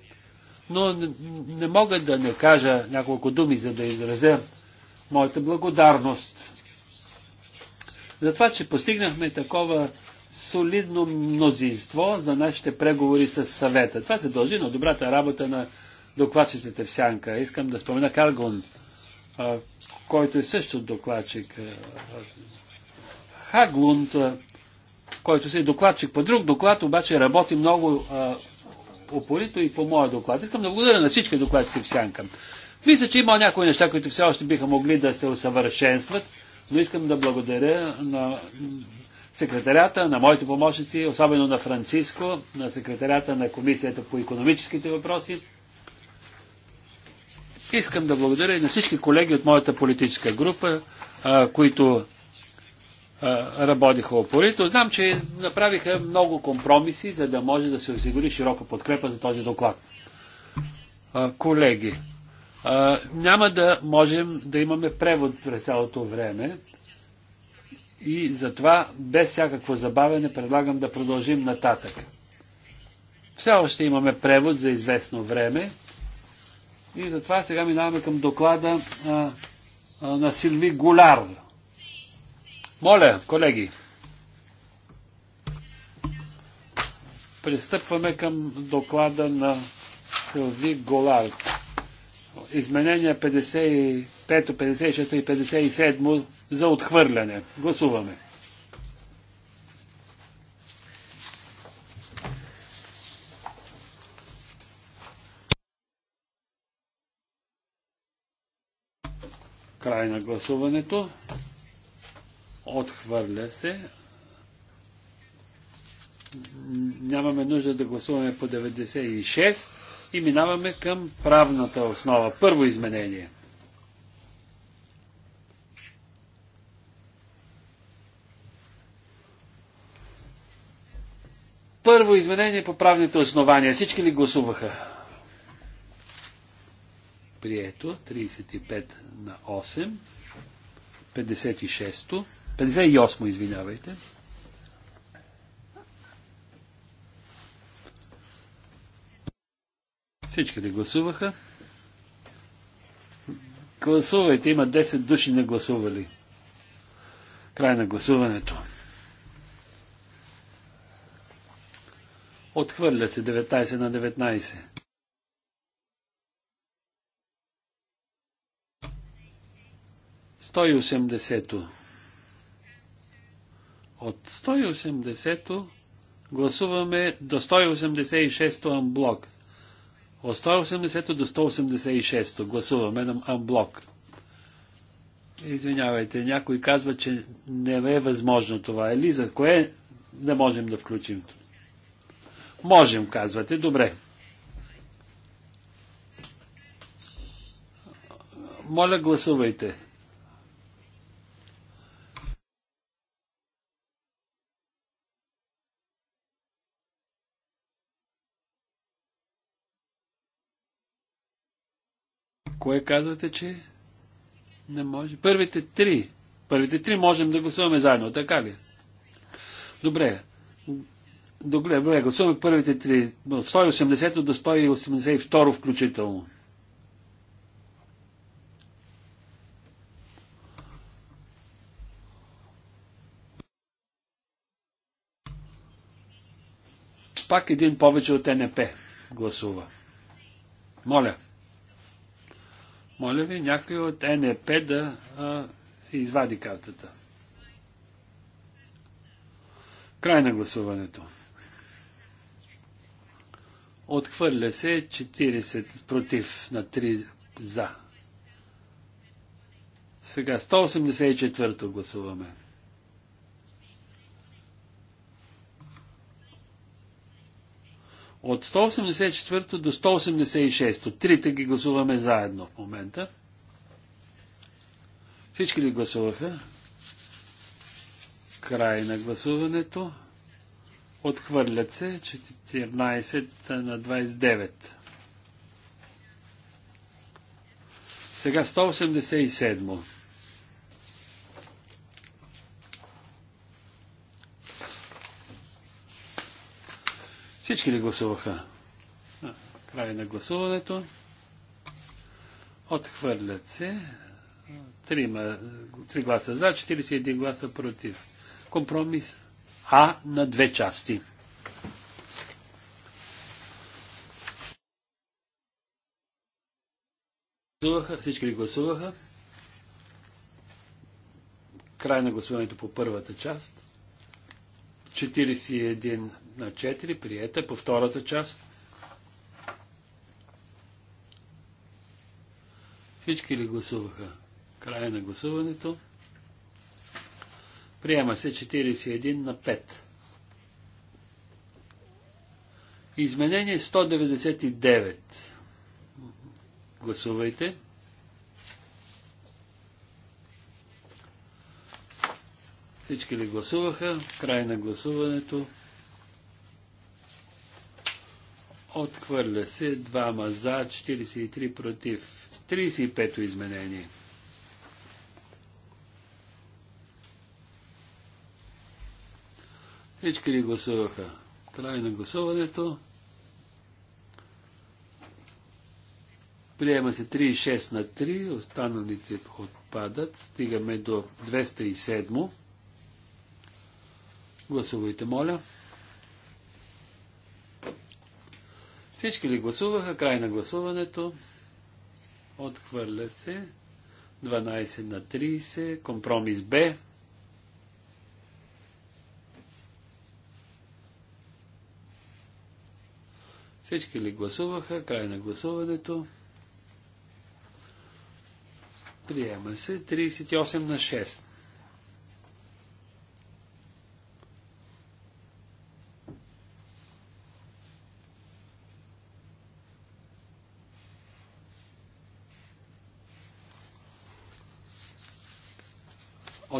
но не, не мога да не кажа няколко думи, за да изразя моята благодарност за това, че постигнахме такова солидно мнозинство за нашите преговори с съвета. Това се дължи на добрата работа на докладчиците в Сянка. Искам да спомена Каргон, който е също докладчик. Хаглунд който си докладчик по друг доклад, обаче работи много а, упорито и по моя доклад. Искам да благодаря на всички докладчици в Сянка. Мисля, че има някои неща, които все още биха могли да се усъвършенстват, но искам да благодаря на секретарята, на моите помощници, особено на Франциско, на секретарята на Комисията по економическите въпроси. Искам да благодаря и на всички колеги от моята политическа група, които работиха опорито. Знам, че направиха много компромиси, за да може да се осигури широка подкрепа за този доклад. Колеги, няма да можем да имаме превод през цялото време и затова без всякакво забавяне предлагам да продължим нататък. Все още имаме превод за известно време и затова сега минаваме към доклада а, а, на Силви Голярд. Моля, колеги, пристъпваме към доклада на Силви Голард. Изменения 55, 56 и 57 за отхвърляне. Гласуваме. край на гласуването. Отхвърля се. Нямаме нужда да гласуваме по 96 и минаваме към правната основа. Първо изменение. Първо изменение по правните основания. Всички ли гласуваха? Прието. 35 на 8. 56-то. 58, извинявайте. Всички ли гласуваха? Гласувайте, има 10 души не гласували. Край на гласуването. Отхвърля се 19 на 19. 180. то от 180-то гласуваме до 186-то амблок. От 180-то до 186-то гласуваме на амблок. Извинявайте, някой казва, че не е възможно това. Елиза, кое не можем да включим? Можем, казвате. Добре. Моля, гласувайте. Кое казвате, че не може? Първите три. Първите три можем да гласуваме заедно, така ли? Добре. Добре, гласуваме първите три. От 180 до 182 включително. Пак един повече от НП гласува. Моля. Моля ви, някой от НЕП да а, си извади картата. Край на гласуването. Отхвърля се 40 против на 3 за. Сега 184 гласуваме. От 184 до 186. Трите ги гласуваме заедно в момента. Всички ли гласуваха? Край на гласуването. Отхвърлят се 14 на 29. Сега 187. Всички ли гласуваха? Край на гласуването. Отхвърлят се. Трима, три гласа за, 41 гласа против. Компромис А на две части. Гласуваха, всички ли гласуваха? Край на гласуването по първата част. 41 на 4, приете по втората част. Всички ли гласуваха? Края на гласуването. Приема се 41 на 5. Изменение 199. Гласувайте. Всички ли гласуваха? Край на гласуването. Отхвърля се двама за, 43 против. 35-то изменение. Всички ли гласуваха? Край на гласуването. Приема се 36 на 3, останалите отпадат. Стигаме до 207. Гласувайте, моля. Всички ли гласуваха? Край на гласуването. Отхвърля се. 12 на 30. Компромис Б. Всички ли гласуваха? Край на гласуването. Приема се 38 на 6.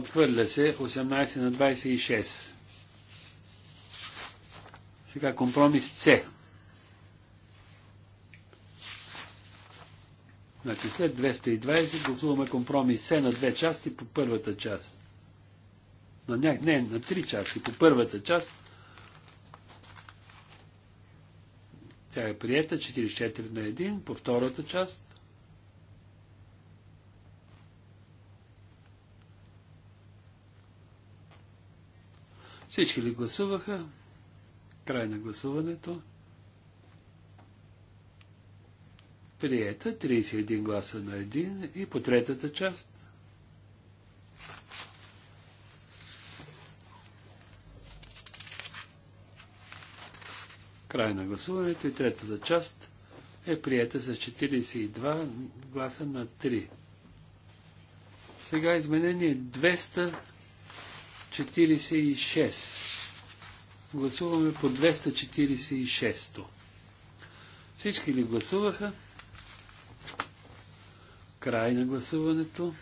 Отхвърля се 18 на 26. Сега компромис С. Значи след 220 гласуваме компромис С на две части по първата част. На ня... Не, на три части по първата част. Тя е приета 44 на 1 по втората част. Всички ли гласуваха? Край на гласуването. Приета 31 гласа на 1 и по третата част. Край на гласуването и третата част е приета с 42 гласа на 3. Сега изменение 200 246. Гласуваме по 246. Всички ли гласуваха? Край на гласуването.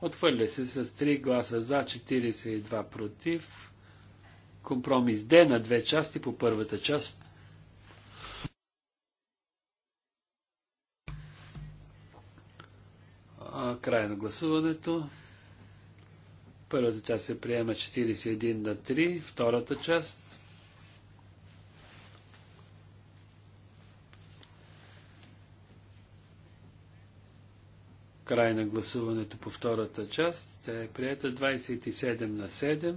Отхвърля се с 3 гласа за, 42 против. Компромис Д на две части по първата част. А, край на гласуването. Първата част се приема 41 на 3, втората част край на гласуването по втората част. Тя е приета 27 на 7.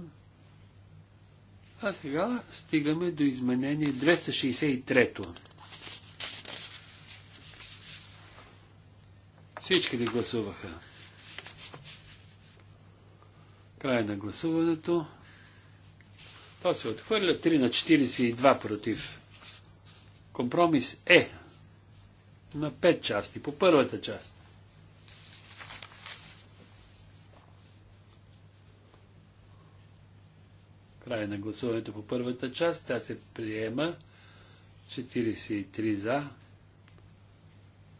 А сега стигаме до изменение 263-то. Всички ли гласуваха? Край на гласуването. То се отхвърля 3 на 42 против. Компромис е на 5 части по първата част. Край на гласуването по първата част. Тя се приема 43 за.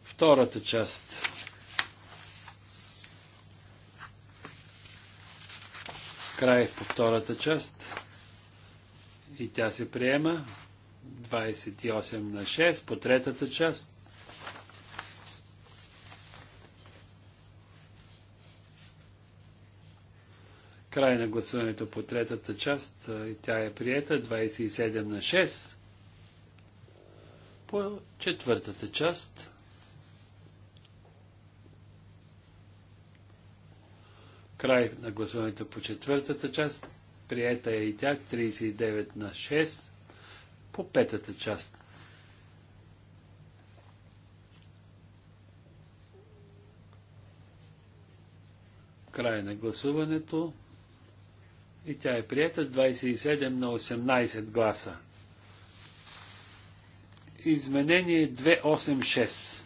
Втората част. Край по втората част. И тя се приема. 28 на 6 по третата част. Край на гласуването по третата част. И тя е приета. 27 на 6 по четвъртата част. Край на гласуването по четвъртата част. Приета е и тя 39 на 6 по петата част. Край на гласуването. И тя е приета с 27 на 18 гласа. Изменение 286.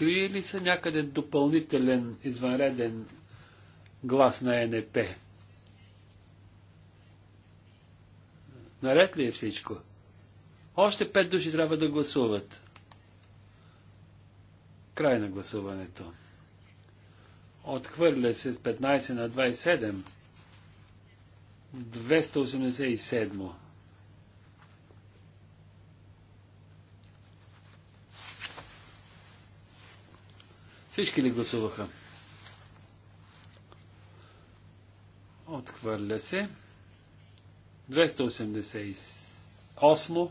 крие ли се някъде допълнителен извънреден глас на НП? Наред ли е всичко? Още пет души трябва да гласуват. Край на гласуването. Отхвърля се с 15 на 27. 287. Всички ли гласуваха? Отхвърля се. 288.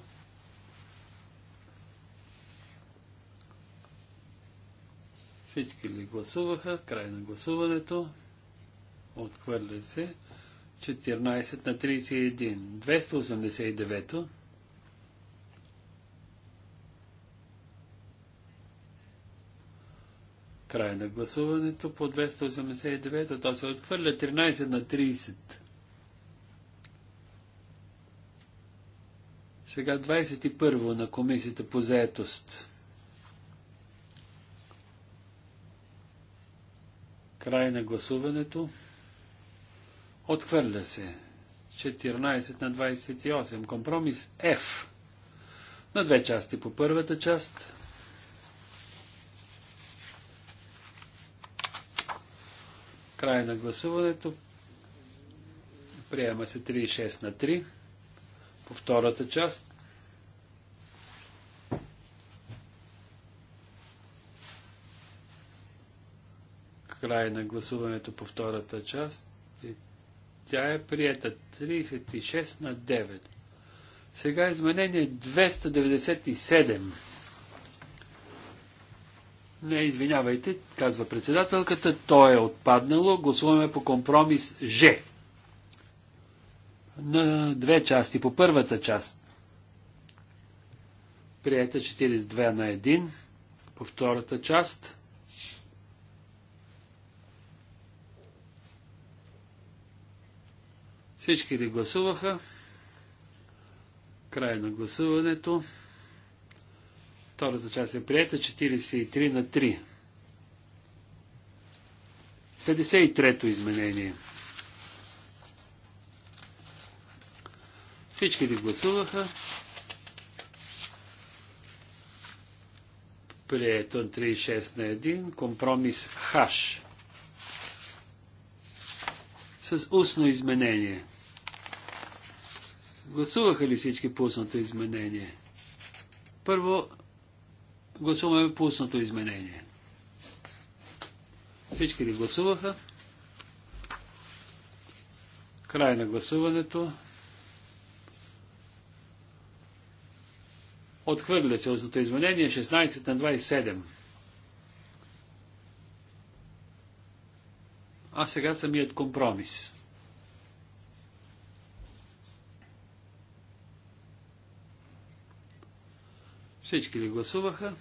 Всички ли гласуваха? Край на гласуването. Отхвърля се. 14 на 31. 289. Край на гласуването по 289. То се отхвърля 13 на 30. Сега 21 на комисията по заетост. Край на гласуването. Отхвърля се. 14 на 28. Компромис F. На две части по първата част. Край на гласуването. Приема се 36 на 3 по втората част. Край на гласуването по втората част. И тя е приета 36 на 9. Сега изменение 297. Не, извинявайте, казва председателката, то е отпаднало. Гласуваме по компромис Ж. На две части. По първата част. Приета 42 на 1. По втората част. Всички ли гласуваха? Край на гласуването. Втората част е приета. 43 на 3. 53-то изменение. Всички ли гласуваха? Прието 36 на 1. Компромис ХАШ. С устно изменение. Гласуваха ли всички по устното изменение? Първо Гласуваме пуснато изменение. Всички ли гласуваха? Край на гласуването. Отхвърля се устното изменение 16 на 27. А сега самият компромис. Всички ли гласуваха?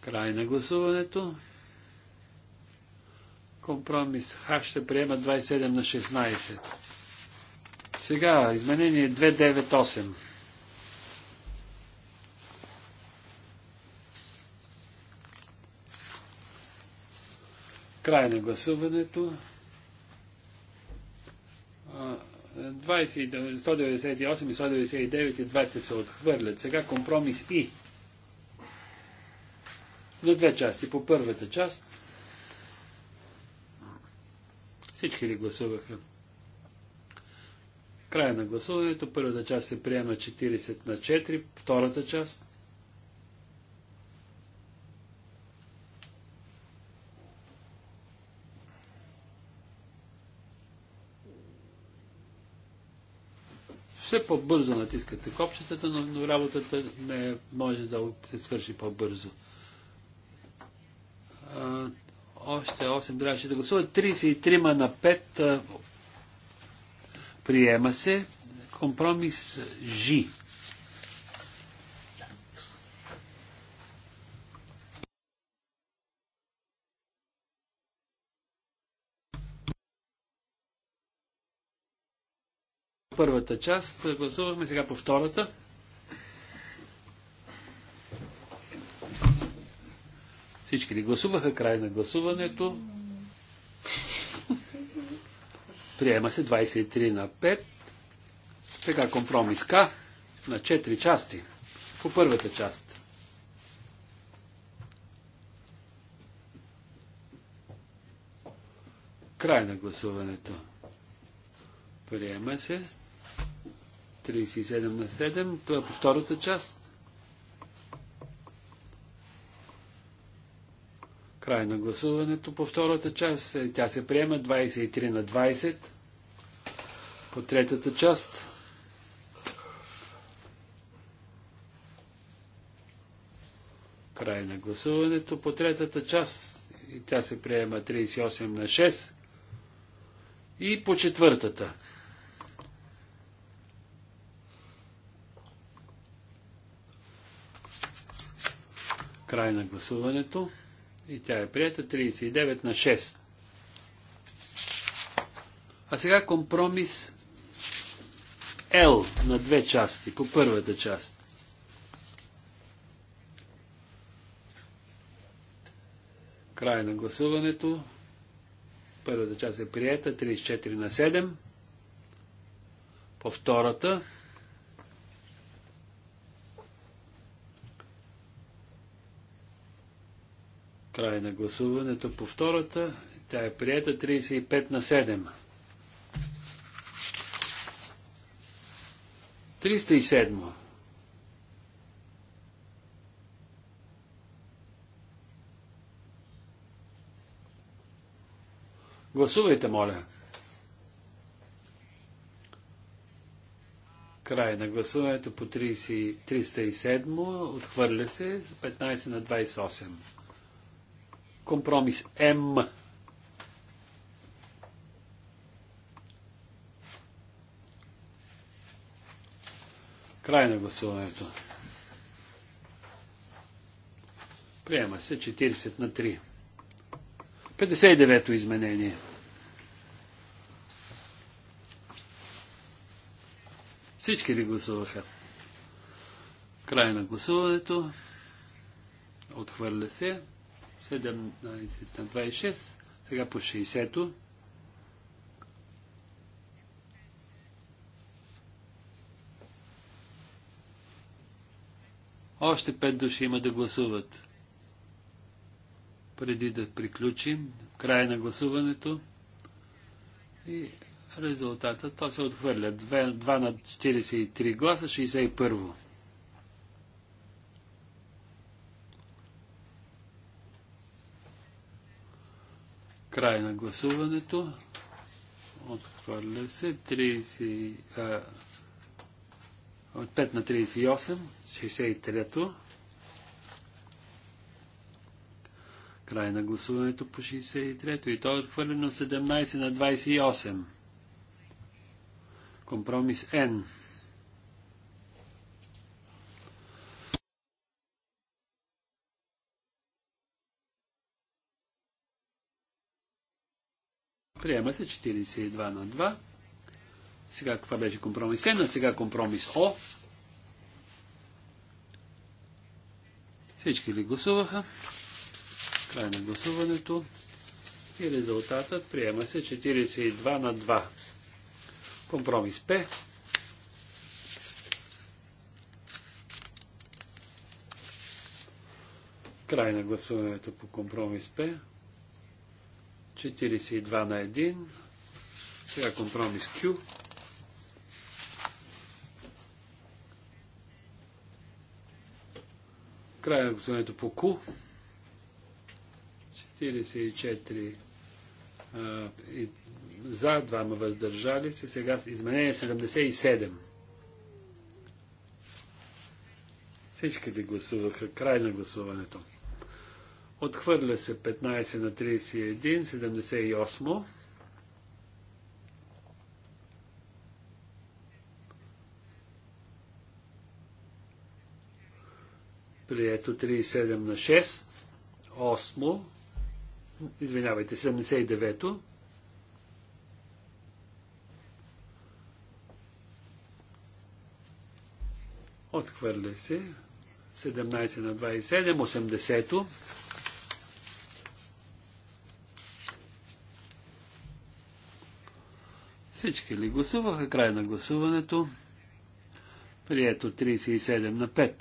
Край на гласуването. Компромис Х ще приема 27 на 16. Сега изменение 298. Край на гласуването. 198 и 199 и двете се отхвърлят. Сега компромис И на две части. По първата част всички ли гласуваха? Края на гласуването. Първата част се приема 40 на 4. Втората част все по-бързо натискате копчетата, но, но работата не може да се свърши по-бързо още 8 трябваше да гласуват. 33 на 5 приема се. Компромис Жи. Първата част Гласуваме сега по втората. Всички ли гласуваха край на гласуването? Приема се 23 на 5. Сега компромис К на 4 части. По първата част. Край на гласуването. Приема се 37 на 7. Това е по втората част. Край на гласуването по втората част. Е, тя се приема 23 на 20. По третата част. Край на гласуването по третата част. И тя се приема 38 на 6. И по четвъртата. Край на гласуването. И тя е прията 39 на 6. А сега компромис L на две части, по първата част. Край на гласуването. Първата част е прията 34 на 7. По втората прави на гласуването по втората. Тя е прията 35 на 7. 307. Гласувайте, моля. Край на гласуването по 30, 307 отхвърля се 15 на 28. Компромис М. Край на гласуването. Приема се 40 на 3. 59-то изменение. Всички ли гласуваха? Край на гласуването. Отхвърля се. 17 на 26, сега по 60-то. Още пет души има да гласуват. Преди да приключим, края на гласуването и резултата, то се отхвърля. 2, 2 на 43 гласа, 61. Край на гласуването. Отхвърля се. 30, а, от 5 на 38. 63-то. Край на гласуването по 63-то. И то е отхвърлено 17 на 28. Компромис N. Приема се 42 на 2. Сега каква беше компромис Е, на сега компромис О. Всички ли гласуваха? Край на гласуването. И резултатът приема се 42 на 2. Компромис П. Край на гласуването по компромис П. 42 на 1. Сега компромис Q. Край на гласуването по Q. 44 а, и, за, двама въздържали се. Сега изменение 77. Всички ли гласуваха? Край на гласуването. Отхвърля се 15 на 31, 78. Прието 37 на 6, 8, извинявайте, 79-то. Отхвърля се 17 на 27, 80-то. Всички ли гласуваха? Край на гласуването. Прието 37 на 5.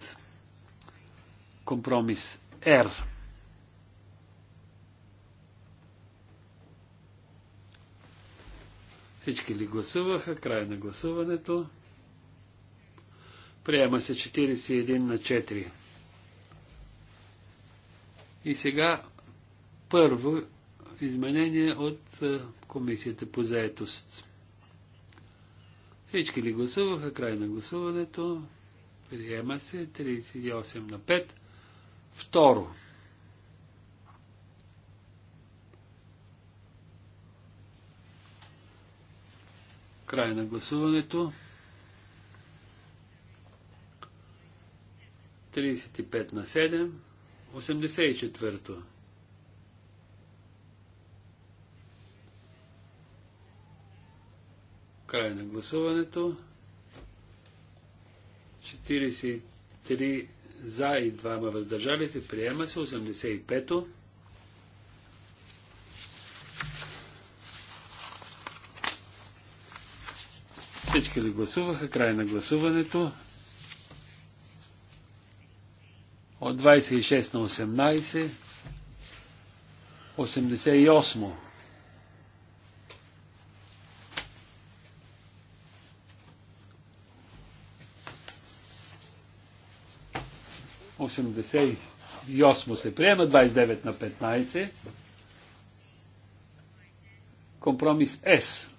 Компромис R. Всички ли гласуваха? Край на гласуването. Приема се 41 на 4. И сега първо изменение от е, Комисията по заетост. Всички ли гласуваха? Край на гласуването. Приема се 38 на 5. Второ. Край на гласуването. 35 на 7. 84-то. Край на гласуването. 43 за и 2 въздържали се. Приема се 85-то. Всички ли гласуваха? Край на гласуването. От 26 на 18. 88. 88 се приема, 29 на 15. Компромис С.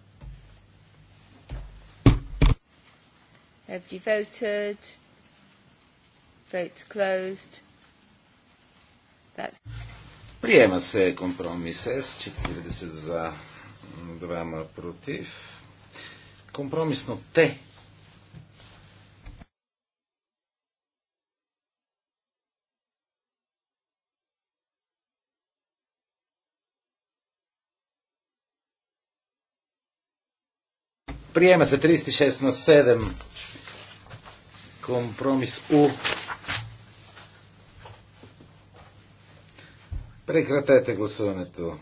Have devoted. Votes closed. That's... Приема се компромис С, 40 за, 2 против. Компромисно Т Приема се 36 на 7. Компромис У. Прекратете гласуването.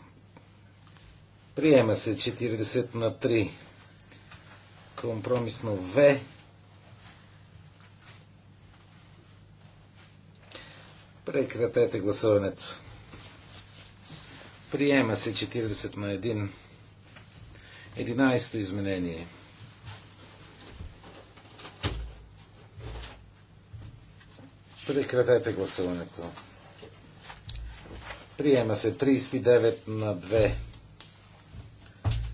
Приема се 40 на 3. Компромисно В. Прекратете гласуването. Приема се 40 на 1. 11 изменение. Прекратете гласуването. Приема се 39 на 2.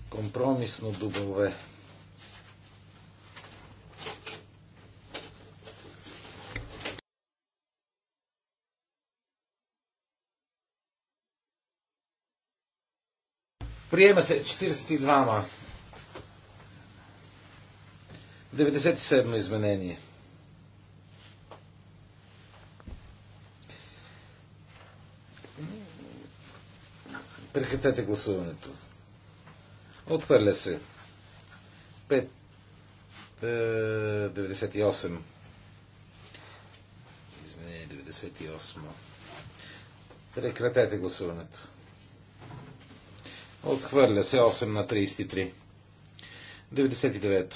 Компромисно дубове. Приема се 42 ма. 97 изменение. Прекратете гласуването. Отхвърля се. 5. 98. Е, Изменение 98. Прекратете гласуването. Отхвърля се 8 на 33. 99.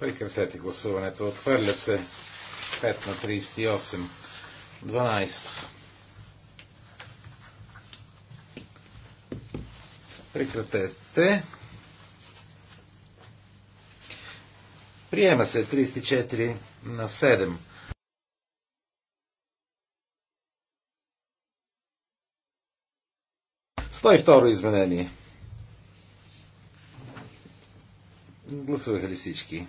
Прекратете гласуването. Отхвърля се. 5 на 38. 12. Прекратете. Приема се 34 на 7. Сто и второ изменение. Гласуваха ли всички?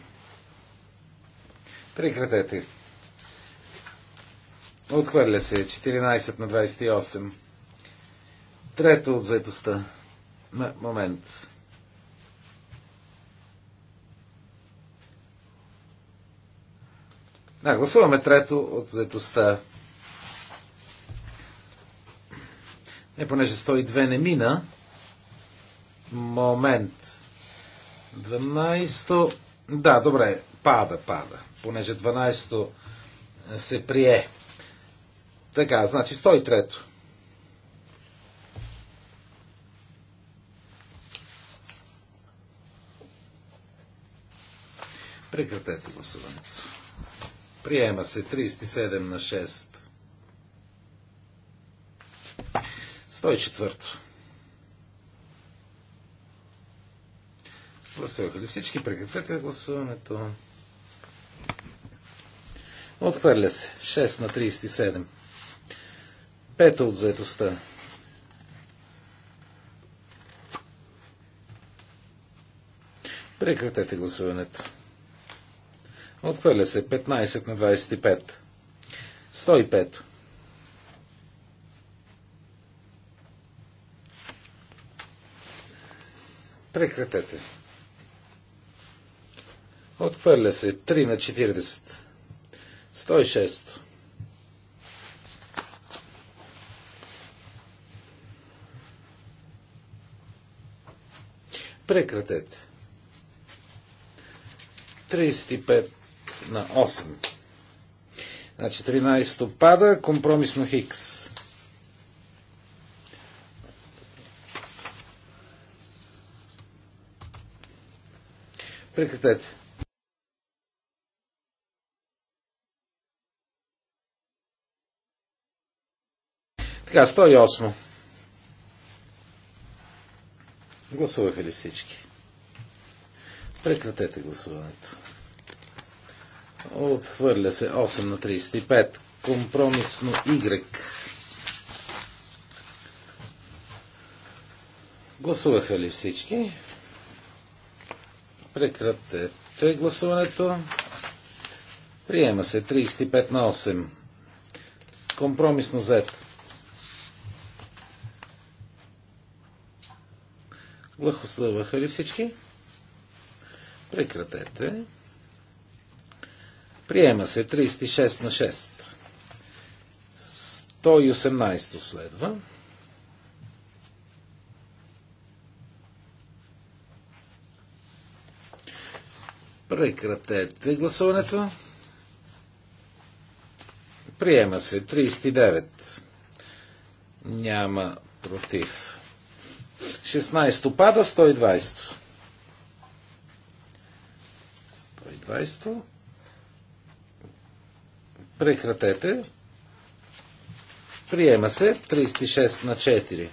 Прекратете. Отхвърля се 14 на 28. Трето от заетостта. М- момент. Да, гласуваме трето от заетостта. Не, понеже 102 не мина. Момент. 12. Да, добре. Пада, пада. Понеже 12 се прие. Така, значи 103-то. Прекратете гласуването. Приема се 37 на 6. 104. Гласуваха ли всички? Прекратете гласуването. Отхвърля се. 6 на 37. Пето от заедостта. Прекратете гласуването. Отхвърля се 15 на 25. 105. Прекратете. Отхвърля се 3 на 40. 106. Прекратете. 35 на 8. Значи 13-то пада, компромисно Хикс. Прекратете. Така, 108. Гласуваха ли всички? Прекратете гласуването. Отхвърля се 8 на 35. Компромисно Y. Гласуваха ли всички? Прекратете гласуването. Приема се 35 на 8. Компромисно Z. Гласуваха ли всички? Прекратете. Приема се 36 на 6. 118 следва. Прекратете гласуването. Приема се 39. Няма против. 16 пада, 120. 120. Прекратете. Приема се 36 на 4.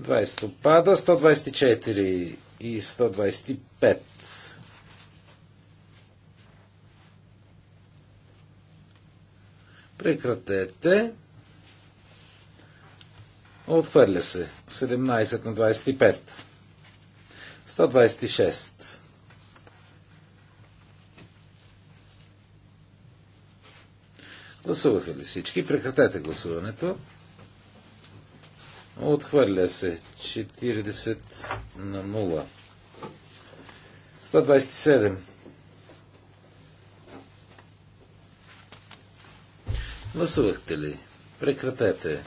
20 пада, 124 и 125. Прекратете. Отхвърля се. 17 на 25. 126. Гласуваха ли всички? Прекратете гласуването. Отхвърля се. 40 на 0. 127. Гласувахте ли? Прекратете.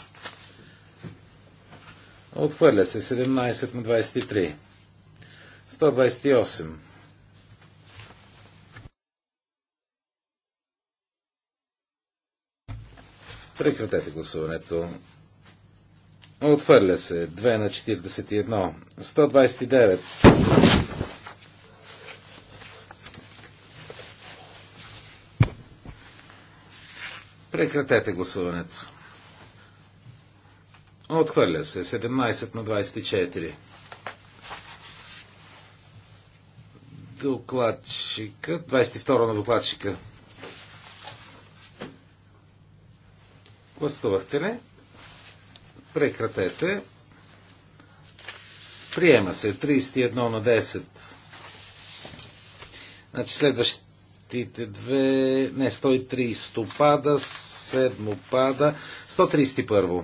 Отхвърля се 17 на 23. 128. Прекратете гласуването. Отхвърля се 2 на 41. 129. Прекратете гласуването. Отхвърля се. 17 на 24. Докладчика. 22 на докладчика. Гласувахте ли? Прекратете. Приема се 31 на 10. Значи следващите две... Не, 130 пада, 7 пада, 131.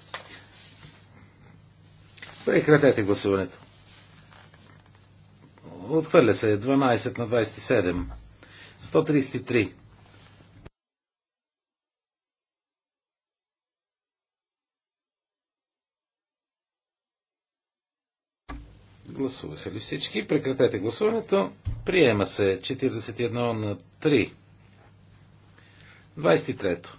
Прекратете гласуването. Отхвърля се 12 на 27. 133. Гласуваха ли всички? Прекратете гласуването. Приема се 41 на 3. 23-то.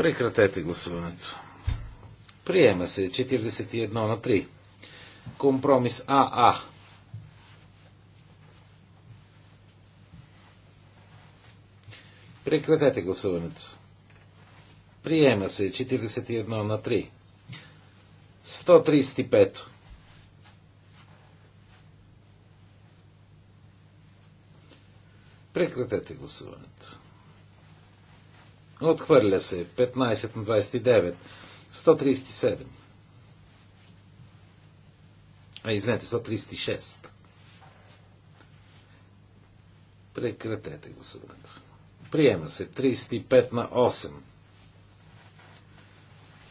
Прекратете гласуването. Приема се 41 на 3. Компромис АА. Прекратете гласуването. Приема се 41 на 3. 135. Прекратете гласуването. Отхвърля се. 15 на 29. 137. А, извинете, 136. Прекратете гласуването. Приема се. 35 на 8.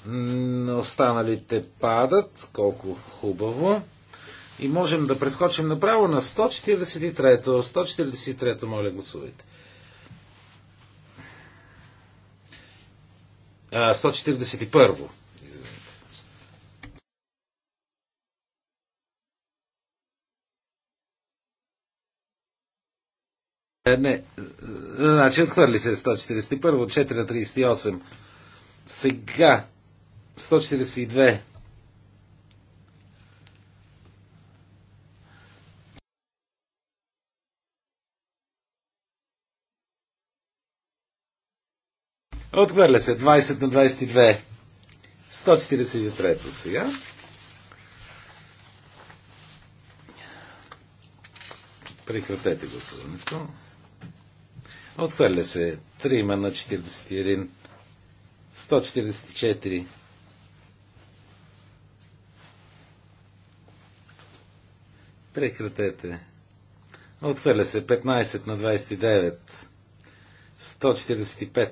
Но останалите падат. Колко хубаво. И можем да прескочим направо на 143-то. 143-то, моля, гласувайте. 141. Извинете. Е, не, е, е, значи отхвърли се 141 от 4 на 38. Сега 142 Отхвърля се. 20 на 22. 143 сега. Прекратете гласуването. Отхвърля се. 3 на 41. 144. Прекратете. Отхвърля се 15 на 29. 145.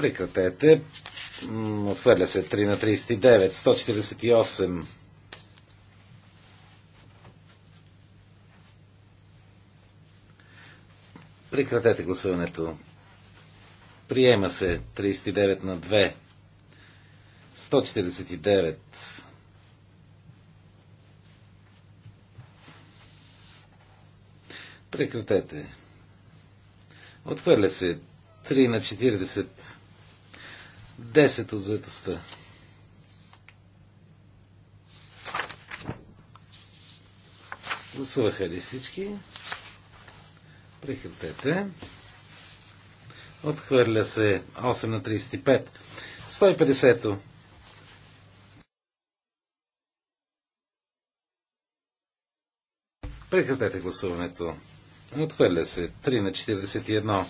Прекратете. Отхвърля се 3 на 39. 148. Прекратете гласуването. Приема се 39 на 2. 149. Прекратете. Отхвърля се 3 на 40. 10 от заедостта. Гласуваха ли всички? Прекратете. Отхвърля се 8 на 35. 150-то. Прекратете гласуването. Отхвърля се 3 на 41.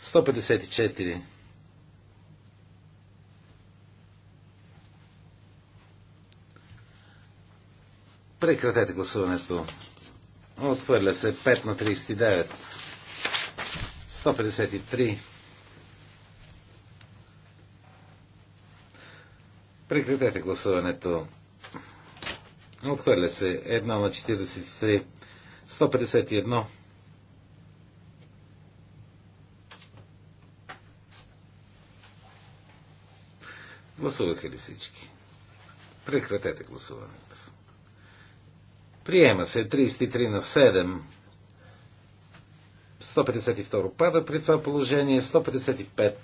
154. Прекратете гласуването. Отхвърля се 5 на 39. 153. Прекратете гласуването. Отхвърля се 1 на 43. 151. Гласуваха ли всички? Прекратете гласуването. Приема се 33 на 7. 152 пада при това положение. 155.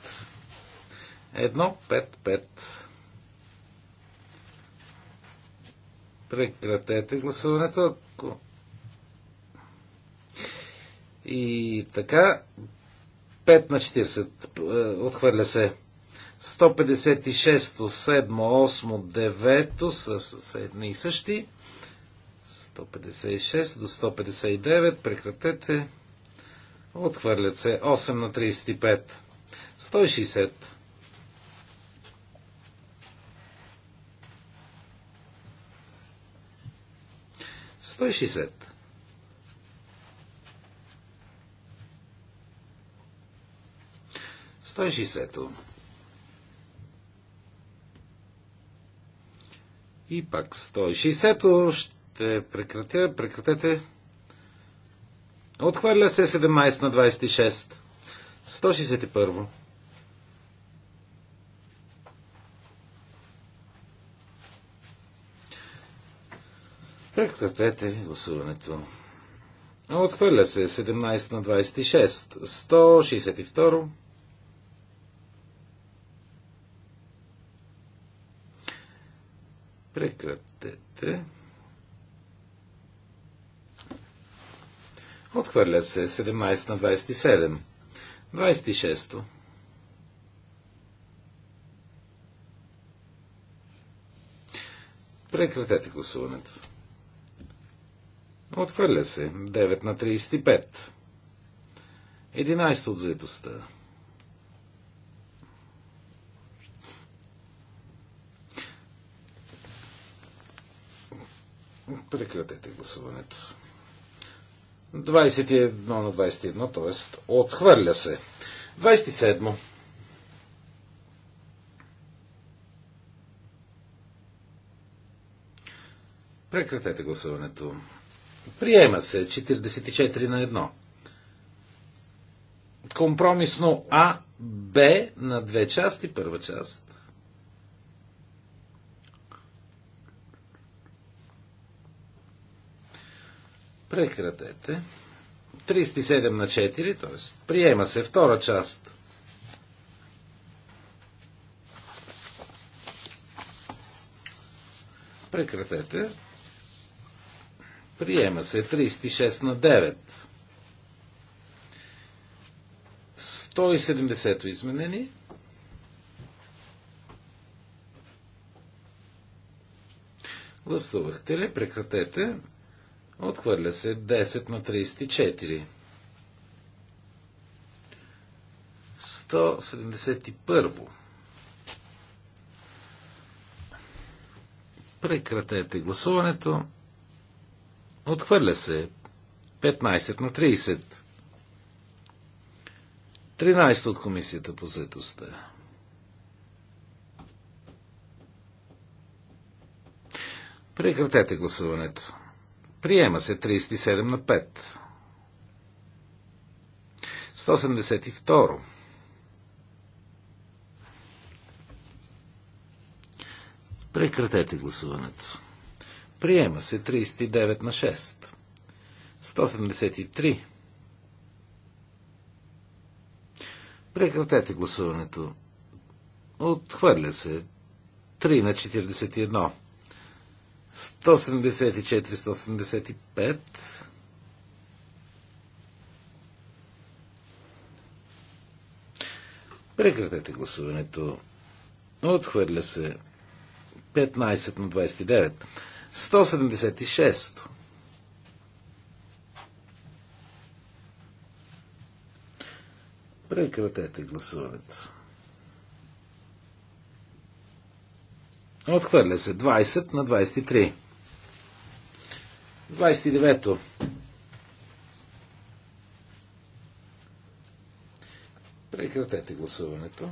1, 5, 5. Прекратете гласуването. И така, 5 на 40. Е, отхвърля се. 156, 7, 8, 9 са едни и същи. 156 до 159, прекратете. Отхвърлят се 8 на 35. 160. Сто шестьдесят. Сто шестьдесето. И пак 160-то ще прекратя. Прекратете. Отхвърля се 17 на 26. 161. Прекратете гласуването. Отхвърля се 17 на 26. 162. Прекратете. Отхвърля се 17 на 27. 26 Прекратете гласуването. Отхвърля се 9 на 35. 11 от заедостта. Прекратете гласуването. 21 на 21, т.е. отхвърля се. 27. Прекратете гласуването. Приема се 44 на 1. Компромисно А, Б на две части, първа част. Прекратете. 37 на 4, т.е. приема се втора част. Прекратете. Приема се 36 на 9. 170 изменени. Гласувахте ли? Прекратете. Отхвърля се 10 на 34. 171. Прекратете гласуването. Отхвърля се 15 на 30. 13 от комисията по заедостта. Прекратете гласуването. Приема се 37 на 5. 172. Прекратете гласуването. Приема се 39 на 6. 173. Прекратете гласуването. Отхвърля се 3 на 41. 174-175. Прекратете гласуването. Отхвърля се 15 на 29. 176. Прекратете гласуването. Отхвърля се. 20 на 23. 29 Прекратете гласуването.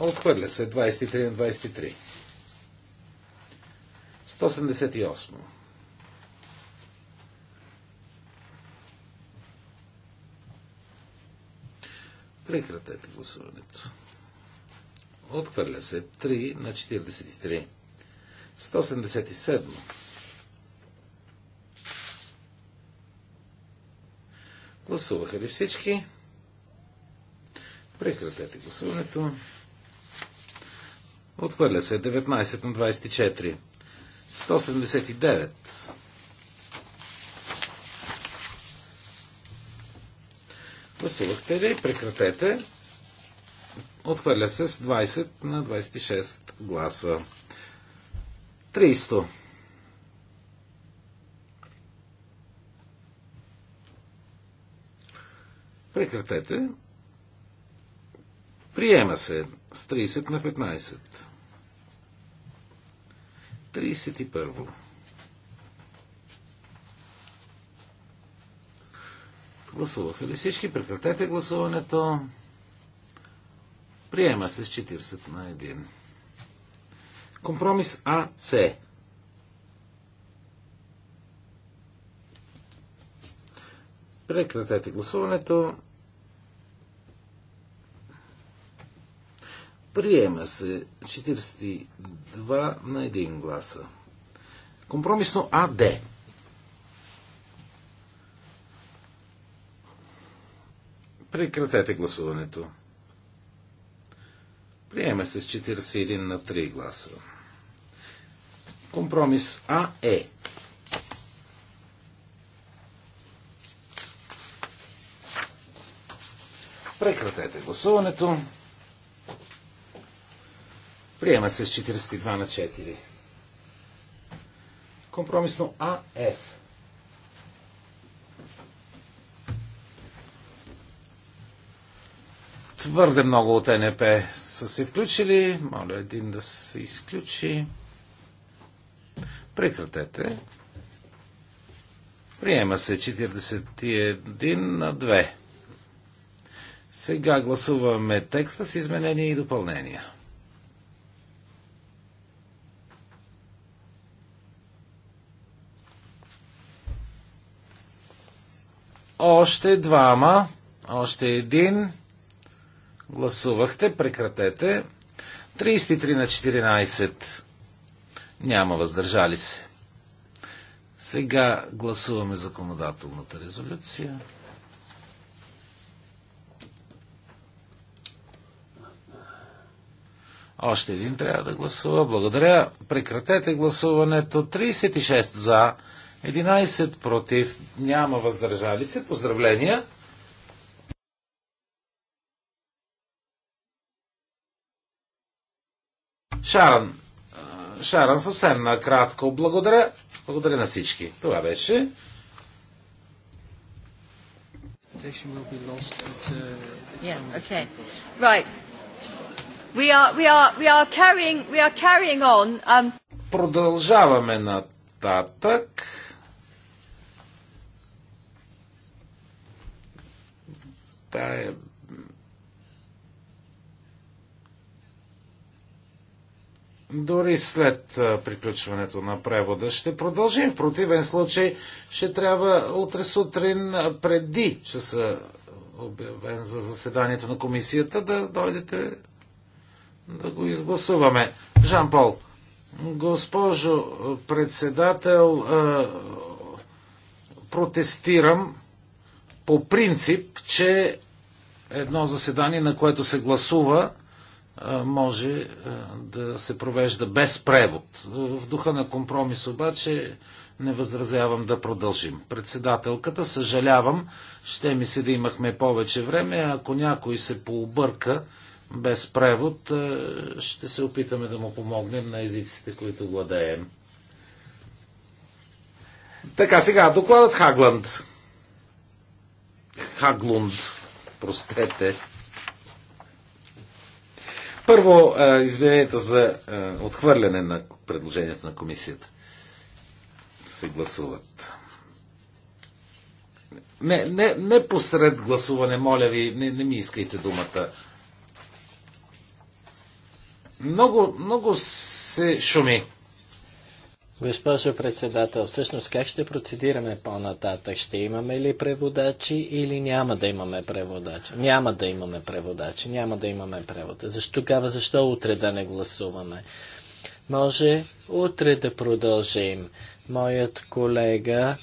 Отхвърля се 23 на 23. 178. Прекратете гласуването. Отхвърля се 3 на 43. 177. Гласуваха ли всички? Прекратете гласуването. Отхвърля се 19 на 24. 179. Гласувахте ли? Прекратете. Отхвърля се с 20 на 26 гласа. 300. Прекратете. Приема се с 30 на 15. 31. Гласуваха ли всички? Прекратете гласуването. Приема се с 40 на 1. Компромис АЦ. Прекратете гласуването. Приема се 42 на 1 гласа. Компромисно АД. Прекратете гласуването. Приема се с 41 на 3 гласа. Компромис А е. Прекратете гласуването. Приема се с 42 на 4. Компромисно АФ. Е. Твърде много от НП са се включили. Моля един да се изключи. Прекратете. Приема се 41 на 2. Сега гласуваме текста с изменения и допълнения. Още двама. Още един. Гласувахте, прекратете. 33 на 14. Няма въздържали се. Сега гласуваме законодателната резолюция. Още един трябва да гласува. Благодаря. Прекратете гласуването. 36 за, 11 против, няма въздържали се. Поздравления! Шаран, Шаран, съвсем накратко. Благодаря. Благодаря на всички. Това беше. Um, Продължаваме нататък. е... дори след приключването на превода. Ще продължим. В противен случай ще трябва утре сутрин преди часа обявен за заседанието на комисията да дойдете да го изгласуваме. Жан-Пол, госпожо председател, протестирам по принцип, че едно заседание, на което се гласува, може да се провежда без превод. В духа на компромис обаче не възразявам да продължим. Председателката, съжалявам, ще ми се да имахме повече време, а ако някой се пообърка без превод, ще се опитаме да му помогнем на езиците, които владеем. Така, сега, докладът Хагланд. Хаглунд, простете. Първо, е, измененията за е, отхвърляне на предложението на комисията се гласуват. Не, не, не посред гласуване, моля ви, не, не ми искайте думата. Много, много се шуми. Госпожо председател, всъщност как ще процедираме по-нататък? Ще имаме ли преводачи или няма да имаме преводачи? Няма да имаме преводачи, няма да имаме превода. Защо тогава, защо утре да не гласуваме? Може утре да продължим. Моят колега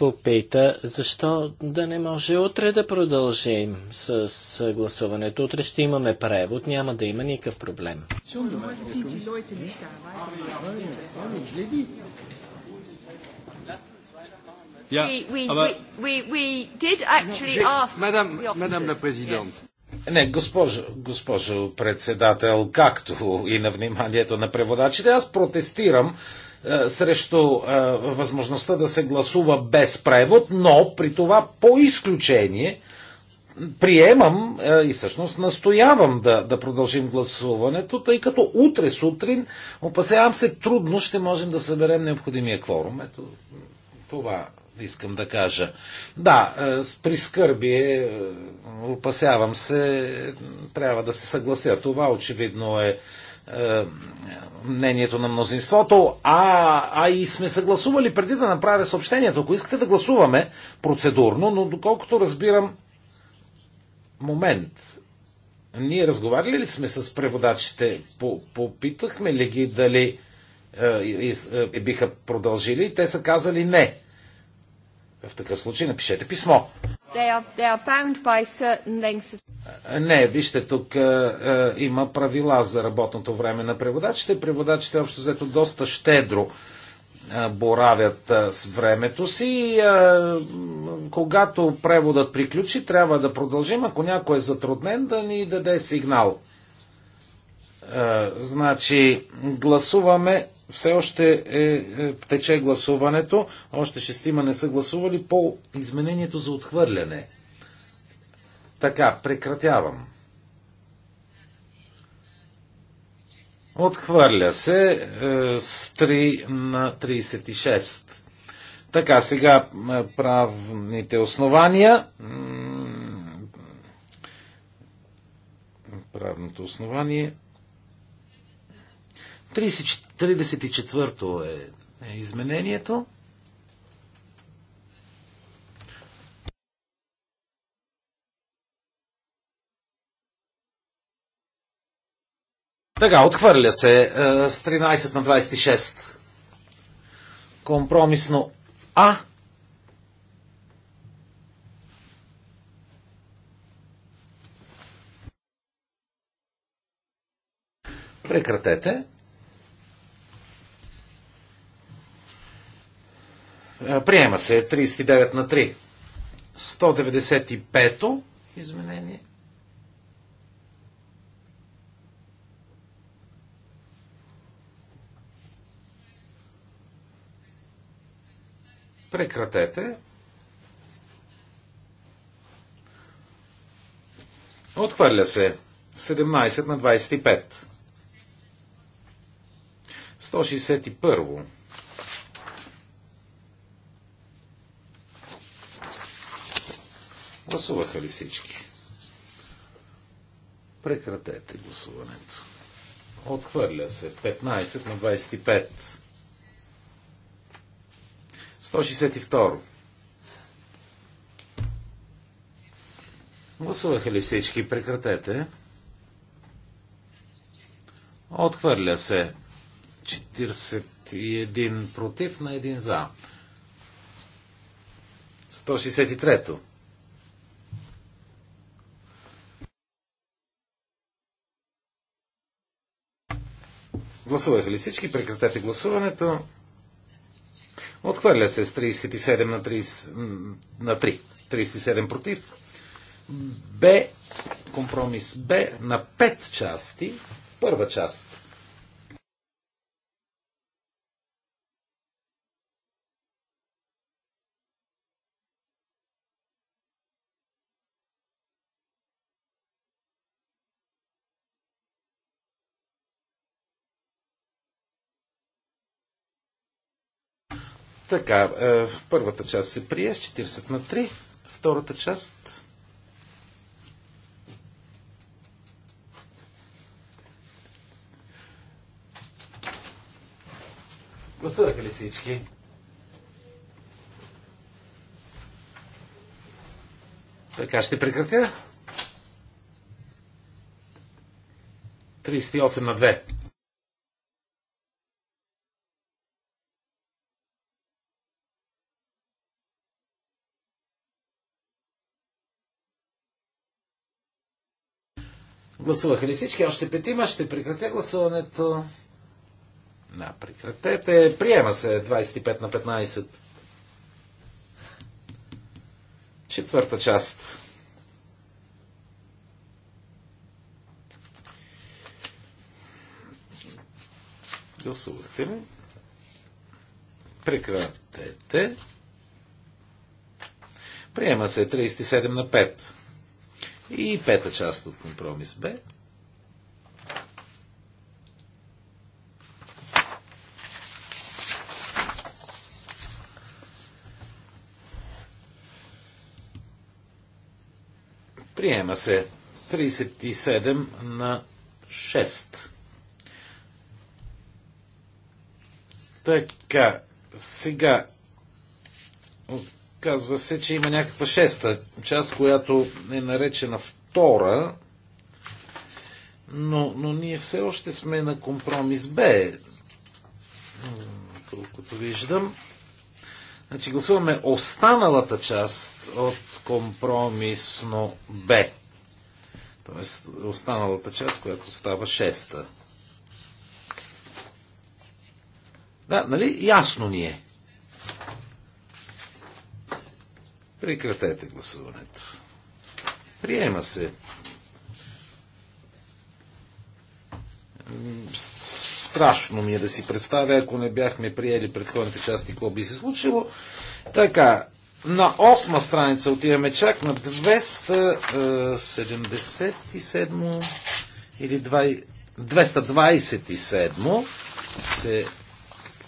попита защо да не може утре да продължим с гласуването. Утре ще имаме превод, няма да има никакъв проблем. не, госпожо, госпожо председател, както и на вниманието на преводачите, аз протестирам е, срещу е, възможността да се гласува без превод, но при това по изключение приемам е, и всъщност настоявам да, да продължим гласуването, тъй като утре сутрин, опасявам се, трудно ще можем да съберем необходимия кворум. Ето това искам да кажа. Да, с скърби, опасявам се, трябва да се съглася. Това очевидно е е, мнението на мнозинството, а, а и сме съгласували преди да направя съобщението. Ако искате да гласуваме процедурно, но доколкото разбирам, момент, ние разговаряли ли сме с преводачите? Попитахме ли ги дали е, е, е, биха продължили? Те са казали не. В такъв случай напишете писмо. They are, they are bound by certain lengths of... Не, вижте, тук е, има правила за работното време на преводачите. Преводачите общо взето доста щедро е, боравят е, с времето си. когато преводът приключи, трябва да продължим. Ако някой е затруднен, да ни даде сигнал. значи, гласуваме все още е, е, тече гласуването, още шестима не са гласували по изменението за отхвърляне. Така, прекратявам. Отхвърля се е, с 3 на 36. Така, сега е, правните основания. Правното основание. 34 34-то е, е изменението. Така, отхвърля се е, с 13 на 26. Компромисно А. Прекратете. Приема се 39 на 3. 195-то изменение. Прекратете. Отхвърля се 17 на 25. 161. Гласуваха ли всички? Прекратете гласуването. Отхвърля се. 15 на 25. 162. Гласуваха ли всички? Прекратете. Отхвърля се. 41 против на 1 за. 163. Гласуваха ли всички? Прекратете гласуването. Отхвърля се с 37 на 3. на 3. 37 против. Б, компромис Б на 5 части. Първа част – Така, е, първата част се прие с 40 на 3, втората част Гласуваха ли всички? Така ще прекратя. 38 на 2. Гласуваха ли всички? Още петима. Ще прекратя гласуването. Да, прекратете. Приема се 25 на 15. Четвърта част. Гласувахте ли? Прекратете. Приема се 37 на 5. И пета част от компромис Б. Приема се 37 на 6. Така, сега Казва се, че има някаква шеста част, която е наречена втора, но, но ние все още сме на компромис Б, колкото виждам. Значи гласуваме останалата част от компромисно Б. Тоест останалата част, която става шеста. Да, нали? Ясно ни е. Прекратете гласуването. Приема се. Страшно ми е да си представя, ако не бяхме приели предходните части, какво би се случило. Така, на осма страница отиваме чак на 277 е, или 227 се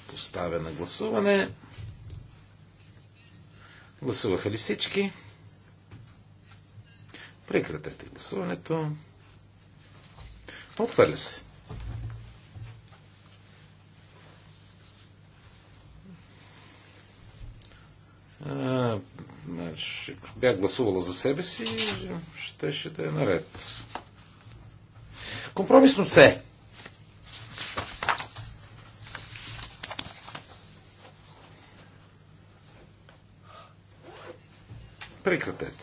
поставя на гласуване. Гласуваха ли всички? Прекратете гласуването. Отхвърля се. А, значи, бях гласувала за себе си, щеше ще да е наред. Компромисно це. Прекратете.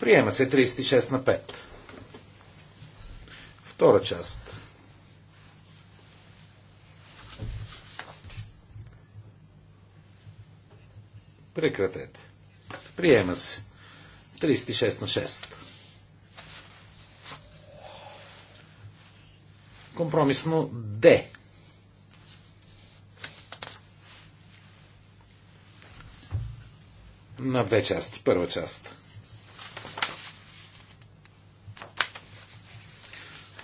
Приема се 36 на 5. Втора част. Прекратете. Приема се. 36 на 6. Компромисно Д. на две части. Първа част.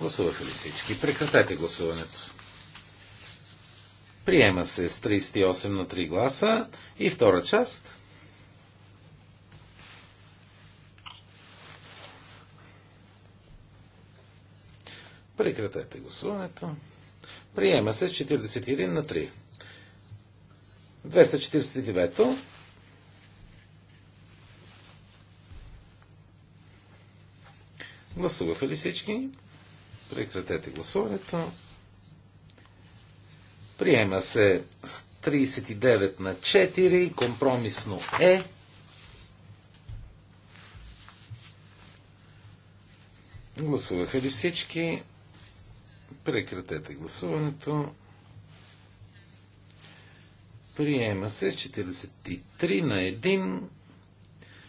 Гласуваха ли всички? Прекратете гласуването. Приема се с 38 на 3 гласа. И втора част. Прекратете гласуването. Приема се с 41 на 3. 249. Гласуваха ли всички? Прекратете гласуването. Приема се с 39 на 4. Компромисно е. Гласуваха ли всички? Прекратете гласуването. Приема се с 43 на 1.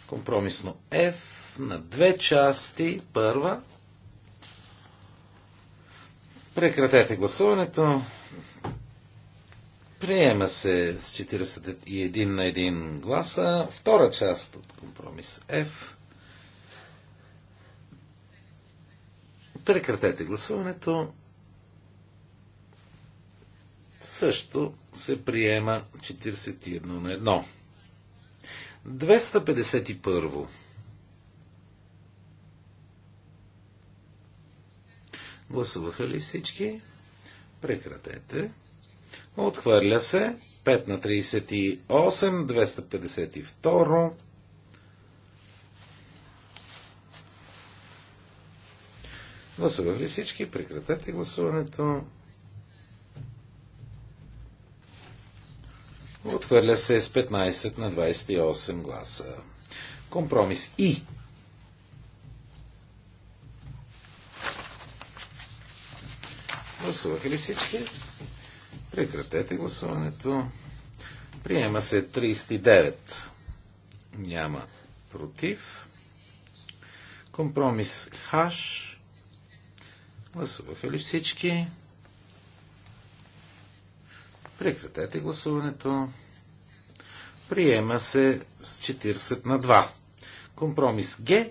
Компромисно F на две части. Първа. Прекратете гласуването. Приема се с 41 на 1 гласа. Втора част от компромис F. Прекратете гласуването. Също се приема 41 на 1. 251. Гласуваха ли всички? Прекратете. Отхвърля се. 5 на 38, 252. Гласуваха ли всички? Прекратете гласуването. Отхвърля се с 15 на 28 гласа. Компромис И Гласуваха ли всички? Прекратете гласуването. Приема се 39. Няма против. Компромис хаш. Гласуваха ли всички? Прекратете гласуването. Приема се с 40 на 2. Компромис Г.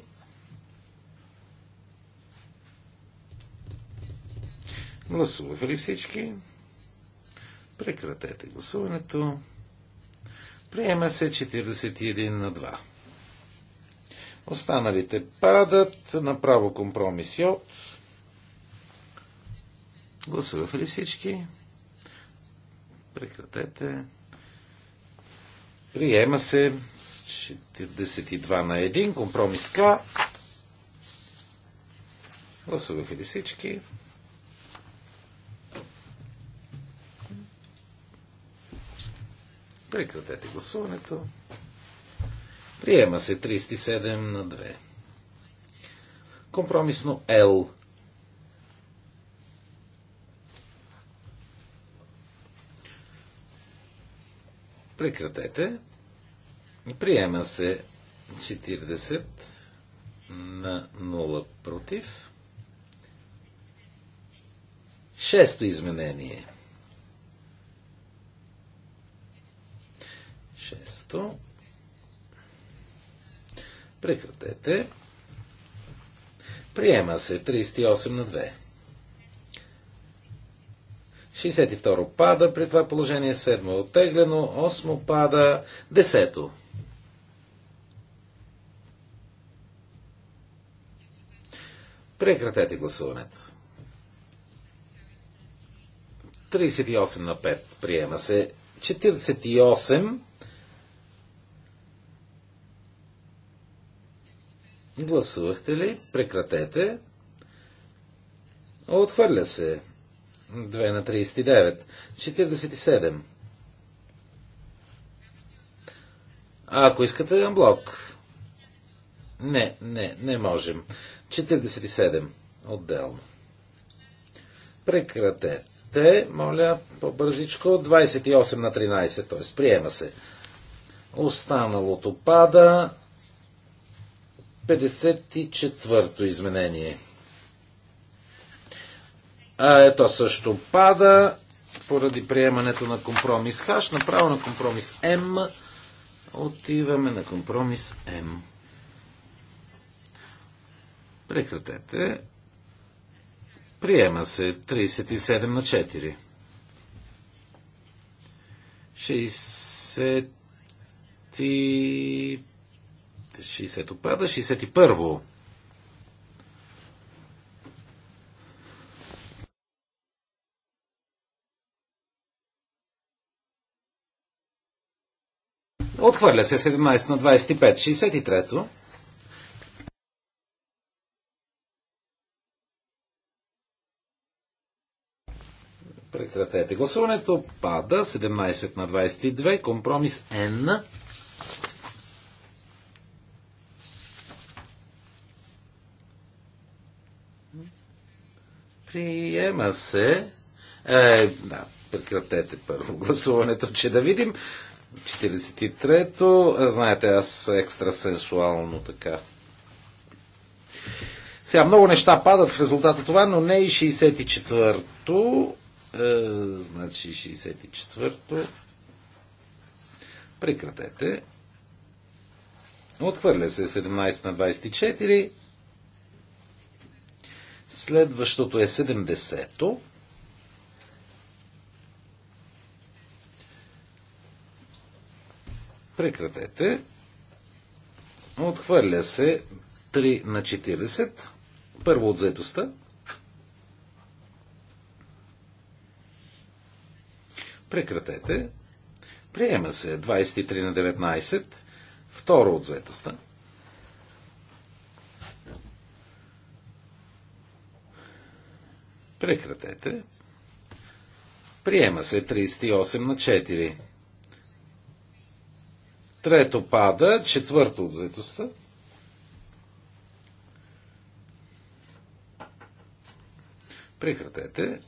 Гласуваха ли всички? Прекратете гласуването. Приема се 41 на 2. Останалите падат. Направо компромис от. Гласуваха ли всички? Прекратете. Приема се с 42 на 1. Компромис К. Гласуваха ли всички? Прекратете гласуването. Приема се 37 на 2. Компромисно L. Прекратете. Приема се 40 на 0 против. Шесто изменение. Шесто. Прекратете. Приема се 38 на 2. 62 пада, при това положение 7 е оттеглено, 8 пада, 10. Прекратете гласуването. 38 на 5 приема се. 48 Гласувахте ли? Прекратете. Отхвърля се. 2 на 39. 47. А ако искате блок, Не, не, не можем. 47. Отделно. Прекратете, моля, по-бързичко. 28 на 13, Тоест, приема се. Останалото пада. 54-то изменение. А, ето също пада поради приемането на компромис Хаш. Направо на компромис М. Отиваме на компромис М. Прекратете. Приема се 37 на 4. 60 60 то пада, 61-во. Отхвърля се 17 на 25. 63-то. Прекратете гласуването. Пада 17 на 22. Компромис N. Приема се. Е, да, прекратете първо гласуването, че да видим. 43-то, знаете, аз екстрасенсуално така. Сега много неща падат в резултат от това, но не и 64-то. Е, значи 64-то. Прекратете. Отхвърля се 17 на 24. Следващото е 70-то. Прекратете. Отхвърля се 3 на 40. Първо от заедостта. Прекратете. Приема се 23 на 19. Второ от заедостта. Прекратете. Приема се 38 на 4. Трето пада, четвърто от заедостта. Прекратете.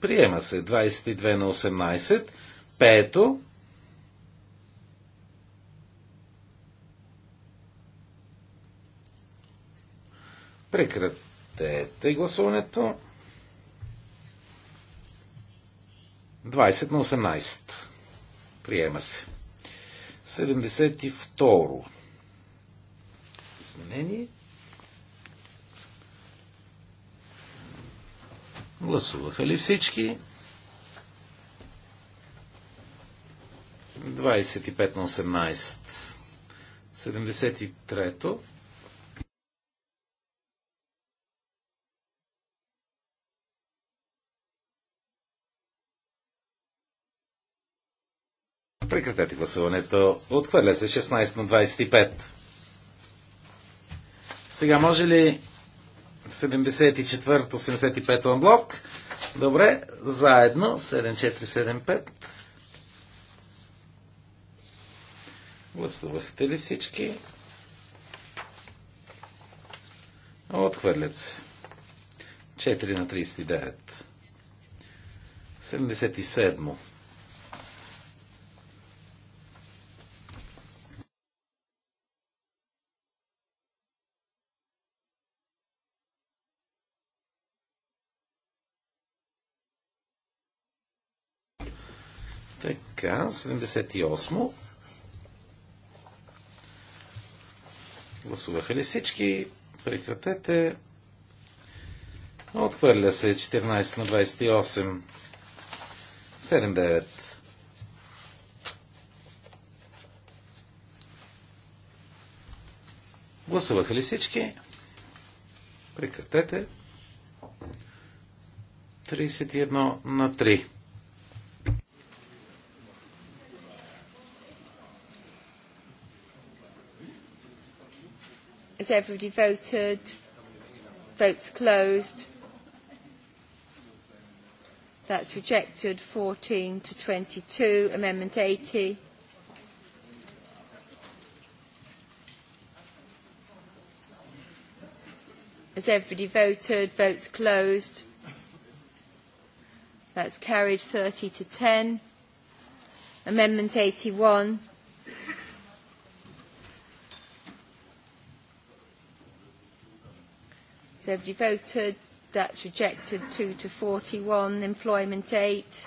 Приема се 22 на 18. Пето. Прекратете тъй гласуването. 20 на 18. Приема се. 72. Изменение. Гласуваха ли всички? 25 на 18. 73-то. Прекратете гласуването. Отхвърля се 16 на 25. Сега може ли 74-85 анблок? Добре, заедно 7475. Гласувахте ли всички? Отхвърлят се. 4 на 39. 77. Така, 78. Гласуваха ли всички? Прекратете. Отхвърля се 14 на 28. 7-9. Гласуваха ли всички? Прекратете. 31 на 3. Has everybody voted? Votes closed. That's rejected. 14 to 22. Amendment 80. Has everybody voted? Votes closed. That's carried 30 to 10. Amendment 81. So everybody voted. That's rejected. 2 to 41. Employment 8.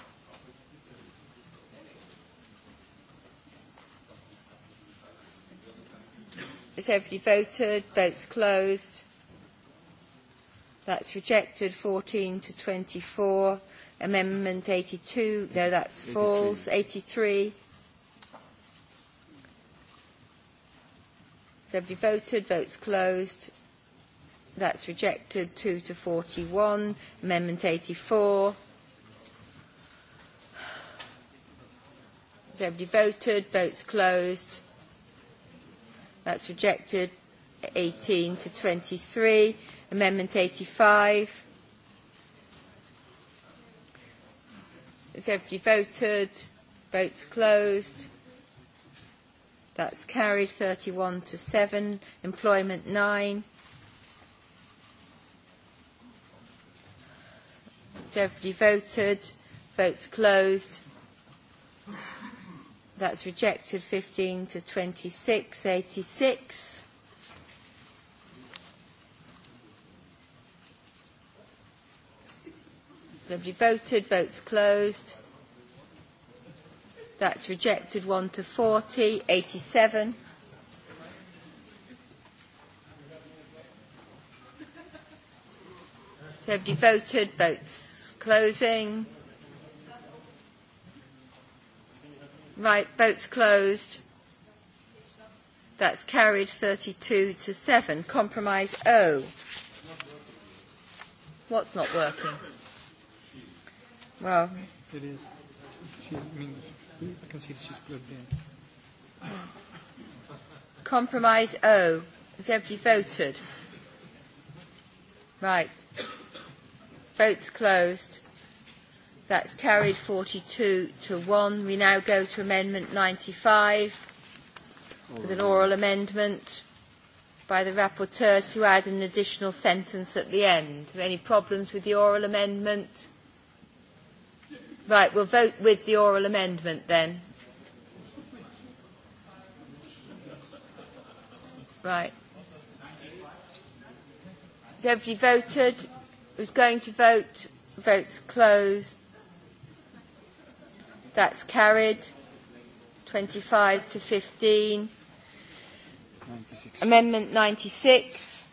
Has everybody voted? Votes closed. That's rejected. 14 to 24. Amendment 82. No, that's false. 83. Has everybody voted? Votes closed. That's rejected. 2 to 41. Amendment 84. Has everybody voted? Votes closed. That's rejected. 18 to 23. Amendment 85. Has everybody voted? Votes closed. That's carried 31 to 7. Employment 9. Has everybody voted? Votes closed. That's rejected 15 to 26, 86. Nobody voted, votes closed. That's rejected 1 to 40, 87. Nobody voted, votes Closing. Right, votes closed. That's carried 32 to 7. Compromise O. What's not working? Well. It is. She, I mean, I can see she's plugged in. Compromise O. Has everybody voted? Right, Votes closed. That's carried 42 to 1. We now go to Amendment 95 with an oral amendment by the rapporteur to add an additional sentence at the end. Any problems with the oral amendment? Right, we'll vote with the oral amendment then. Right. Has everybody voted? Who's going to vote? Votes closed. That's carried. 25 to 15. 96. Amendment 96.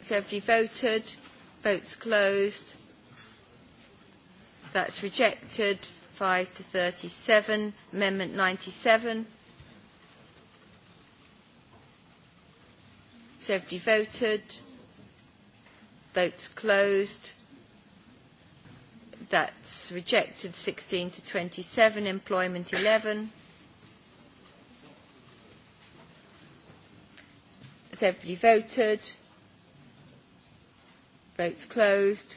Has everybody voted? Votes closed. That's rejected. 5 to 37. Amendment 97. Seventy voted. Votes closed. That's rejected. 16 to 27. Employment 11. Has everybody voted? Votes closed.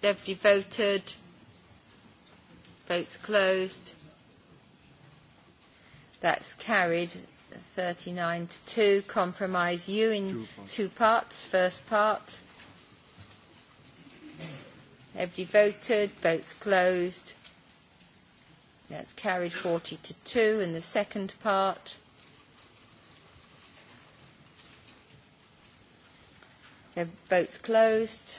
Deputy voted. Votes closed. That's carried 39 to 2. Compromise you in two parts. Two parts. First part. Everybody voted. Votes closed. That's carried 40 to 2 in the second part. votes closed.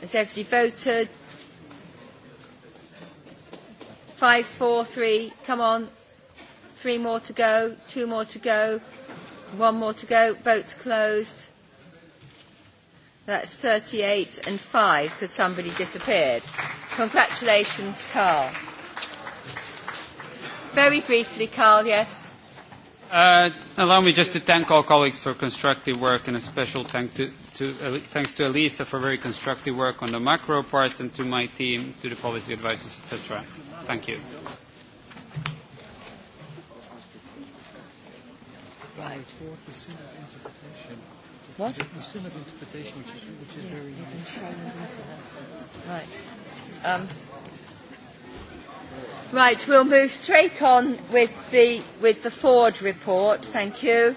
Has everybody voted? Five, four, three. Come on. Three more to go. Two more to go. One more to go. Votes closed. That's 38 and 5 because somebody disappeared. Congratulations, Carl. Very briefly, Carl, yes. Uh, allow me just to thank all colleagues for constructive work and a special thank to, to, thanks to Elisa for very constructive work on the macro part and to my team, to the policy advisors, et cetera. Thank you. Right. What? The sin of interpretation, which is, very Right. right, we'll move straight on with the Ford report. Thank you.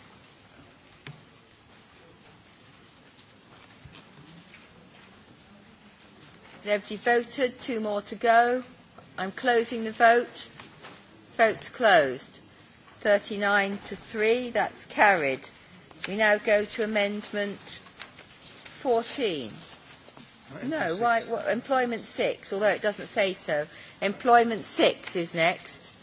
They have devoted Two more to go. I'm closing the vote. Vote's closed. 39 to 3. That's carried. We now go to amendment 14. No, why, what, employment 6, although it doesn't say so. Employment 6 is next.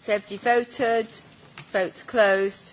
So have devoted, Votes closed.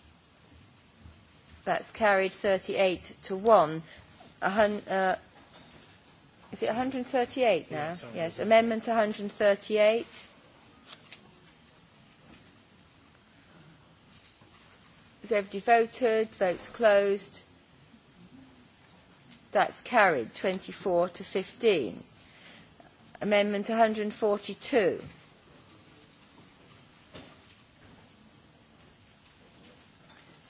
That's carried 38 to 1. A hun, uh, is it 138 now? yes. Amendment 138. Has everybody voted? Votes closed. That's carried 24 to 15. Amendment 142.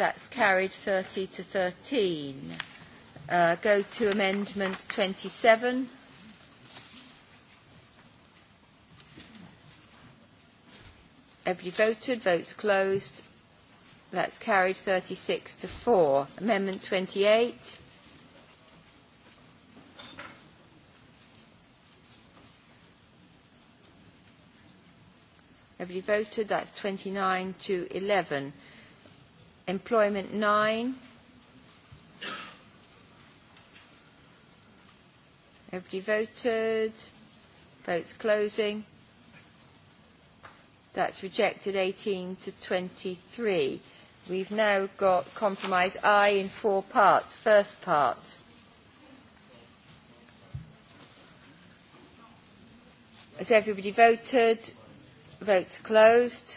That's carried 30 to 13. Uh, go to Amendment 27. Everybody voted. Votes closed. That's carried 36 to 4. Amendment 28. Everybody voted. That's 29 to 11. Employment 9. Everybody voted. Votes closing. That's rejected 18 to 23. We've now got compromise I in four parts. First part. Has everybody voted? Votes closed.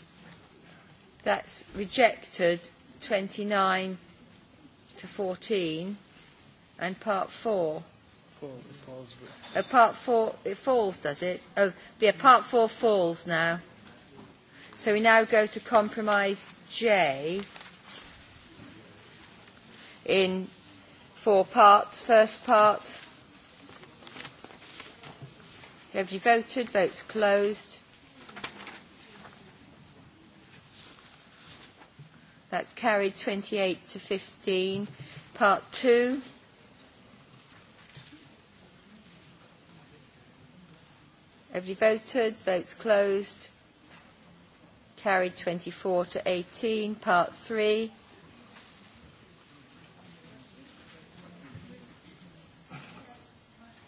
That's rejected 29 to 14 and part 4. Oh, part 4, it falls, does it? Oh, yeah, part 4 falls now. So we now go to compromise J in four parts. First part. Have you voted? Votes closed. That's carried 28 to 15. Part 2. Everybody voted. Votes closed. Carried 24 to 18. Part 3.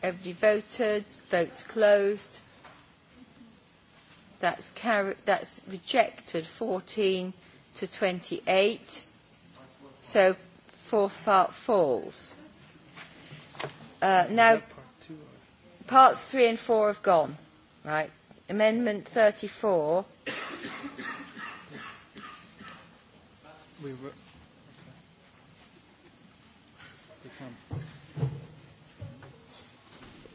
Everybody voted. Votes closed. That's, carried, that's rejected 14 to to 28. So fourth part falls. Uh, now, parts three and four have gone, right? Amendment 34.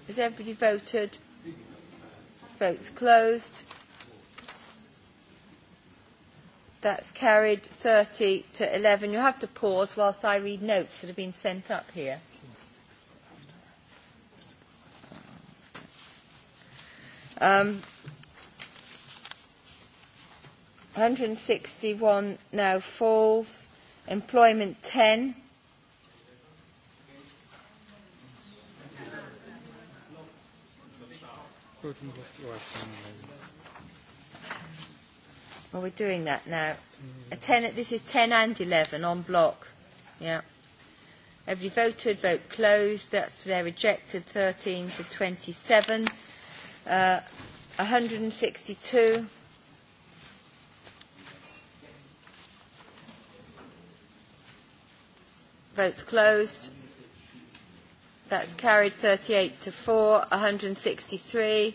Has everybody voted? Votes closed. That's carried 30 to 11. You'll have to pause whilst I read notes that have been sent up here. Um, 161 now falls. Employment 10. Thank you. Well, we're doing that now. A ten, this is 10 and 11 on block. Yeah. Everybody voted, vote closed. That's they're rejected, 13 to 27. Uh, 162. Votes closed. That's carried 38 to 4, 163.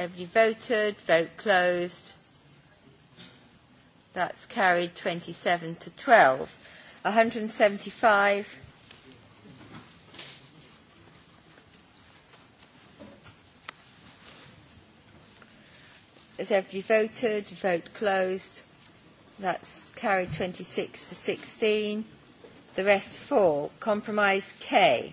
Everybody voted. Vote closed. That's carried 27 to 12. 175. Has everybody voted? Vote closed. That's carried 26 to 16. The rest four. Compromise K.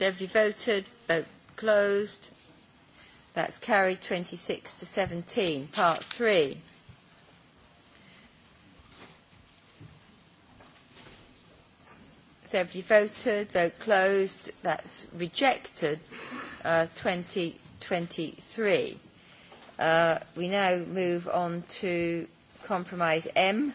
Everybody voted. Vote closed. That's carried 26 to 17. Part 3. So everybody voted. Vote closed. That's rejected. Uh, 20, Uh, we now move on to compromise M.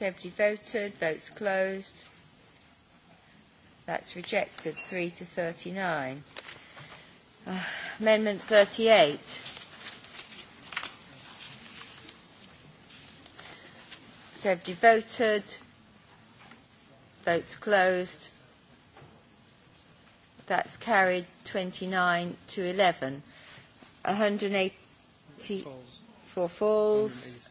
Has voted? Votes closed. That's rejected. 3 to 39. Uh, amendment 38. Seventy voted? Votes closed. That's carried 29 to 11. 184 falls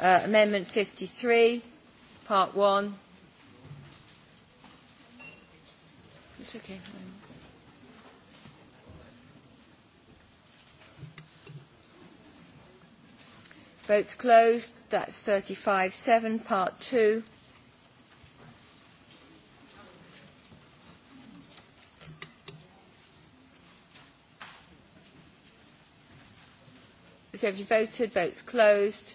Uh, Amendment 53, Part 1. It's okay. Votes closed. That's 35-7, Part 2. if you voted? Votes closed.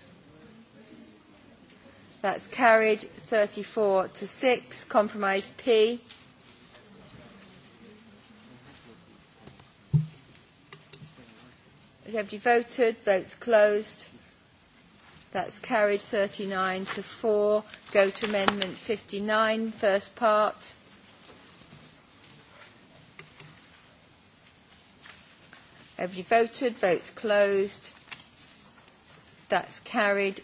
That's carried 34 to 6. Compromise P. Has everybody voted? Votes closed. That's carried 39 to 4. Go to Amendment 59, first part. Have you voted? Votes closed. That's carried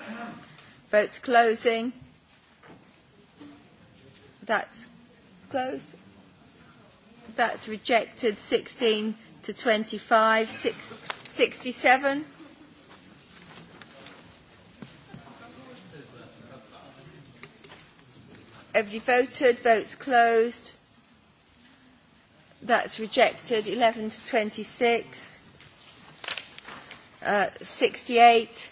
Vote's closing. That's closed. That's rejected 16 to 25. Six, 67. Everybody voted. Vote's closed. That's rejected 11 to 26. Uh, 68.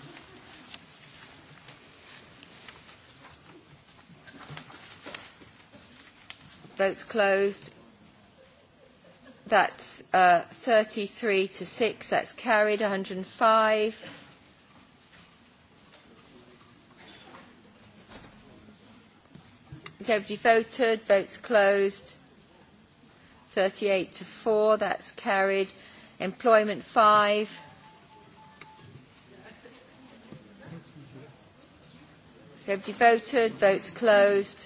Votes closed. That's uh, 33 to 6. That's carried. 105. Has everybody voted? Votes closed. 38 to 4. That's carried. Employment 5. Everybody voted? Votes closed.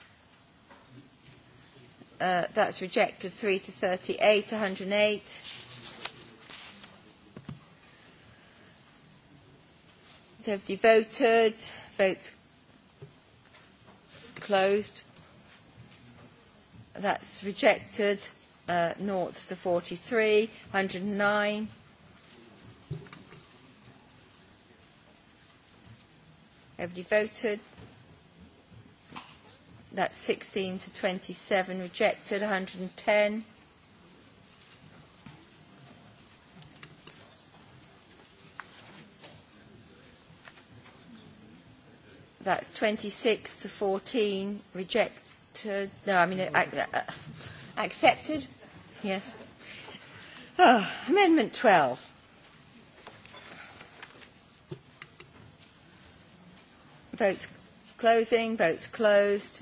uh, that's rejected. 3 to 38, 108. Have you voted? Votes closed. That's rejected. Uh, Naught to 43, 109. Everybody voted. That's 16 to 27 rejected, 110. That's 26 to 14 rejected. No, I mean ac- uh, accepted. Yes. Oh, amendment 12. Votes closing, votes closed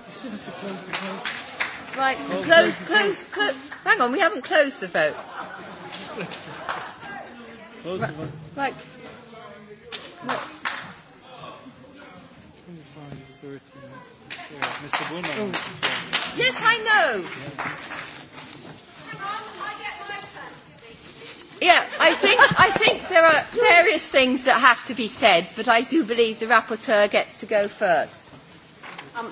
Right, close, close, close. close. Hang on, we haven't closed the vote. Close the vote. Right. right. Mr. Bullman. Yes, I know. Yeah, I think, I think there are various things that have to be said, but I do believe the rapporteur gets to go first. Um,